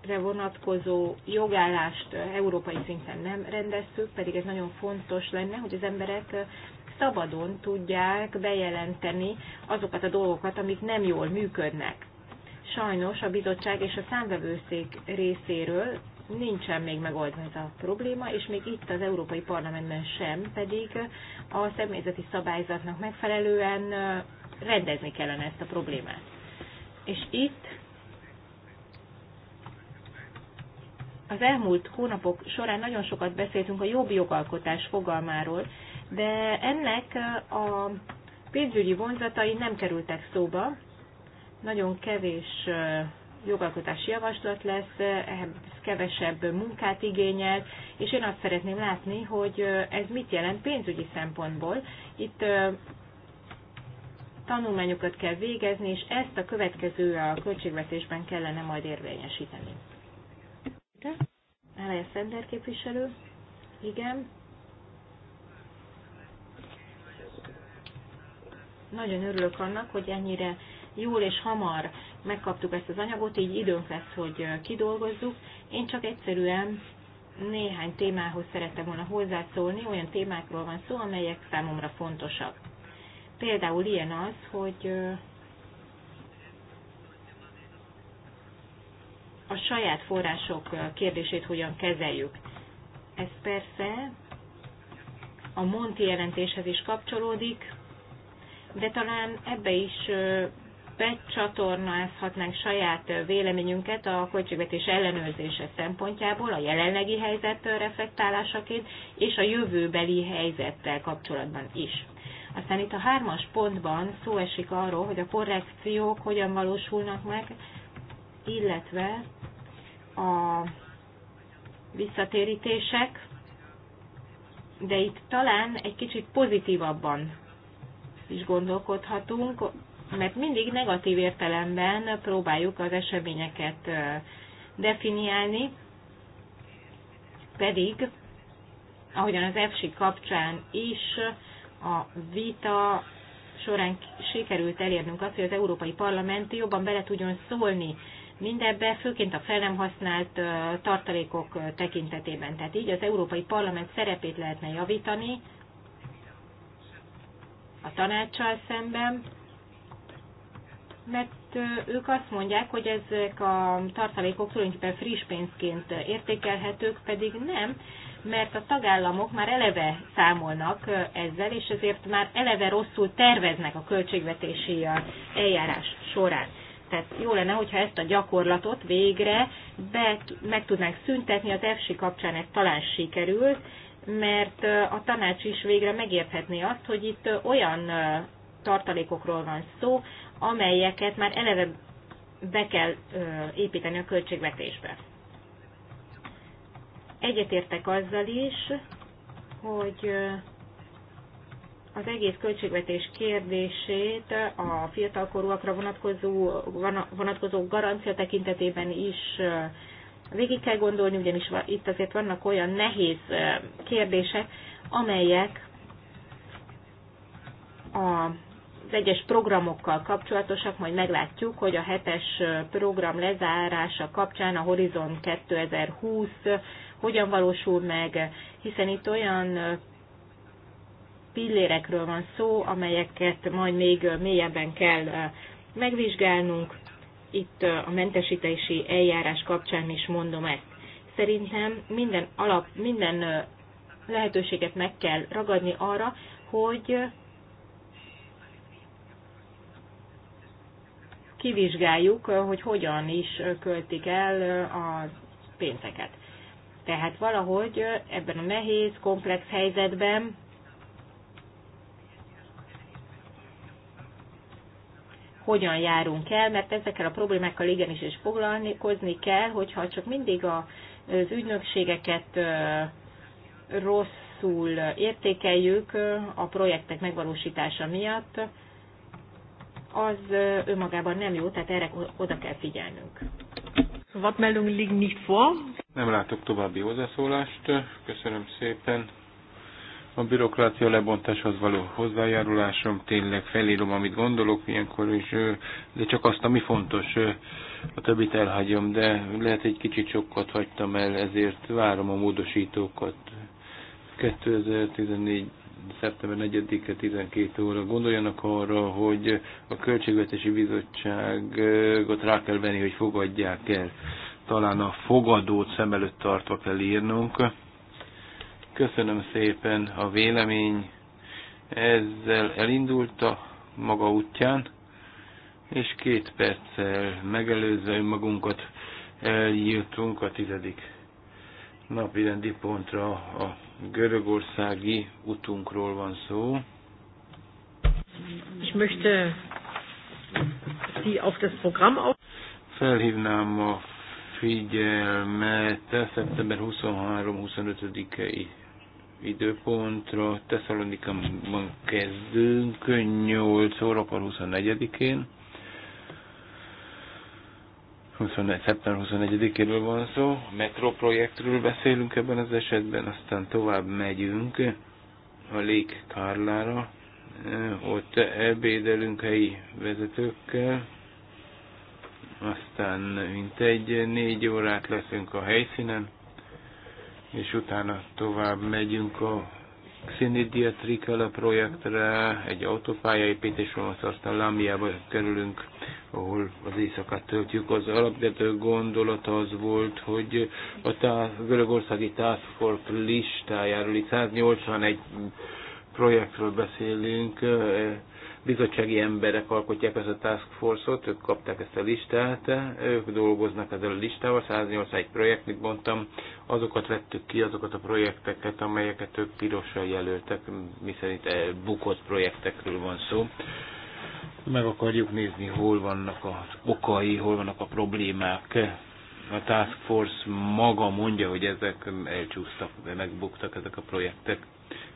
vonatkozó jogállást európai szinten nem rendeztük, pedig ez nagyon fontos lenne, hogy az emberek szabadon tudják bejelenteni azokat a dolgokat, amik nem jól működnek. Sajnos a bizottság és a számvevőszék részéről nincsen még megoldva ez a probléma, és még itt az Európai Parlamentben sem, pedig a személyzeti szabályzatnak megfelelően rendezni kellene ezt a problémát. És itt az elmúlt hónapok során nagyon sokat beszéltünk a jobb jogalkotás fogalmáról, de ennek a pénzügyi vonzatai nem kerültek szóba, nagyon kevés jogalkotási javaslat lesz, ehhez kevesebb munkát igényel, és én azt szeretném látni, hogy ez mit jelent pénzügyi szempontból. Itt tanulmányokat kell végezni, és ezt a következő a költségvetésben kellene majd érvényesíteni. Elej a Szender képviselő. Igen. Nagyon örülök annak, hogy ennyire jól és hamar megkaptuk ezt az anyagot, így időnk lesz, hogy kidolgozzuk. Én csak egyszerűen néhány témához szerettem volna hozzászólni, olyan témákról van szó, amelyek számomra fontosak. Például ilyen az, hogy a saját források kérdését hogyan kezeljük. Ez persze a Monti jelentéshez is kapcsolódik, de talán ebbe is hatnánk saját véleményünket a költségvetés ellenőrzése szempontjából, a jelenlegi helyzet reflektálásaként és a jövőbeli helyzettel kapcsolatban is. Aztán itt a hármas pontban szó esik arról, hogy a korrekciók hogyan valósulnak meg, illetve a visszatérítések, de itt talán egy kicsit pozitívabban is gondolkodhatunk, mert mindig negatív értelemben próbáljuk az eseményeket definiálni, pedig, ahogyan az EFSI kapcsán is a vita során sikerült elérnünk azt, hogy az Európai Parlament jobban bele tudjon szólni mindebbe, főként a fel nem használt tartalékok tekintetében. Tehát így az Európai Parlament szerepét lehetne javítani a tanácssal szemben, mert ők azt mondják, hogy ezek a tartalékok tulajdonképpen friss pénzként értékelhetők, pedig nem, mert a tagállamok már eleve számolnak ezzel, és ezért már eleve rosszul terveznek a költségvetési eljárás során. Tehát jó lenne, hogyha ezt a gyakorlatot végre be, meg tudnánk szüntetni, az EFSI kapcsán ez talán sikerült, mert a tanács is végre megérthetné azt, hogy itt olyan tartalékokról van szó, amelyeket már eleve be kell építeni a költségvetésbe. Egyetértek azzal is, hogy az egész költségvetés kérdését a fiatalkorúakra vonatkozó, vonatkozó garancia tekintetében is végig kell gondolni, ugyanis itt azért vannak olyan nehéz kérdések, amelyek a egyes programokkal kapcsolatosak, majd meglátjuk, hogy a hetes program lezárása kapcsán a Horizon 2020 hogyan valósul meg, hiszen itt olyan pillérekről van szó, amelyeket majd még mélyebben kell megvizsgálnunk. Itt a mentesítési eljárás kapcsán is mondom ezt. Szerintem minden, alap, minden lehetőséget meg kell ragadni arra, hogy kivizsgáljuk, hogy hogyan is költik el a pénzeket. Tehát valahogy ebben a nehéz, komplex helyzetben hogyan járunk el, mert ezekkel a problémákkal igenis is foglalkozni kell, hogyha csak mindig a, az ügynökségeket rosszul értékeljük a projektek megvalósítása miatt, az önmagában nem jó, tehát erre oda kell figyelnünk. Wortmeldungen liegen nicht vor. Nem látok további hozzászólást. Köszönöm szépen. A bürokrácia lebontáshoz való hozzájárulásom, tényleg felírom, amit gondolok ilyenkor, és, de csak azt, ami fontos, a többit elhagyom, de lehet egy kicsit sokat hagytam el, ezért várom a módosítókat. 2014 szeptember 4-e 12 óra. Gondoljanak arra, hogy a Költségvetési Bizottságot rá kell venni, hogy fogadják el. Talán a fogadót szem előtt tartva kell írnunk. Köszönöm szépen a vélemény. Ezzel elindult a maga útján, és két perccel megelőzve önmagunkat eljutunk a tizedik napirendi pontra a görögországi utunkról van szó. Ich möchte Sie auf das Programm auf Felhívnám a figyelmet szeptember 23-25-i időpontra. Tesszalonikában kezdünk 8 órakor 24-én 21. szeptember 21-éről van szó, a projektről beszélünk ebben az esetben, aztán tovább megyünk a Lake Karlára, ott ebédelünk helyi vezetőkkel, aztán mintegy négy órát leszünk a helyszínen, és utána tovább megyünk a Xenidia Trikala projektre, egy autópályaépítésről aztán Lámiába kerülünk, ahol az éjszakát töltjük. Az alapvető gondolat az volt, hogy a görögországi Task listájáról itt 181 projektről beszélünk, e, bizottsági emberek alkotják ezt a task force-ot, ők kapták ezt a listát, e, ők dolgoznak ezzel a listával, 181 projekt, mint mondtam, azokat vettük ki, azokat a projekteket, amelyeket ők pirosra jelöltek, miszerint e, bukott projektekről van szó. Meg akarjuk nézni, hol vannak az okai, hol vannak a problémák. A Task Force maga mondja, hogy ezek elcsúsztak, megbuktak ezek a projektek.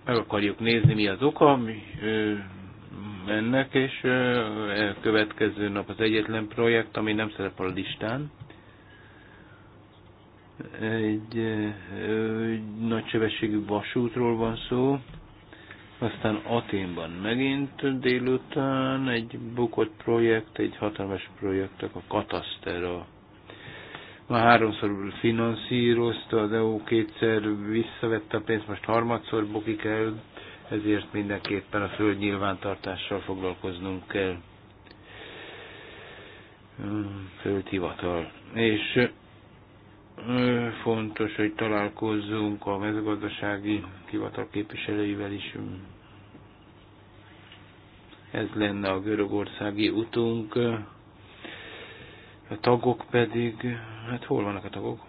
Meg akarjuk nézni, mi az oka mi, ö, ennek, és ö, következő nap az egyetlen projekt, ami nem szerepel a listán, egy, nagy sebességű vasútról van szó, aztán Aténban megint délután egy bukott projekt, egy hatalmas projekt, a Katasztera. Már háromszor finanszírozta, az EU kétszer visszavette a pénzt, most harmadszor bukik el, ezért mindenképpen a föld nyilvántartással foglalkoznunk kell. Hmm, földhivatal. És Fontos, hogy találkozzunk a mezőgazdasági hivatal képviselőivel is. Ez lenne a görögországi utunk. A tagok pedig, hát hol vannak a tagok?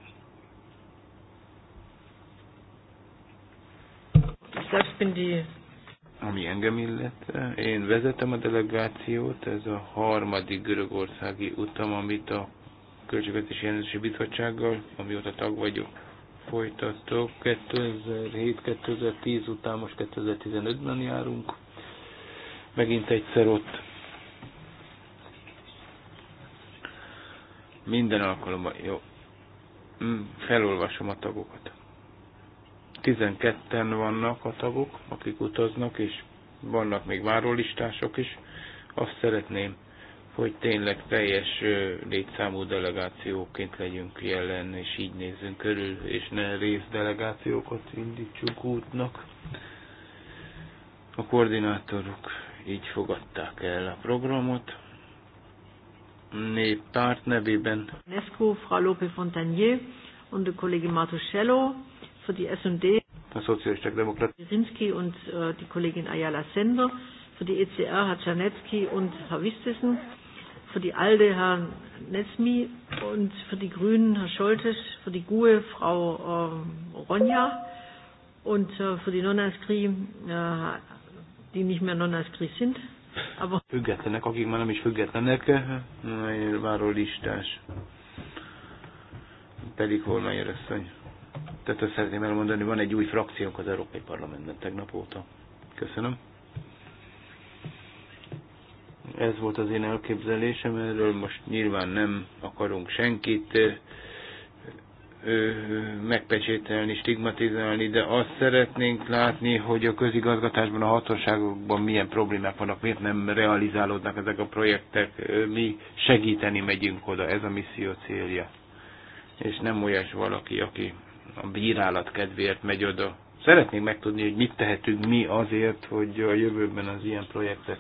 Ami engem illet, én vezetem a delegációt, ez a harmadik görögországi utam, amit a Költségvetési Jelentési Bizottsággal, amióta tag vagyok, folytattok. 2007-2010 után most 2015-ben járunk. Megint egyszer ott minden alkalommal, jó, mm, felolvasom a tagokat. 12-en vannak a tagok, akik utaznak, és vannak még várólistások is. Azt szeretném, hogy tényleg teljes létszámú delegációként legyünk jelen, és így nézzünk körül, és ne részdelegációkat indítsuk útnak. A koordinátorok így fogadták el a programot. Néppárt nevében. Nesco, Frau Lope Fontanier und der Kollege Martuscello für die S&D. A szocialisták demokrat. Rimski und äh, die Kollegin Ayala Sender. Für die ECR Herr und Herr für die ALDE Herr Nesmi und für die Grünen Herr Scholtes, für die GUE Frau äh, Ronja und äh, für die Non-Askri, äh, die nicht mehr Non-Askri sind. Aber függetlenek, akik már nem is függetlenek, eh, váró listás. Pedig Holmeyer asszony. Tehát azt szeretném elmondani, van egy új frakciónk az Európai Parlamentben tegnap óta. Köszönöm. Ez volt az én elképzelésem, erről most nyilván nem akarunk senkit megpecsételni, stigmatizálni, de azt szeretnénk látni, hogy a közigazgatásban, a hatóságokban milyen problémák vannak, miért nem realizálódnak ezek a projektek, mi segíteni megyünk oda, ez a misszió célja. És nem olyas valaki, aki a bírálat kedvéért megy oda. Szeretnénk megtudni, hogy mit tehetünk mi azért, hogy a jövőben az ilyen projektek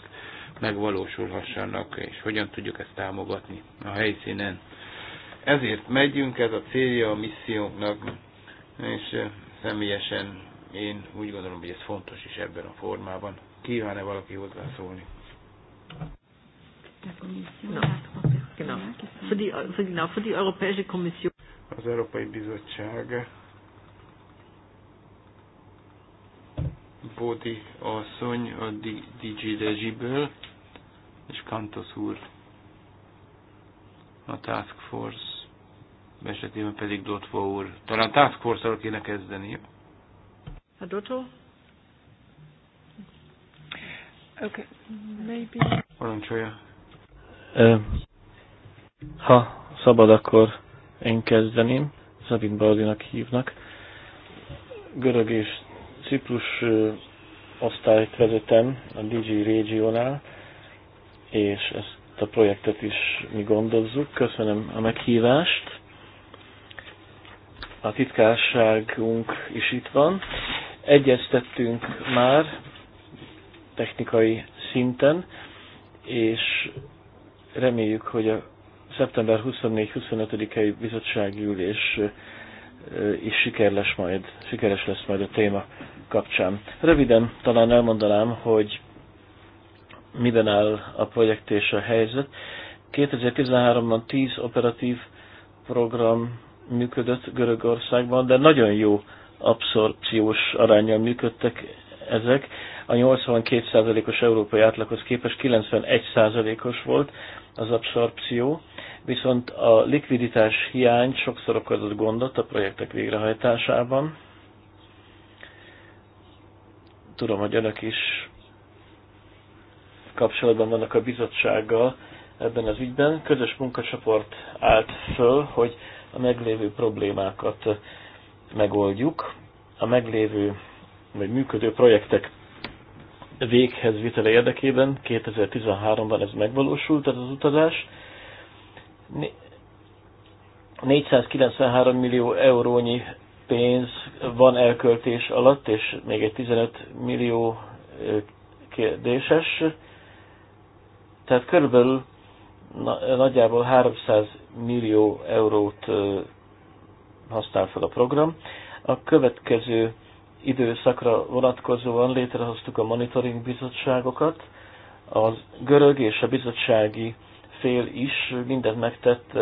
megvalósulhassanak, és hogyan tudjuk ezt támogatni a helyszínen. Ezért megyünk, ez a célja a missziónknak, és eh, személyesen én úgy gondolom, hogy ez fontos is ebben a formában. Kíván-e valaki hozzászólni? Az Európai Bizottság Bódi asszony a DG Regiből és Kantos úr a Task Force esetében pedig Dotvo úr. Talán Task force ról kéne kezdeni. A Dotvo? Okay, maybe. Parancsolja. Ha szabad, akkor én kezdeném. Zabin Baldinak hívnak. Görög és Ciprus osztályt vezetem a DG Regionál és ezt a projektet is mi gondozzuk. Köszönöm a meghívást. A titkárságunk is itt van. Egyeztettünk már technikai szinten, és reméljük, hogy a szeptember 24-25-i bizottsági ülés is sikeres, majd, sikeres lesz majd a téma kapcsán. Röviden talán elmondanám, hogy miben áll a projekt és a helyzet. 2013-ban 10 operatív program működött Görögországban, de nagyon jó abszorpciós arányjal működtek ezek. A 82%-os európai átlaghoz képest 91%-os volt az abszorpció, viszont a likviditás hiány sokszor okozott gondot a projektek végrehajtásában. Tudom, hogy önök is kapcsolatban vannak a bizottsággal ebben az ügyben. Közös munkacsoport állt föl, hogy a meglévő problémákat megoldjuk, a meglévő vagy működő projektek véghez vitele érdekében 2013-ban ez megvalósult, ez az utazás. 493 millió eurónyi pénz van elköltés alatt, és még egy 15 millió kérdéses. Tehát körülbelül na, nagyjából 300 millió eurót ö, használ fel a program. A következő időszakra vonatkozóan létrehoztuk a monitoring bizottságokat. A görög és a bizottsági fél is mindent megtett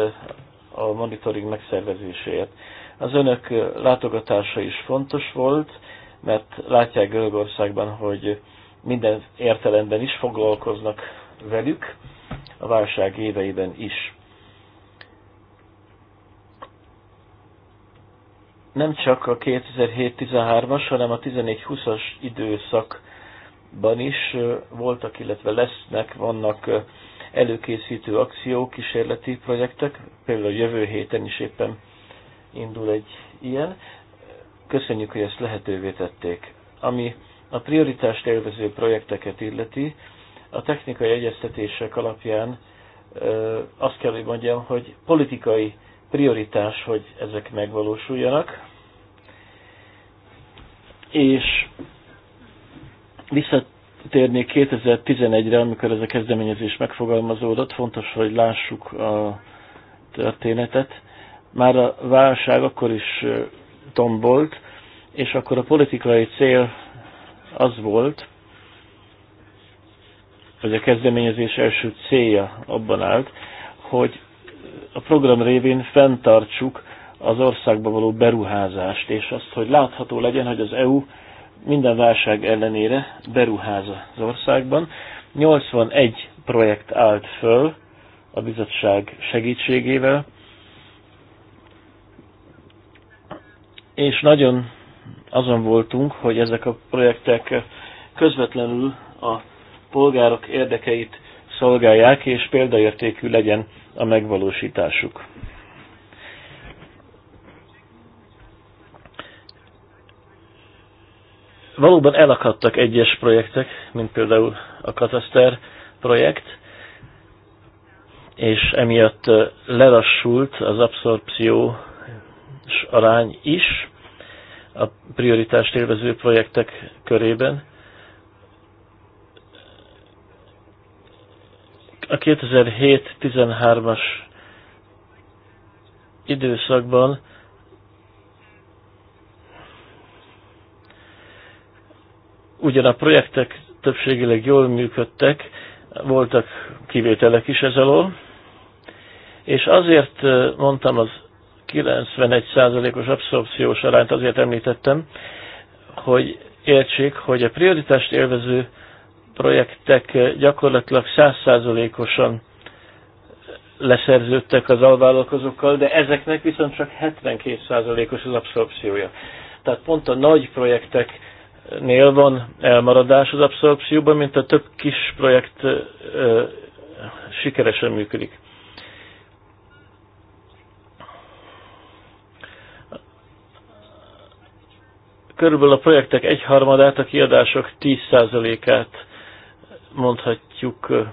a monitoring megszervezéséért. Az önök látogatása is fontos volt, mert látják Görögországban, hogy minden értelemben is foglalkoznak velük a válság éveiben is. Nem csak a 2007-13-as, hanem a 14-20-as időszakban is voltak, illetve lesznek, vannak előkészítő akciók, kísérleti projektek, például jövő héten is éppen indul egy ilyen. Köszönjük, hogy ezt lehetővé tették. Ami a prioritást élvező projekteket illeti, a technikai egyeztetések alapján azt kell, hogy mondjam, hogy politikai prioritás, hogy ezek megvalósuljanak. És visszatérnék 2011-re, amikor ez a kezdeményezés megfogalmazódott, fontos, hogy lássuk a történetet. Már a válság akkor is tombolt, és akkor a politikai cél az volt, vagy a kezdeményezés első célja abban állt, hogy a program révén fenntartsuk az országba való beruházást, és azt, hogy látható legyen, hogy az EU minden válság ellenére beruház az országban. 81 projekt állt föl a bizottság segítségével, és nagyon azon voltunk, hogy ezek a projektek közvetlenül a polgárok érdekeit szolgálják, és példaértékű legyen a megvalósításuk. Valóban elakadtak egyes projektek, mint például a Kataszter projekt, és emiatt lelassult az abszorpció arány is a prioritást élvező projektek körében A 2007-13-as időszakban ugyan a projektek többségileg jól működtek, voltak kivételek is ez alól, és azért mondtam az 91%-os abszorpciós arányt, azért említettem, hogy értsék, hogy a prioritást élvező projektek gyakorlatilag százszázalékosan leszerződtek az alvállalkozókkal, de ezeknek viszont csak 72%-os az abszorpciója. Tehát pont a nagy projekteknél van elmaradás az abszorpcióban, mint a több kis projekt ö, sikeresen működik. Körülbelül a projektek egyharmadát, a kiadások 10%-át mondhatjuk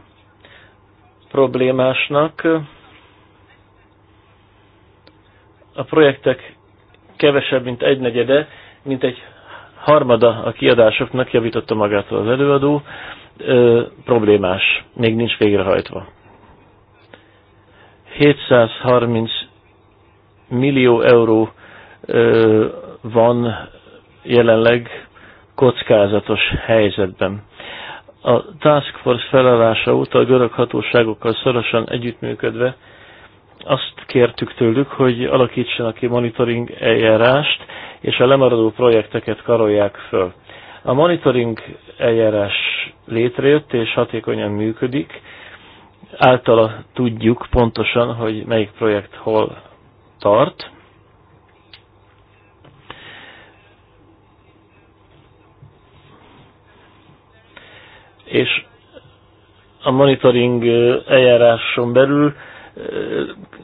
problémásnak. A projektek kevesebb, mint egy negyede, mint egy harmada a kiadásoknak javította magától az előadó, ö, problémás, még nincs végrehajtva. 730 millió euró ö, van jelenleg kockázatos helyzetben. A Task Force felállása óta a görög hatóságokkal szorosan együttműködve azt kértük tőlük, hogy alakítsanak ki monitoring eljárást, és a lemaradó projekteket karolják föl. A monitoring eljárás létrejött és hatékonyan működik, általa tudjuk pontosan, hogy melyik projekt hol tart, és a monitoring eljáráson belül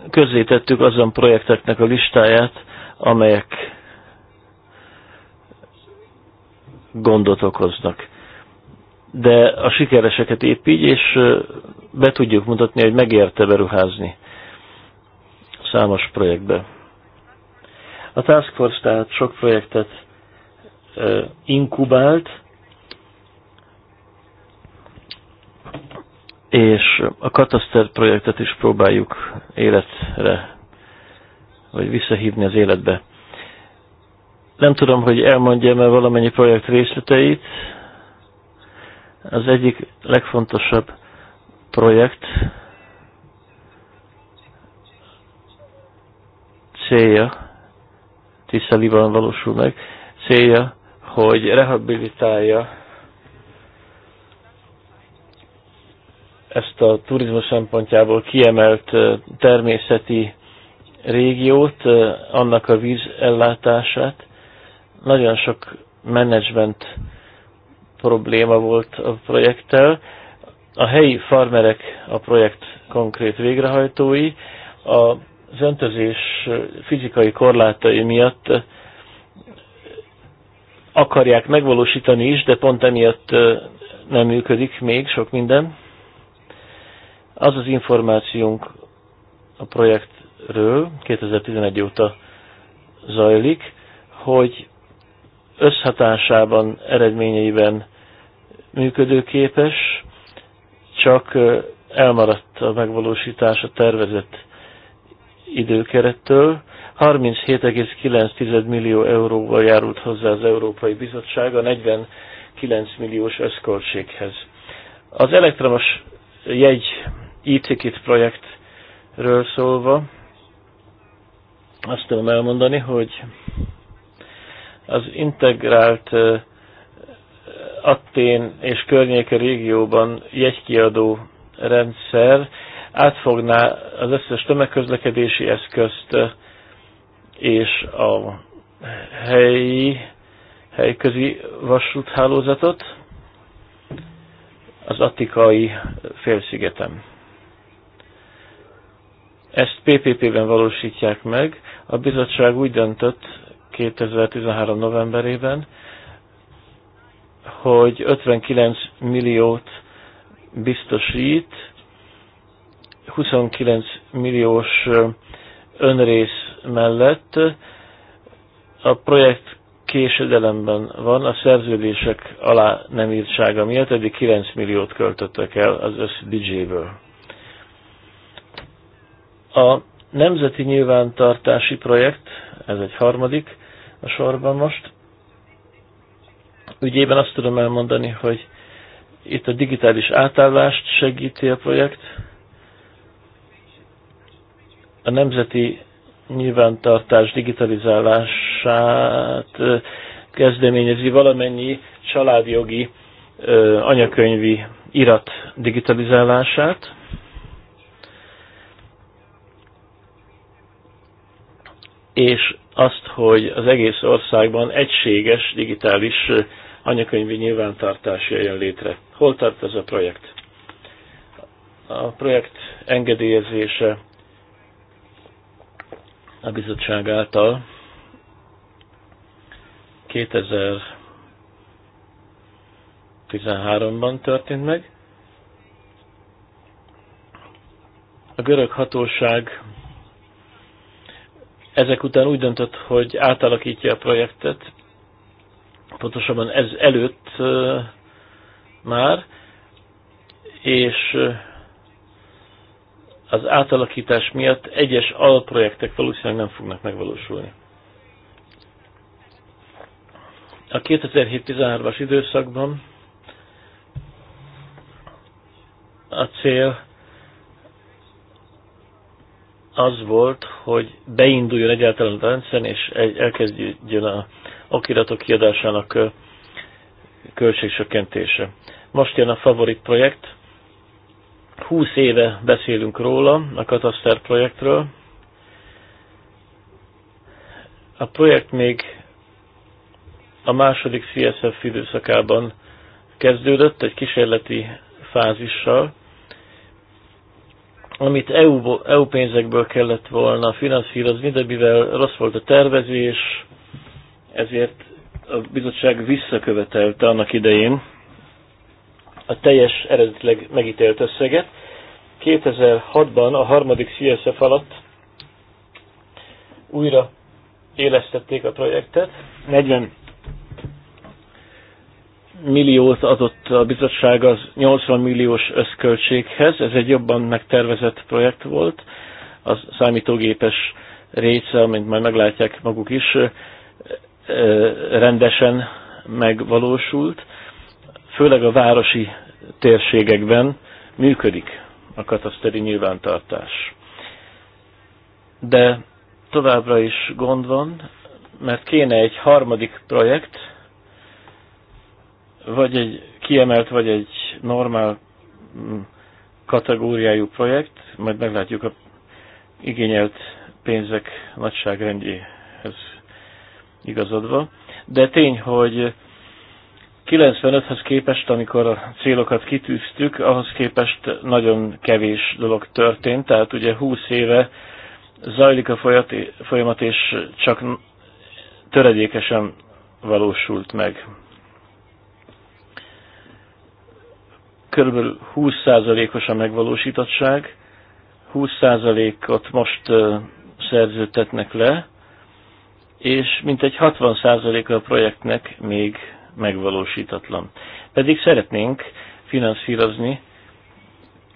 közzétettük azon projekteknek a listáját, amelyek gondot okoznak. De a sikereseket épp így, és be tudjuk mutatni, hogy megérte beruházni számos projektbe. A Task Force tehát sok projektet inkubált, és a Kataszter projektet is próbáljuk életre, vagy visszahívni az életbe. Nem tudom, hogy elmondjam-e valamennyi projekt részleteit. Az egyik legfontosabb projekt célja, Tisza Liban valósul meg, célja, hogy rehabilitálja ezt a turizmus szempontjából kiemelt természeti régiót, annak a vízellátását. Nagyon sok menedzsment probléma volt a projekttel. A helyi farmerek a projekt konkrét végrehajtói. Az öntözés fizikai korlátai miatt akarják megvalósítani is, de pont emiatt nem működik még sok minden. Az az információnk a projektről 2011 óta zajlik, hogy összhatásában, eredményeiben működőképes, csak elmaradt a megvalósítás a tervezett időkerettől. 37,9 millió euróval járult hozzá az Európai Bizottság a 49 milliós összköltséghez. Az elektromos jegy e-ticket projektről szólva, azt tudom elmondani, hogy az integrált Attén és környéke régióban jegykiadó rendszer átfogná az összes tömegközlekedési eszközt és a helyi, helyközi vasúthálózatot az Attikai félszigetem. Ezt PPP-ben valósítják meg. A bizottság úgy döntött 2013. novemberében, hogy 59 milliót biztosít, 29 milliós önrész mellett. A projekt késedelemben van, a szerződések alá nem írtsága miatt eddig 9 milliót költöttek el az összbüdzséből. A nemzeti nyilvántartási projekt, ez egy harmadik a sorban most, ügyében azt tudom elmondani, hogy itt a digitális átállást segíti a projekt, a nemzeti nyilvántartás digitalizálását kezdeményezi valamennyi családjogi anyakönyvi irat digitalizálását. és azt, hogy az egész országban egységes digitális anyakönyvi nyilvántartás jöjjön létre. Hol tart ez a projekt? A projekt engedélyezése a bizottság által 2013-ban történt meg. A görög hatóság ezek után úgy döntött, hogy átalakítja a projektet, pontosabban ez előtt már, és az átalakítás miatt egyes alprojektek valószínűleg nem fognak megvalósulni. A 2007-13-as időszakban a cél az volt, hogy beinduljon egyáltalán a rendszer, és elkezdjön a okiratok kiadásának költségsökkentése. Most jön a favorit projekt. 20 éve beszélünk róla, a Kataszter projektről. A projekt még a második CSF időszakában kezdődött, egy kísérleti fázissal, amit EU, EU pénzekből kellett volna finanszírozni, de mivel rossz volt a tervezés, ezért a bizottság visszakövetelte annak idején a teljes eredetileg megítélt összeget. 2006-ban a harmadik CSF alatt újra élesztették a projektet, 40 milliót adott a bizottság az 80 milliós összköltséghez, ez egy jobban megtervezett projekt volt, a számítógépes része, amint majd meglátják maguk is, rendesen megvalósult, főleg a városi térségekben működik a kataszteri nyilvántartás. De továbbra is gond van, mert kéne egy harmadik projekt, vagy egy kiemelt, vagy egy normál mm, kategóriájú projekt, majd meglátjuk a igényelt pénzek nagyságrendjéhez igazodva. De tény, hogy 95-hez képest, amikor a célokat kitűztük, ahhoz képest nagyon kevés dolog történt, tehát ugye 20 éve zajlik a folyamat, és csak töredékesen valósult meg körülbelül 20%-os a megvalósítottság, 20%-ot most szerződtetnek le, és mintegy 60%-a a projektnek még megvalósítatlan. Pedig szeretnénk finanszírozni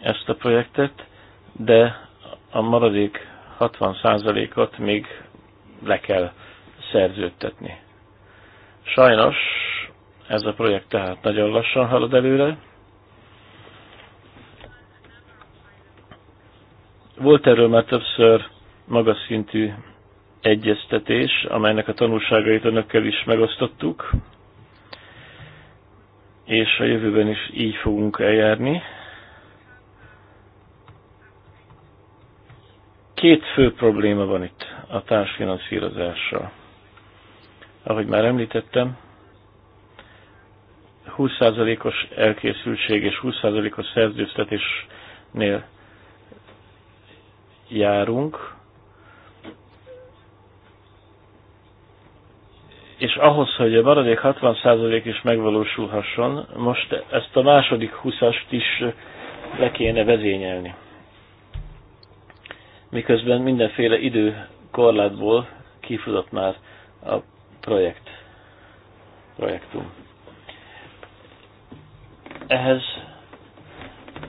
ezt a projektet, de a maradék 60%-ot még le kell szerződtetni. Sajnos ez a projekt tehát nagyon lassan halad előre, Volt erről már többször magas szintű egyeztetés, amelynek a tanulságait önökkel is megosztottuk, és a jövőben is így fogunk eljárni. Két fő probléma van itt a társfinanszírozással. Ahogy már említettem, 20%-os elkészültség és 20%-os szerződtetésnél járunk, és ahhoz, hogy a maradék 60% is megvalósulhasson, most ezt a második 20-ast is le kéne vezényelni. Miközben mindenféle idő korlátból kifutott már a projekt, projektum. Ehhez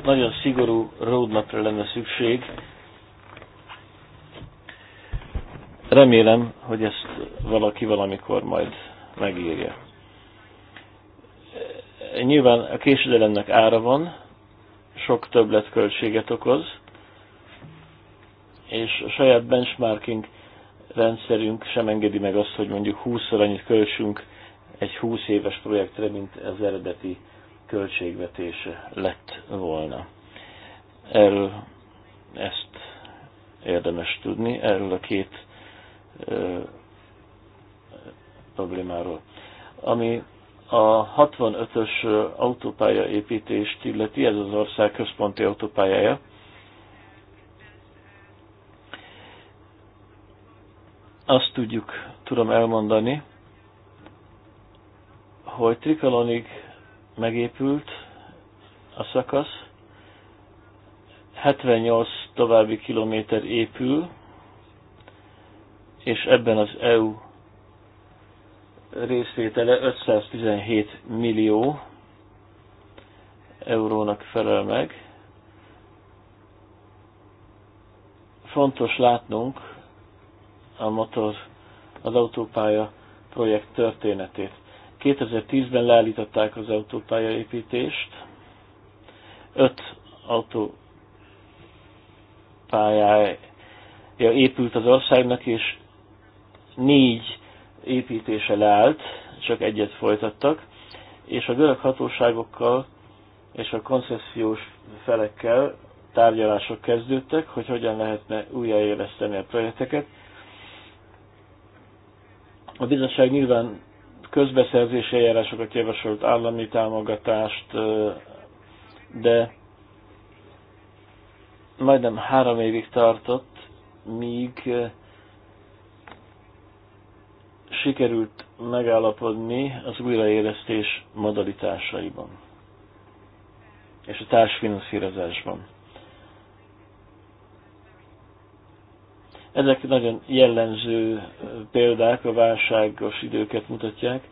nagyon szigorú roadmapra lenne szükség, Remélem, hogy ezt valaki valamikor majd megírja. Nyilván a késedelemnek ára van, sok többletköltséget okoz, és a saját benchmarking rendszerünk sem engedi meg azt, hogy mondjuk 20 annyit költsünk egy 20 éves projektre, mint az eredeti költségvetése lett volna. Erről ezt érdemes tudni, erről a két ö, problémáról. Ami a 65-ös autópálya építést illeti, ez az ország központi autópályája, azt tudjuk, tudom elmondani, hogy Trikalonig megépült a szakasz, 78 további kilométer épül, és ebben az EU részvétele 517 millió eurónak felel meg. Fontos látnunk a motor, az autópálya projekt történetét. 2010-ben leállították az autópálya építést, öt autópályája épült az országnak, és négy építése leállt, csak egyet folytattak, és a görög hatóságokkal és a koncesziós felekkel tárgyalások kezdődtek, hogy hogyan lehetne újjáéleszteni a projekteket. A bizottság nyilván közbeszerzési eljárásokat javasolt, állami támogatást, de majdnem három évig tartott, míg sikerült megállapodni az újraélesztés modalitásaiban és a társfinanszírozásban. Ezek nagyon jellemző példák, a válságos időket mutatják,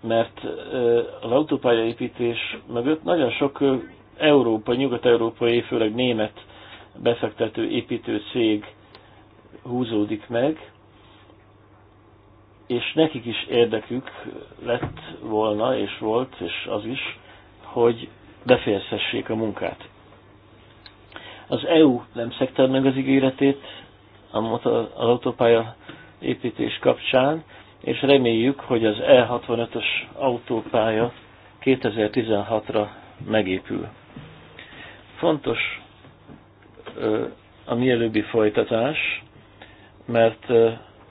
mert az autópályaépítés mögött nagyon sok európai, nyugat-európai, főleg német befektető építő cég húzódik meg, és nekik is érdekük lett volna, és volt, és az is, hogy befejezhessék a munkát. Az EU nem szekte meg az ígéretét az autópálya építés kapcsán, és reméljük, hogy az E65-ös autópálya 2016-ra megépül. Fontos a mielőbbi folytatás, mert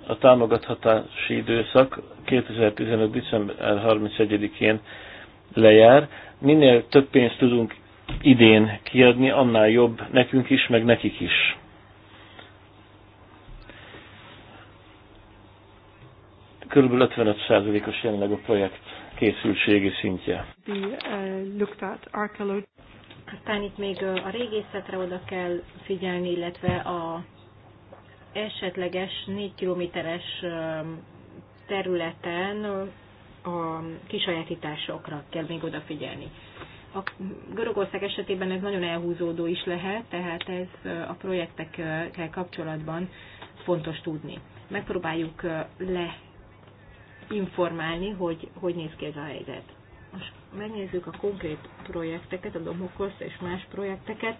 a támogathatási időszak 2015. december 31-én lejár. Minél több pénzt tudunk idén kiadni, annál jobb nekünk is, meg nekik is. Körülbelül 55%-os jelenleg a projekt készültségi szintje. Uh, Aztán itt még uh, a régészetre oda kell figyelni, illetve a esetleges 4 kilométeres területen a kisajátításokra kell még odafigyelni. A Görögország esetében ez nagyon elhúzódó is lehet, tehát ez a projektekkel kapcsolatban fontos tudni. Megpróbáljuk leinformálni, hogy hogy néz ki ez a helyzet. Most megnézzük a konkrét projekteket, a Domokosz és más projekteket.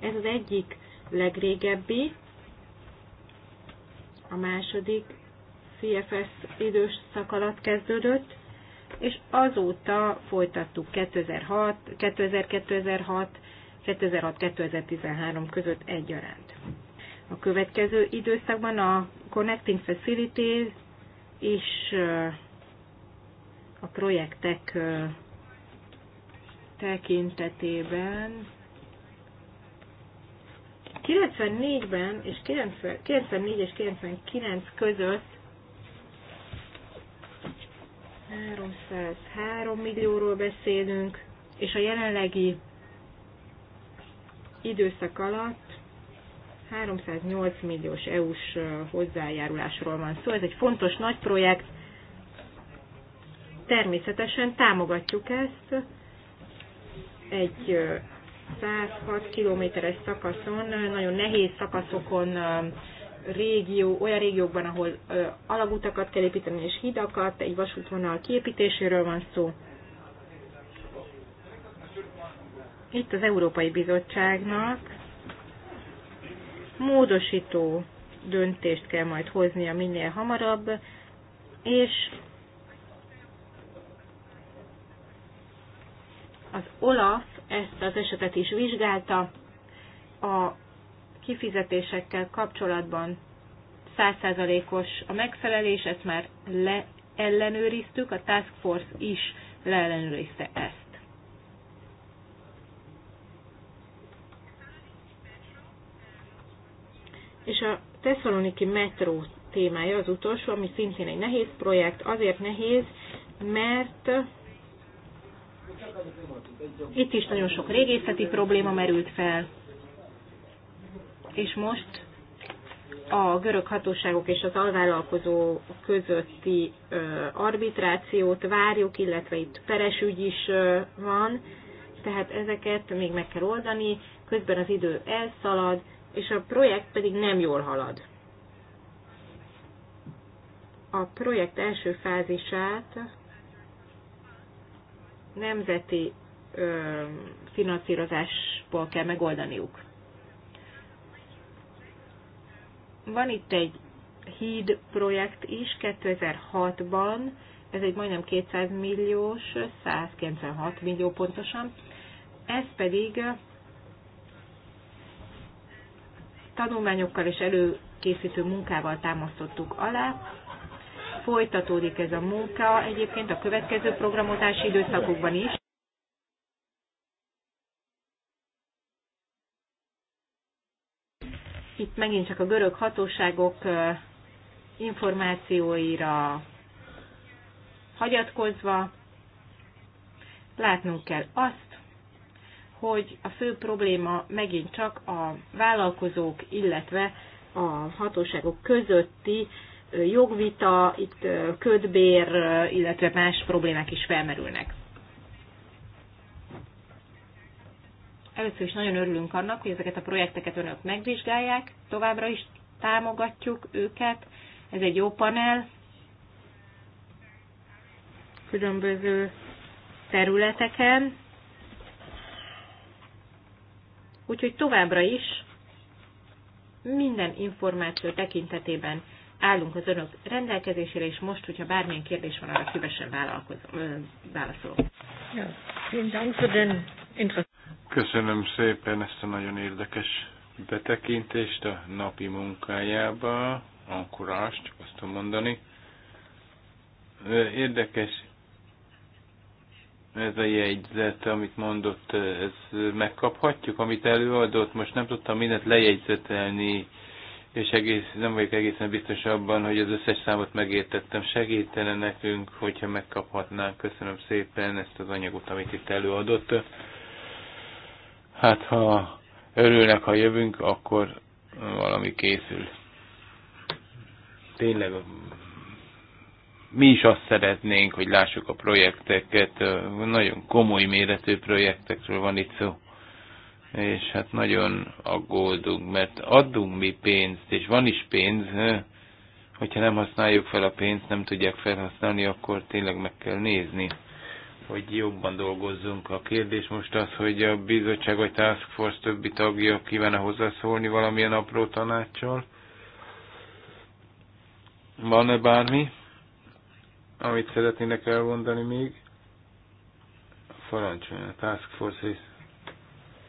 Ez az egyik legrégebbi, a második CFS időszak alatt kezdődött, és azóta folytattuk 2006, 2006 2006-2013 között egyaránt. A következő időszakban a Connecting Facilities és a projektek tekintetében 94-ben és 90, 94 és 99 között 303 millióról beszélünk, és a jelenlegi időszak alatt 308 milliós EU-s hozzájárulásról van szó. Szóval ez egy fontos nagy projekt. Természetesen támogatjuk ezt egy 106 kilométeres szakaszon, nagyon nehéz szakaszokon, um, régió, olyan régiókban, ahol alagutakat kell építeni és hidakat, egy vasútvonal kiépítéséről van szó. Itt az Európai Bizottságnak módosító döntést kell majd hoznia minél hamarabb, és Az OLAF ezt az esetet is vizsgálta, a kifizetésekkel kapcsolatban 100%-os a megfelelés, ezt már leellenőriztük, a Task Force is leellenőrizte ezt. És a Thessaloniki metró témája az utolsó, ami szintén egy nehéz projekt, azért nehéz, mert itt is nagyon sok régészeti probléma merült fel, és most a görög hatóságok és az alvállalkozó közötti ö, arbitrációt várjuk, illetve itt peresügy is ö, van, tehát ezeket még meg kell oldani, közben az idő elszalad, és a projekt pedig nem jól halad. A projekt első fázisát nemzeti ö, finanszírozásból kell megoldaniuk. Van itt egy híd projekt is 2006-ban, ez egy majdnem 200 milliós, 196 millió pontosan, ez pedig tanulmányokkal és előkészítő munkával támasztottuk alá, folytatódik ez a munka egyébként a következő programozási időszakokban is. Itt megint csak a görög hatóságok információira hagyatkozva látnunk kell azt, hogy a fő probléma megint csak a vállalkozók, illetve a hatóságok közötti jogvita, itt ködbér, illetve más problémák is felmerülnek. Először is nagyon örülünk annak, hogy ezeket a projekteket önök megvizsgálják, továbbra is támogatjuk őket. Ez egy jó panel, különböző területeken. Úgyhogy továbbra is minden információ tekintetében állunk az önök rendelkezésére, és most, hogyha bármilyen kérdés van, arra szívesen válaszolok. Köszönöm szépen ezt a nagyon érdekes betekintést a napi munkájába, ankurást, csak azt tudom mondani. Érdekes ez a jegyzet, amit mondott, ez megkaphatjuk, amit előadott, most nem tudtam mindent lejegyzetelni, és egész, nem vagyok egészen biztos abban, hogy az összes számot megértettem. Segítene nekünk, hogyha megkaphatnánk. Köszönöm szépen ezt az anyagot, amit itt előadott. Hát, ha örülnek, ha jövünk, akkor valami készül. Tényleg mi is azt szeretnénk, hogy lássuk a projekteket, nagyon komoly méretű projektekről van itt szó és hát nagyon aggódunk, mert adunk mi pénzt, és van is pénz, hogyha nem használjuk fel a pénzt, nem tudják felhasználni, akkor tényleg meg kell nézni, hogy jobban dolgozzunk. A kérdés most az, hogy a bizottság vagy Task Force többi tagja kívánna hozzászólni valamilyen apró tanácssal. Van-e bármi, amit szeretnének elmondani még? Parancsoljon, a Task Force is.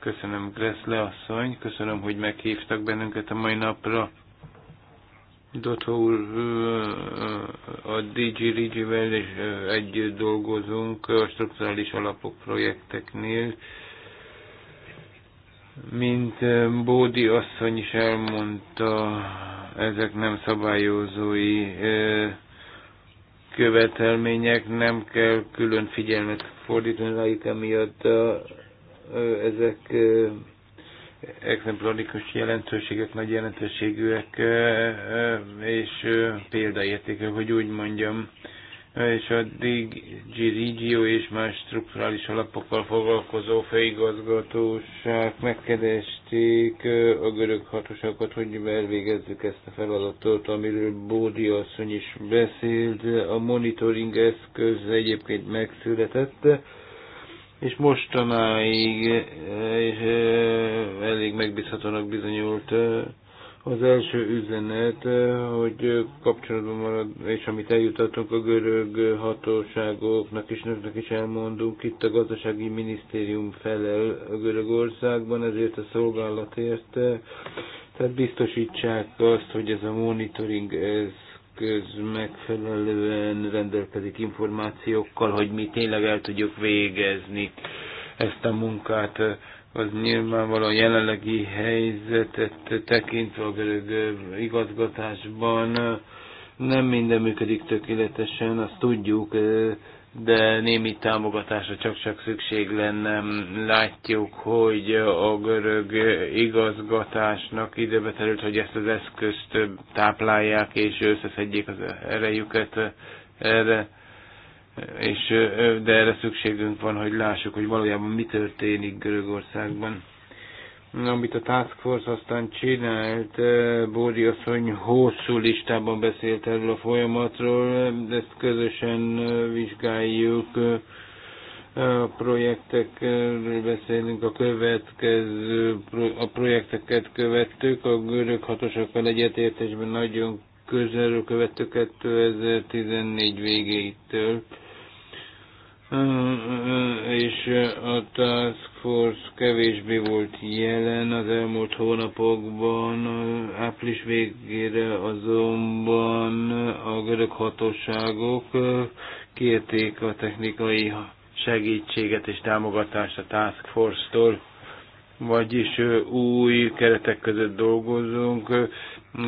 Köszönöm, Greszle asszony, köszönöm, hogy meghívtak bennünket a mai napra. Dotho úr, a DG Rigivel és együtt dolgozunk a strukturális alapok projekteknél. Mint Bódi asszony is elmondta, ezek nem szabályozói követelmények, nem kell külön figyelmet fordítani rájuk, emiatt ezek exemplarikus jelentőségek, nagy jelentőségűek, és példaértékek, hogy úgy mondjam, és a DG Regio és más strukturális alapokkal foglalkozó főigazgatóság megkeresték a görög hatóságokat, hogy elvégezzük ezt a feladatot, amiről Bódi asszony is beszélt. A monitoring eszköz egyébként megszületett, és mostanáig elég megbízhatónak bizonyult az első üzenet, hogy kapcsolatban marad, és amit eljutatunk a görög hatóságoknak is nöknek is elmondunk, itt a gazdasági minisztérium felel a Görögországban, ezért a szolgálatért, tehát biztosítsák azt, hogy ez a monitoring ez eszköz megfelelően rendelkezik információkkal, hogy mi tényleg el tudjuk végezni ezt a munkát. Az nyilvánvalóan jelenlegi helyzetet tekintve a görög igazgatásban nem minden működik tökéletesen, azt tudjuk, de némi támogatásra csak-csak szükség lenne. Látjuk, hogy a görög igazgatásnak időbe terült, hogy ezt az eszközt táplálják és összeszedjék az erejüket erre, és, de erre szükségünk van, hogy lássuk, hogy valójában mi történik Görögországban amit a Task Force aztán csinált, eh, Bódi asszony hosszú listában beszélt erről a folyamatról, ezt közösen eh, vizsgáljuk, eh, a projektekről beszélünk, a következő, a projekteket követtük, a görög hatosokkal egyetértésben nagyon közelről követtük 2014 végétől és a Task Force kevésbé volt jelen az elmúlt hónapokban, április végére azonban a görög hatóságok kérték a technikai segítséget és támogatást a Task Force-tól, vagyis új keretek között dolgozunk,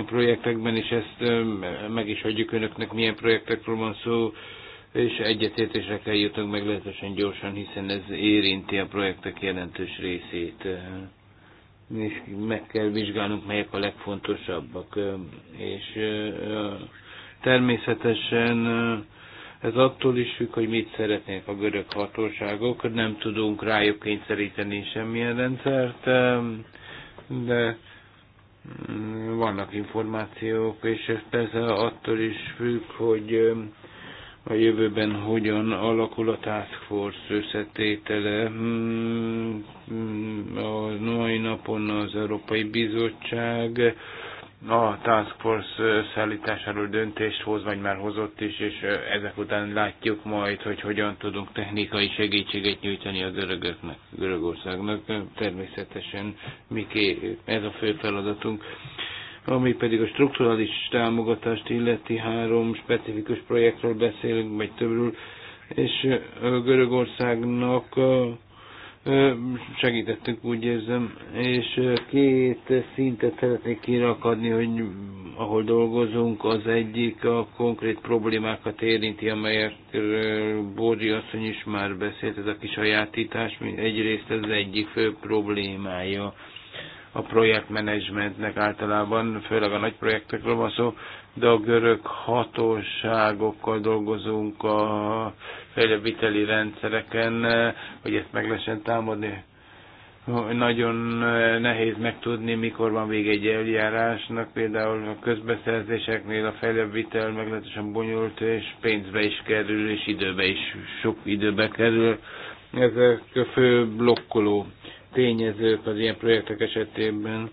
projektekben, és ezt meg is hagyjuk önöknek, milyen projektekről van szó, és egyetértésre kell jutnunk meglehetősen gyorsan, hiszen ez érinti a projektek jelentős részét. És meg kell vizsgálnunk, melyek a legfontosabbak. És természetesen ez attól is függ, hogy mit szeretnék a görög hatóságok. Nem tudunk rájuk kényszeríteni semmilyen rendszert, de mm, vannak információk, és ez persze attól is függ, hogy a jövőben hogyan alakul a Task Force összetétele. Hmm, hmm, a mai napon az Európai Bizottság a Task Force szállításáról döntést hoz, vagy már hozott is, és ezek után látjuk majd, hogy hogyan tudunk technikai segítséget nyújtani a görögöknek, Görögországnak. Természetesen mi ez a fő feladatunk. Ami pedig a strukturális támogatást illeti három specifikus projektről beszélünk, vagy többről, és Görögországnak segítettük, úgy érzem, és két szintet szeretnék kirakadni, hogy ahol dolgozunk, az egyik a konkrét problémákat érinti, amelyek Bódi asszony is már beszélt, ez a kisajátítás, egyrészt ez egyik fő problémája a projektmenedzsmentnek általában, főleg a nagy projektekről van szó, de a görög hatóságokkal dolgozunk a fejleviteli rendszereken, hogy ezt meg lehessen támadni. Nagyon nehéz megtudni, mikor van vége egy eljárásnak, például a közbeszerzéseknél a fejlevitel meglehetősen bonyolult, és pénzbe is kerül, és időbe is sok időbe kerül. ezek a fő blokkoló tényezők az ilyen projektek esetében.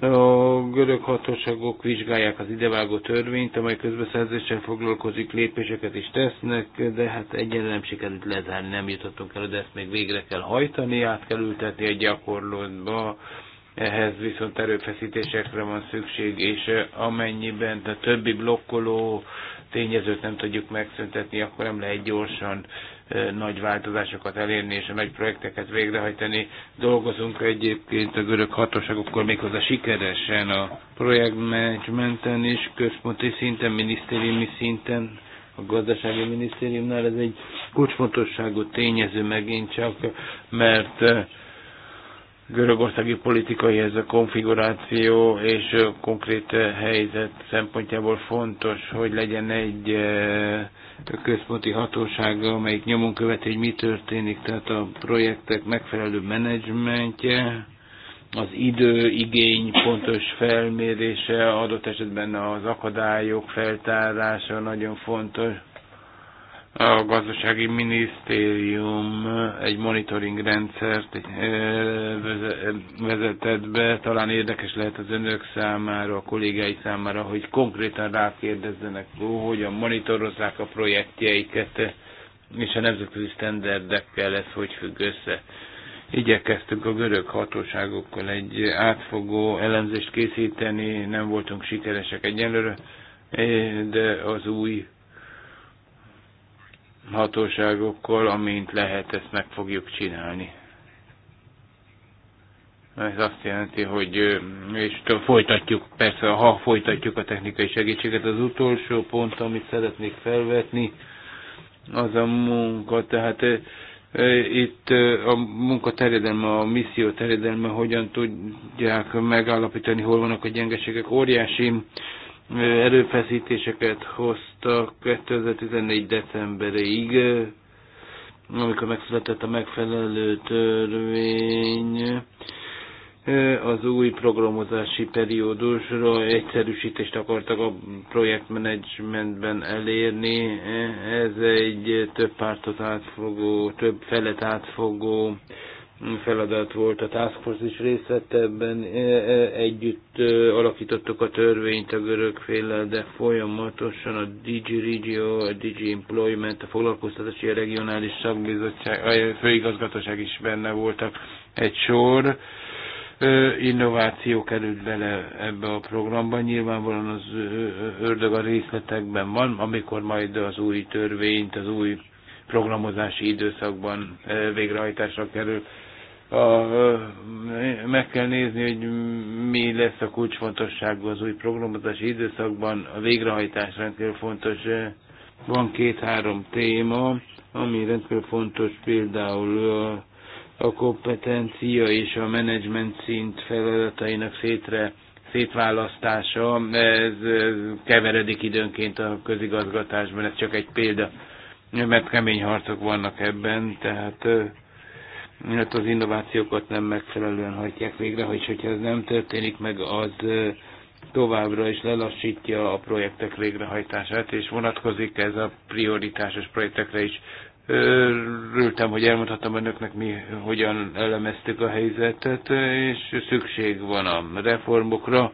A görög hatóságok vizsgálják az idevágó törvényt, amely közbeszerzéssel foglalkozik, lépéseket is tesznek, de hát egyenlően nem sikerült lezárni, nem jutottunk el, de ezt még végre kell hajtani, át kell ültetni egy gyakorlatba. Ehhez viszont erőfeszítésekre van szükség, és amennyiben a többi blokkoló tényezőt nem tudjuk megszüntetni, akkor nem lehet gyorsan nagy változásokat elérni és a nagy projekteket végrehajtani. Dolgozunk egyébként a görög hatóságokkal méghozzá sikeresen a projektmenedzsmenten és központi szinten, minisztériumi szinten, a gazdasági minisztériumnál ez egy kulcsfontosságú tényező megint csak, mert görögországi politikai ez a konfiguráció és konkrét helyzet szempontjából fontos, hogy legyen egy eh, központi hatósága, amelyik nyomon követi, hogy mi történik, tehát a projektek megfelelő menedzsmentje, az időigény pontos felmérése, adott esetben az akadályok feltárása nagyon fontos, a gazdasági minisztérium egy monitoring rendszert eh, vezetett be. Talán érdekes lehet az önök számára, a kollégái számára, hogy konkrétan rákérdezzenek, hogyan monitorozzák a projektjeiket, és a nemzetközi sztenderdekkel ez hogy függ össze. Igyekeztünk a görög hatóságokkal egy átfogó elemzést készíteni, nem voltunk sikeresek egyelőre, eh, de az új hatóságokkal, amint lehet, ezt meg fogjuk csinálni. Ez azt jelenti, hogy és folytatjuk, persze, ha folytatjuk a technikai segítséget, az utolsó pont, amit szeretnék felvetni, az a munka, tehát itt a munka terjedelme, a misszió terjedelme, hogyan tudják megállapítani, hol vannak a gyengeségek. Óriási erőfeszítéseket hoztak 2014. decemberéig, amikor megszületett a megfelelő törvény az új programozási periódusra egyszerűsítést akartak a projektmenedzsmentben elérni. Ez egy több pártot átfogó, több felet átfogó feladat volt. A Task Force is részt vett ebben, e, e, együtt alakítottuk a törvényt a görög féllel, de folyamatosan a DG Regio, a DG Employment, a foglalkoztatási a regionális szakbizottság, a főigazgatóság is benne voltak egy sor innováció került bele ebbe a programba. Nyilvánvalóan az ördög a részletekben van, amikor majd az új törvényt, az új programozási időszakban végrehajtásra kerül a, meg kell nézni, hogy mi lesz a kulcsfontosságú az új programozási időszakban. A végrehajtás rendkívül fontos. Van két-három téma, ami rendkívül fontos, például a, a kompetencia és a menedzsment szint feladatainak szétre szétválasztása, ez keveredik időnként a közigazgatásban, ez csak egy példa, mert kemény harcok vannak ebben, tehát illetve hát az innovációkat nem megfelelően hajtják végre, hogy hogyha ez nem történik meg, az továbbra is lelassítja a projektek végrehajtását, és vonatkozik ez a prioritásos projektekre is. Örültem, hogy elmondhatom önöknek, mi hogyan elemeztük a helyzetet, és szükség van a reformokra,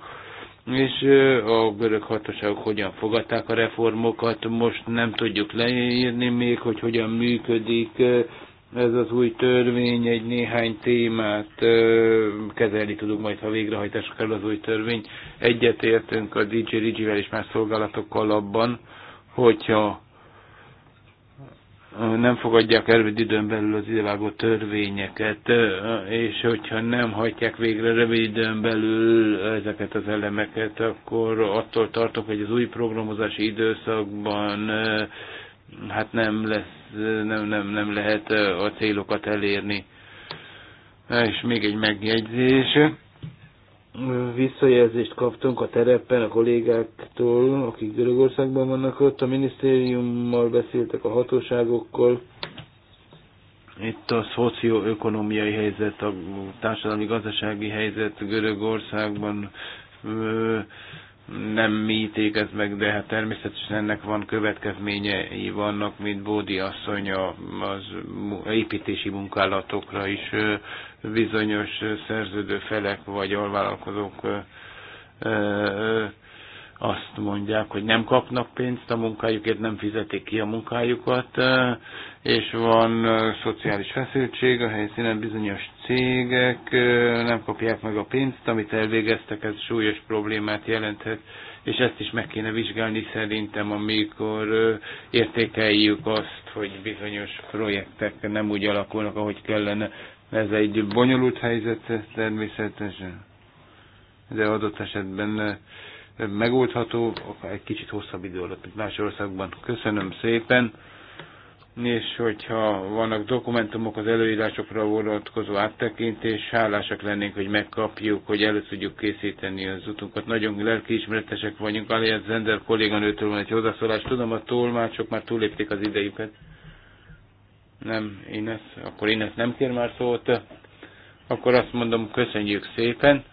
és a görög hatóságok hogyan fogadták a reformokat, most nem tudjuk leírni még, hogy hogyan működik, ez az új törvény egy néhány témát ö, kezelni tudunk majd, ha végrehajtásra kell az új törvény. Egyetértünk a DJ Rigivel és más szolgálatokkal abban, hogyha nem fogadják el időn belül az idevágó törvényeket, és hogyha nem hajtják végre rövid időn belül ezeket az elemeket, akkor attól tartok, hogy az új programozási időszakban hát nem lesz nem, nem, nem lehet a célokat elérni. És még egy megjegyzés. Visszajelzést kaptunk a terepen a kollégáktól, akik Görögországban vannak ott, a minisztériummal beszéltek a hatóságokkal. Itt a szocioökonomiai helyzet, a társadalmi gazdasági helyzet Görögországban nem mi ítékez meg, de hát természetesen ennek van következményei vannak, mint Bódi asszony az építési munkálatokra is bizonyos szerződő felek vagy alvállalkozók azt mondják, hogy nem kapnak pénzt a munkájukért, nem fizetik ki a munkájukat, és van szociális feszültség a helyszínen bizonyos cégek nem kapják meg a pénzt, amit elvégeztek, ez súlyos problémát jelenthet, és ezt is meg kéne vizsgálni szerintem, amikor értékeljük azt, hogy bizonyos projektek nem úgy alakulnak, ahogy kellene. Ez egy bonyolult helyzet természetesen, de adott esetben megoldható, egy kicsit hosszabb idő alatt, mint más országban. Köszönöm szépen! és hogyha vannak dokumentumok az előírásokra vonatkozó áttekintés, hálásak lennénk, hogy megkapjuk, hogy elő tudjuk készíteni az utunkat. Nagyon lelkiismeretesek vagyunk, Aliás Zender kolléganőtől van egy hozzászólás. Tudom, a tolmácsok már túlépték az idejüket. Nem, Ines, akkor Ines nem kér már szót. Akkor azt mondom, köszönjük szépen,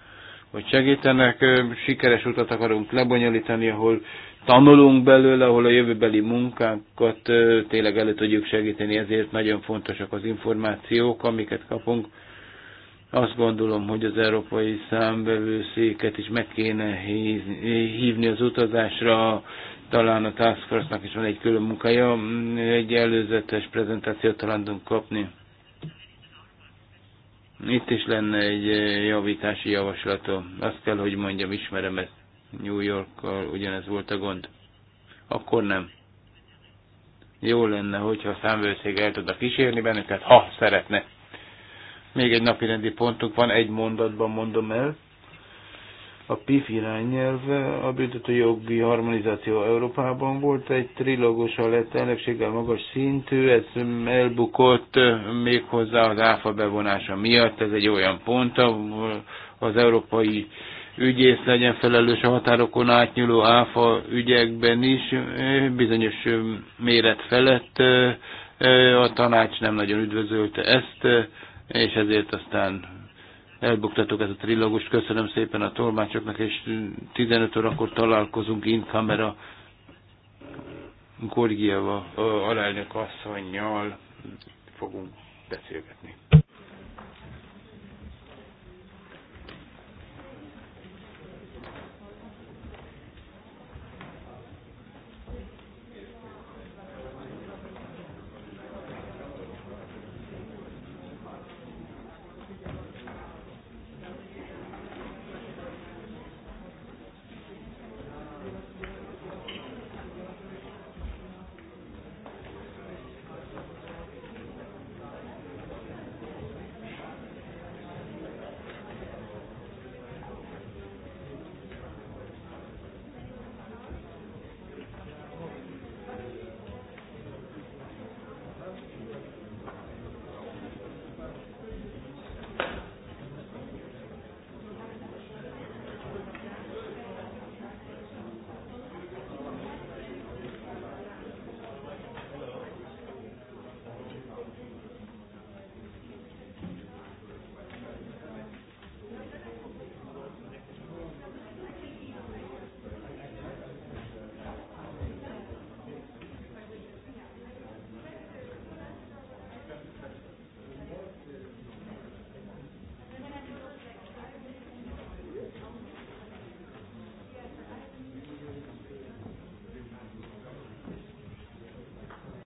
hogy segítenek. Sikeres utat akarunk lebonyolítani, ahol tanulunk belőle, ahol a jövőbeli munkákat tényleg elő tudjuk segíteni, ezért nagyon fontosak az információk, amiket kapunk. Azt gondolom, hogy az európai számbevőszéket is meg kéne hívni az utazásra, talán a Task Force-nak is van egy külön munkája, egy előzetes prezentációt talán tudunk kapni. Itt is lenne egy javítási javaslatom. Azt kell, hogy mondjam, ismerem ezt New Yorkkal ugyanez volt a gond. Akkor nem. Jó lenne, hogyha a számvőszék el tudna kísérni bennünket, ha szeretne. Még egy napi rendi pontunk van, egy mondatban mondom el. A PIF irányelve a jogi harmonizáció Európában volt, egy trilógus a lett elnökséggel magas szintű, ez elbukott méghozzá az áfa bevonása miatt, ez egy olyan pont, ahol az európai ügyész legyen felelős a határokon átnyúló áfa ügyekben is, bizonyos méret felett a tanács nem nagyon üdvözölte ezt, és ezért aztán elbuktatok ezt a trilógust. Köszönöm szépen a tolmácsoknak, és 15 órakor találkozunk in kamera Gorgieva alelnök asszonynal fogunk beszélgetni.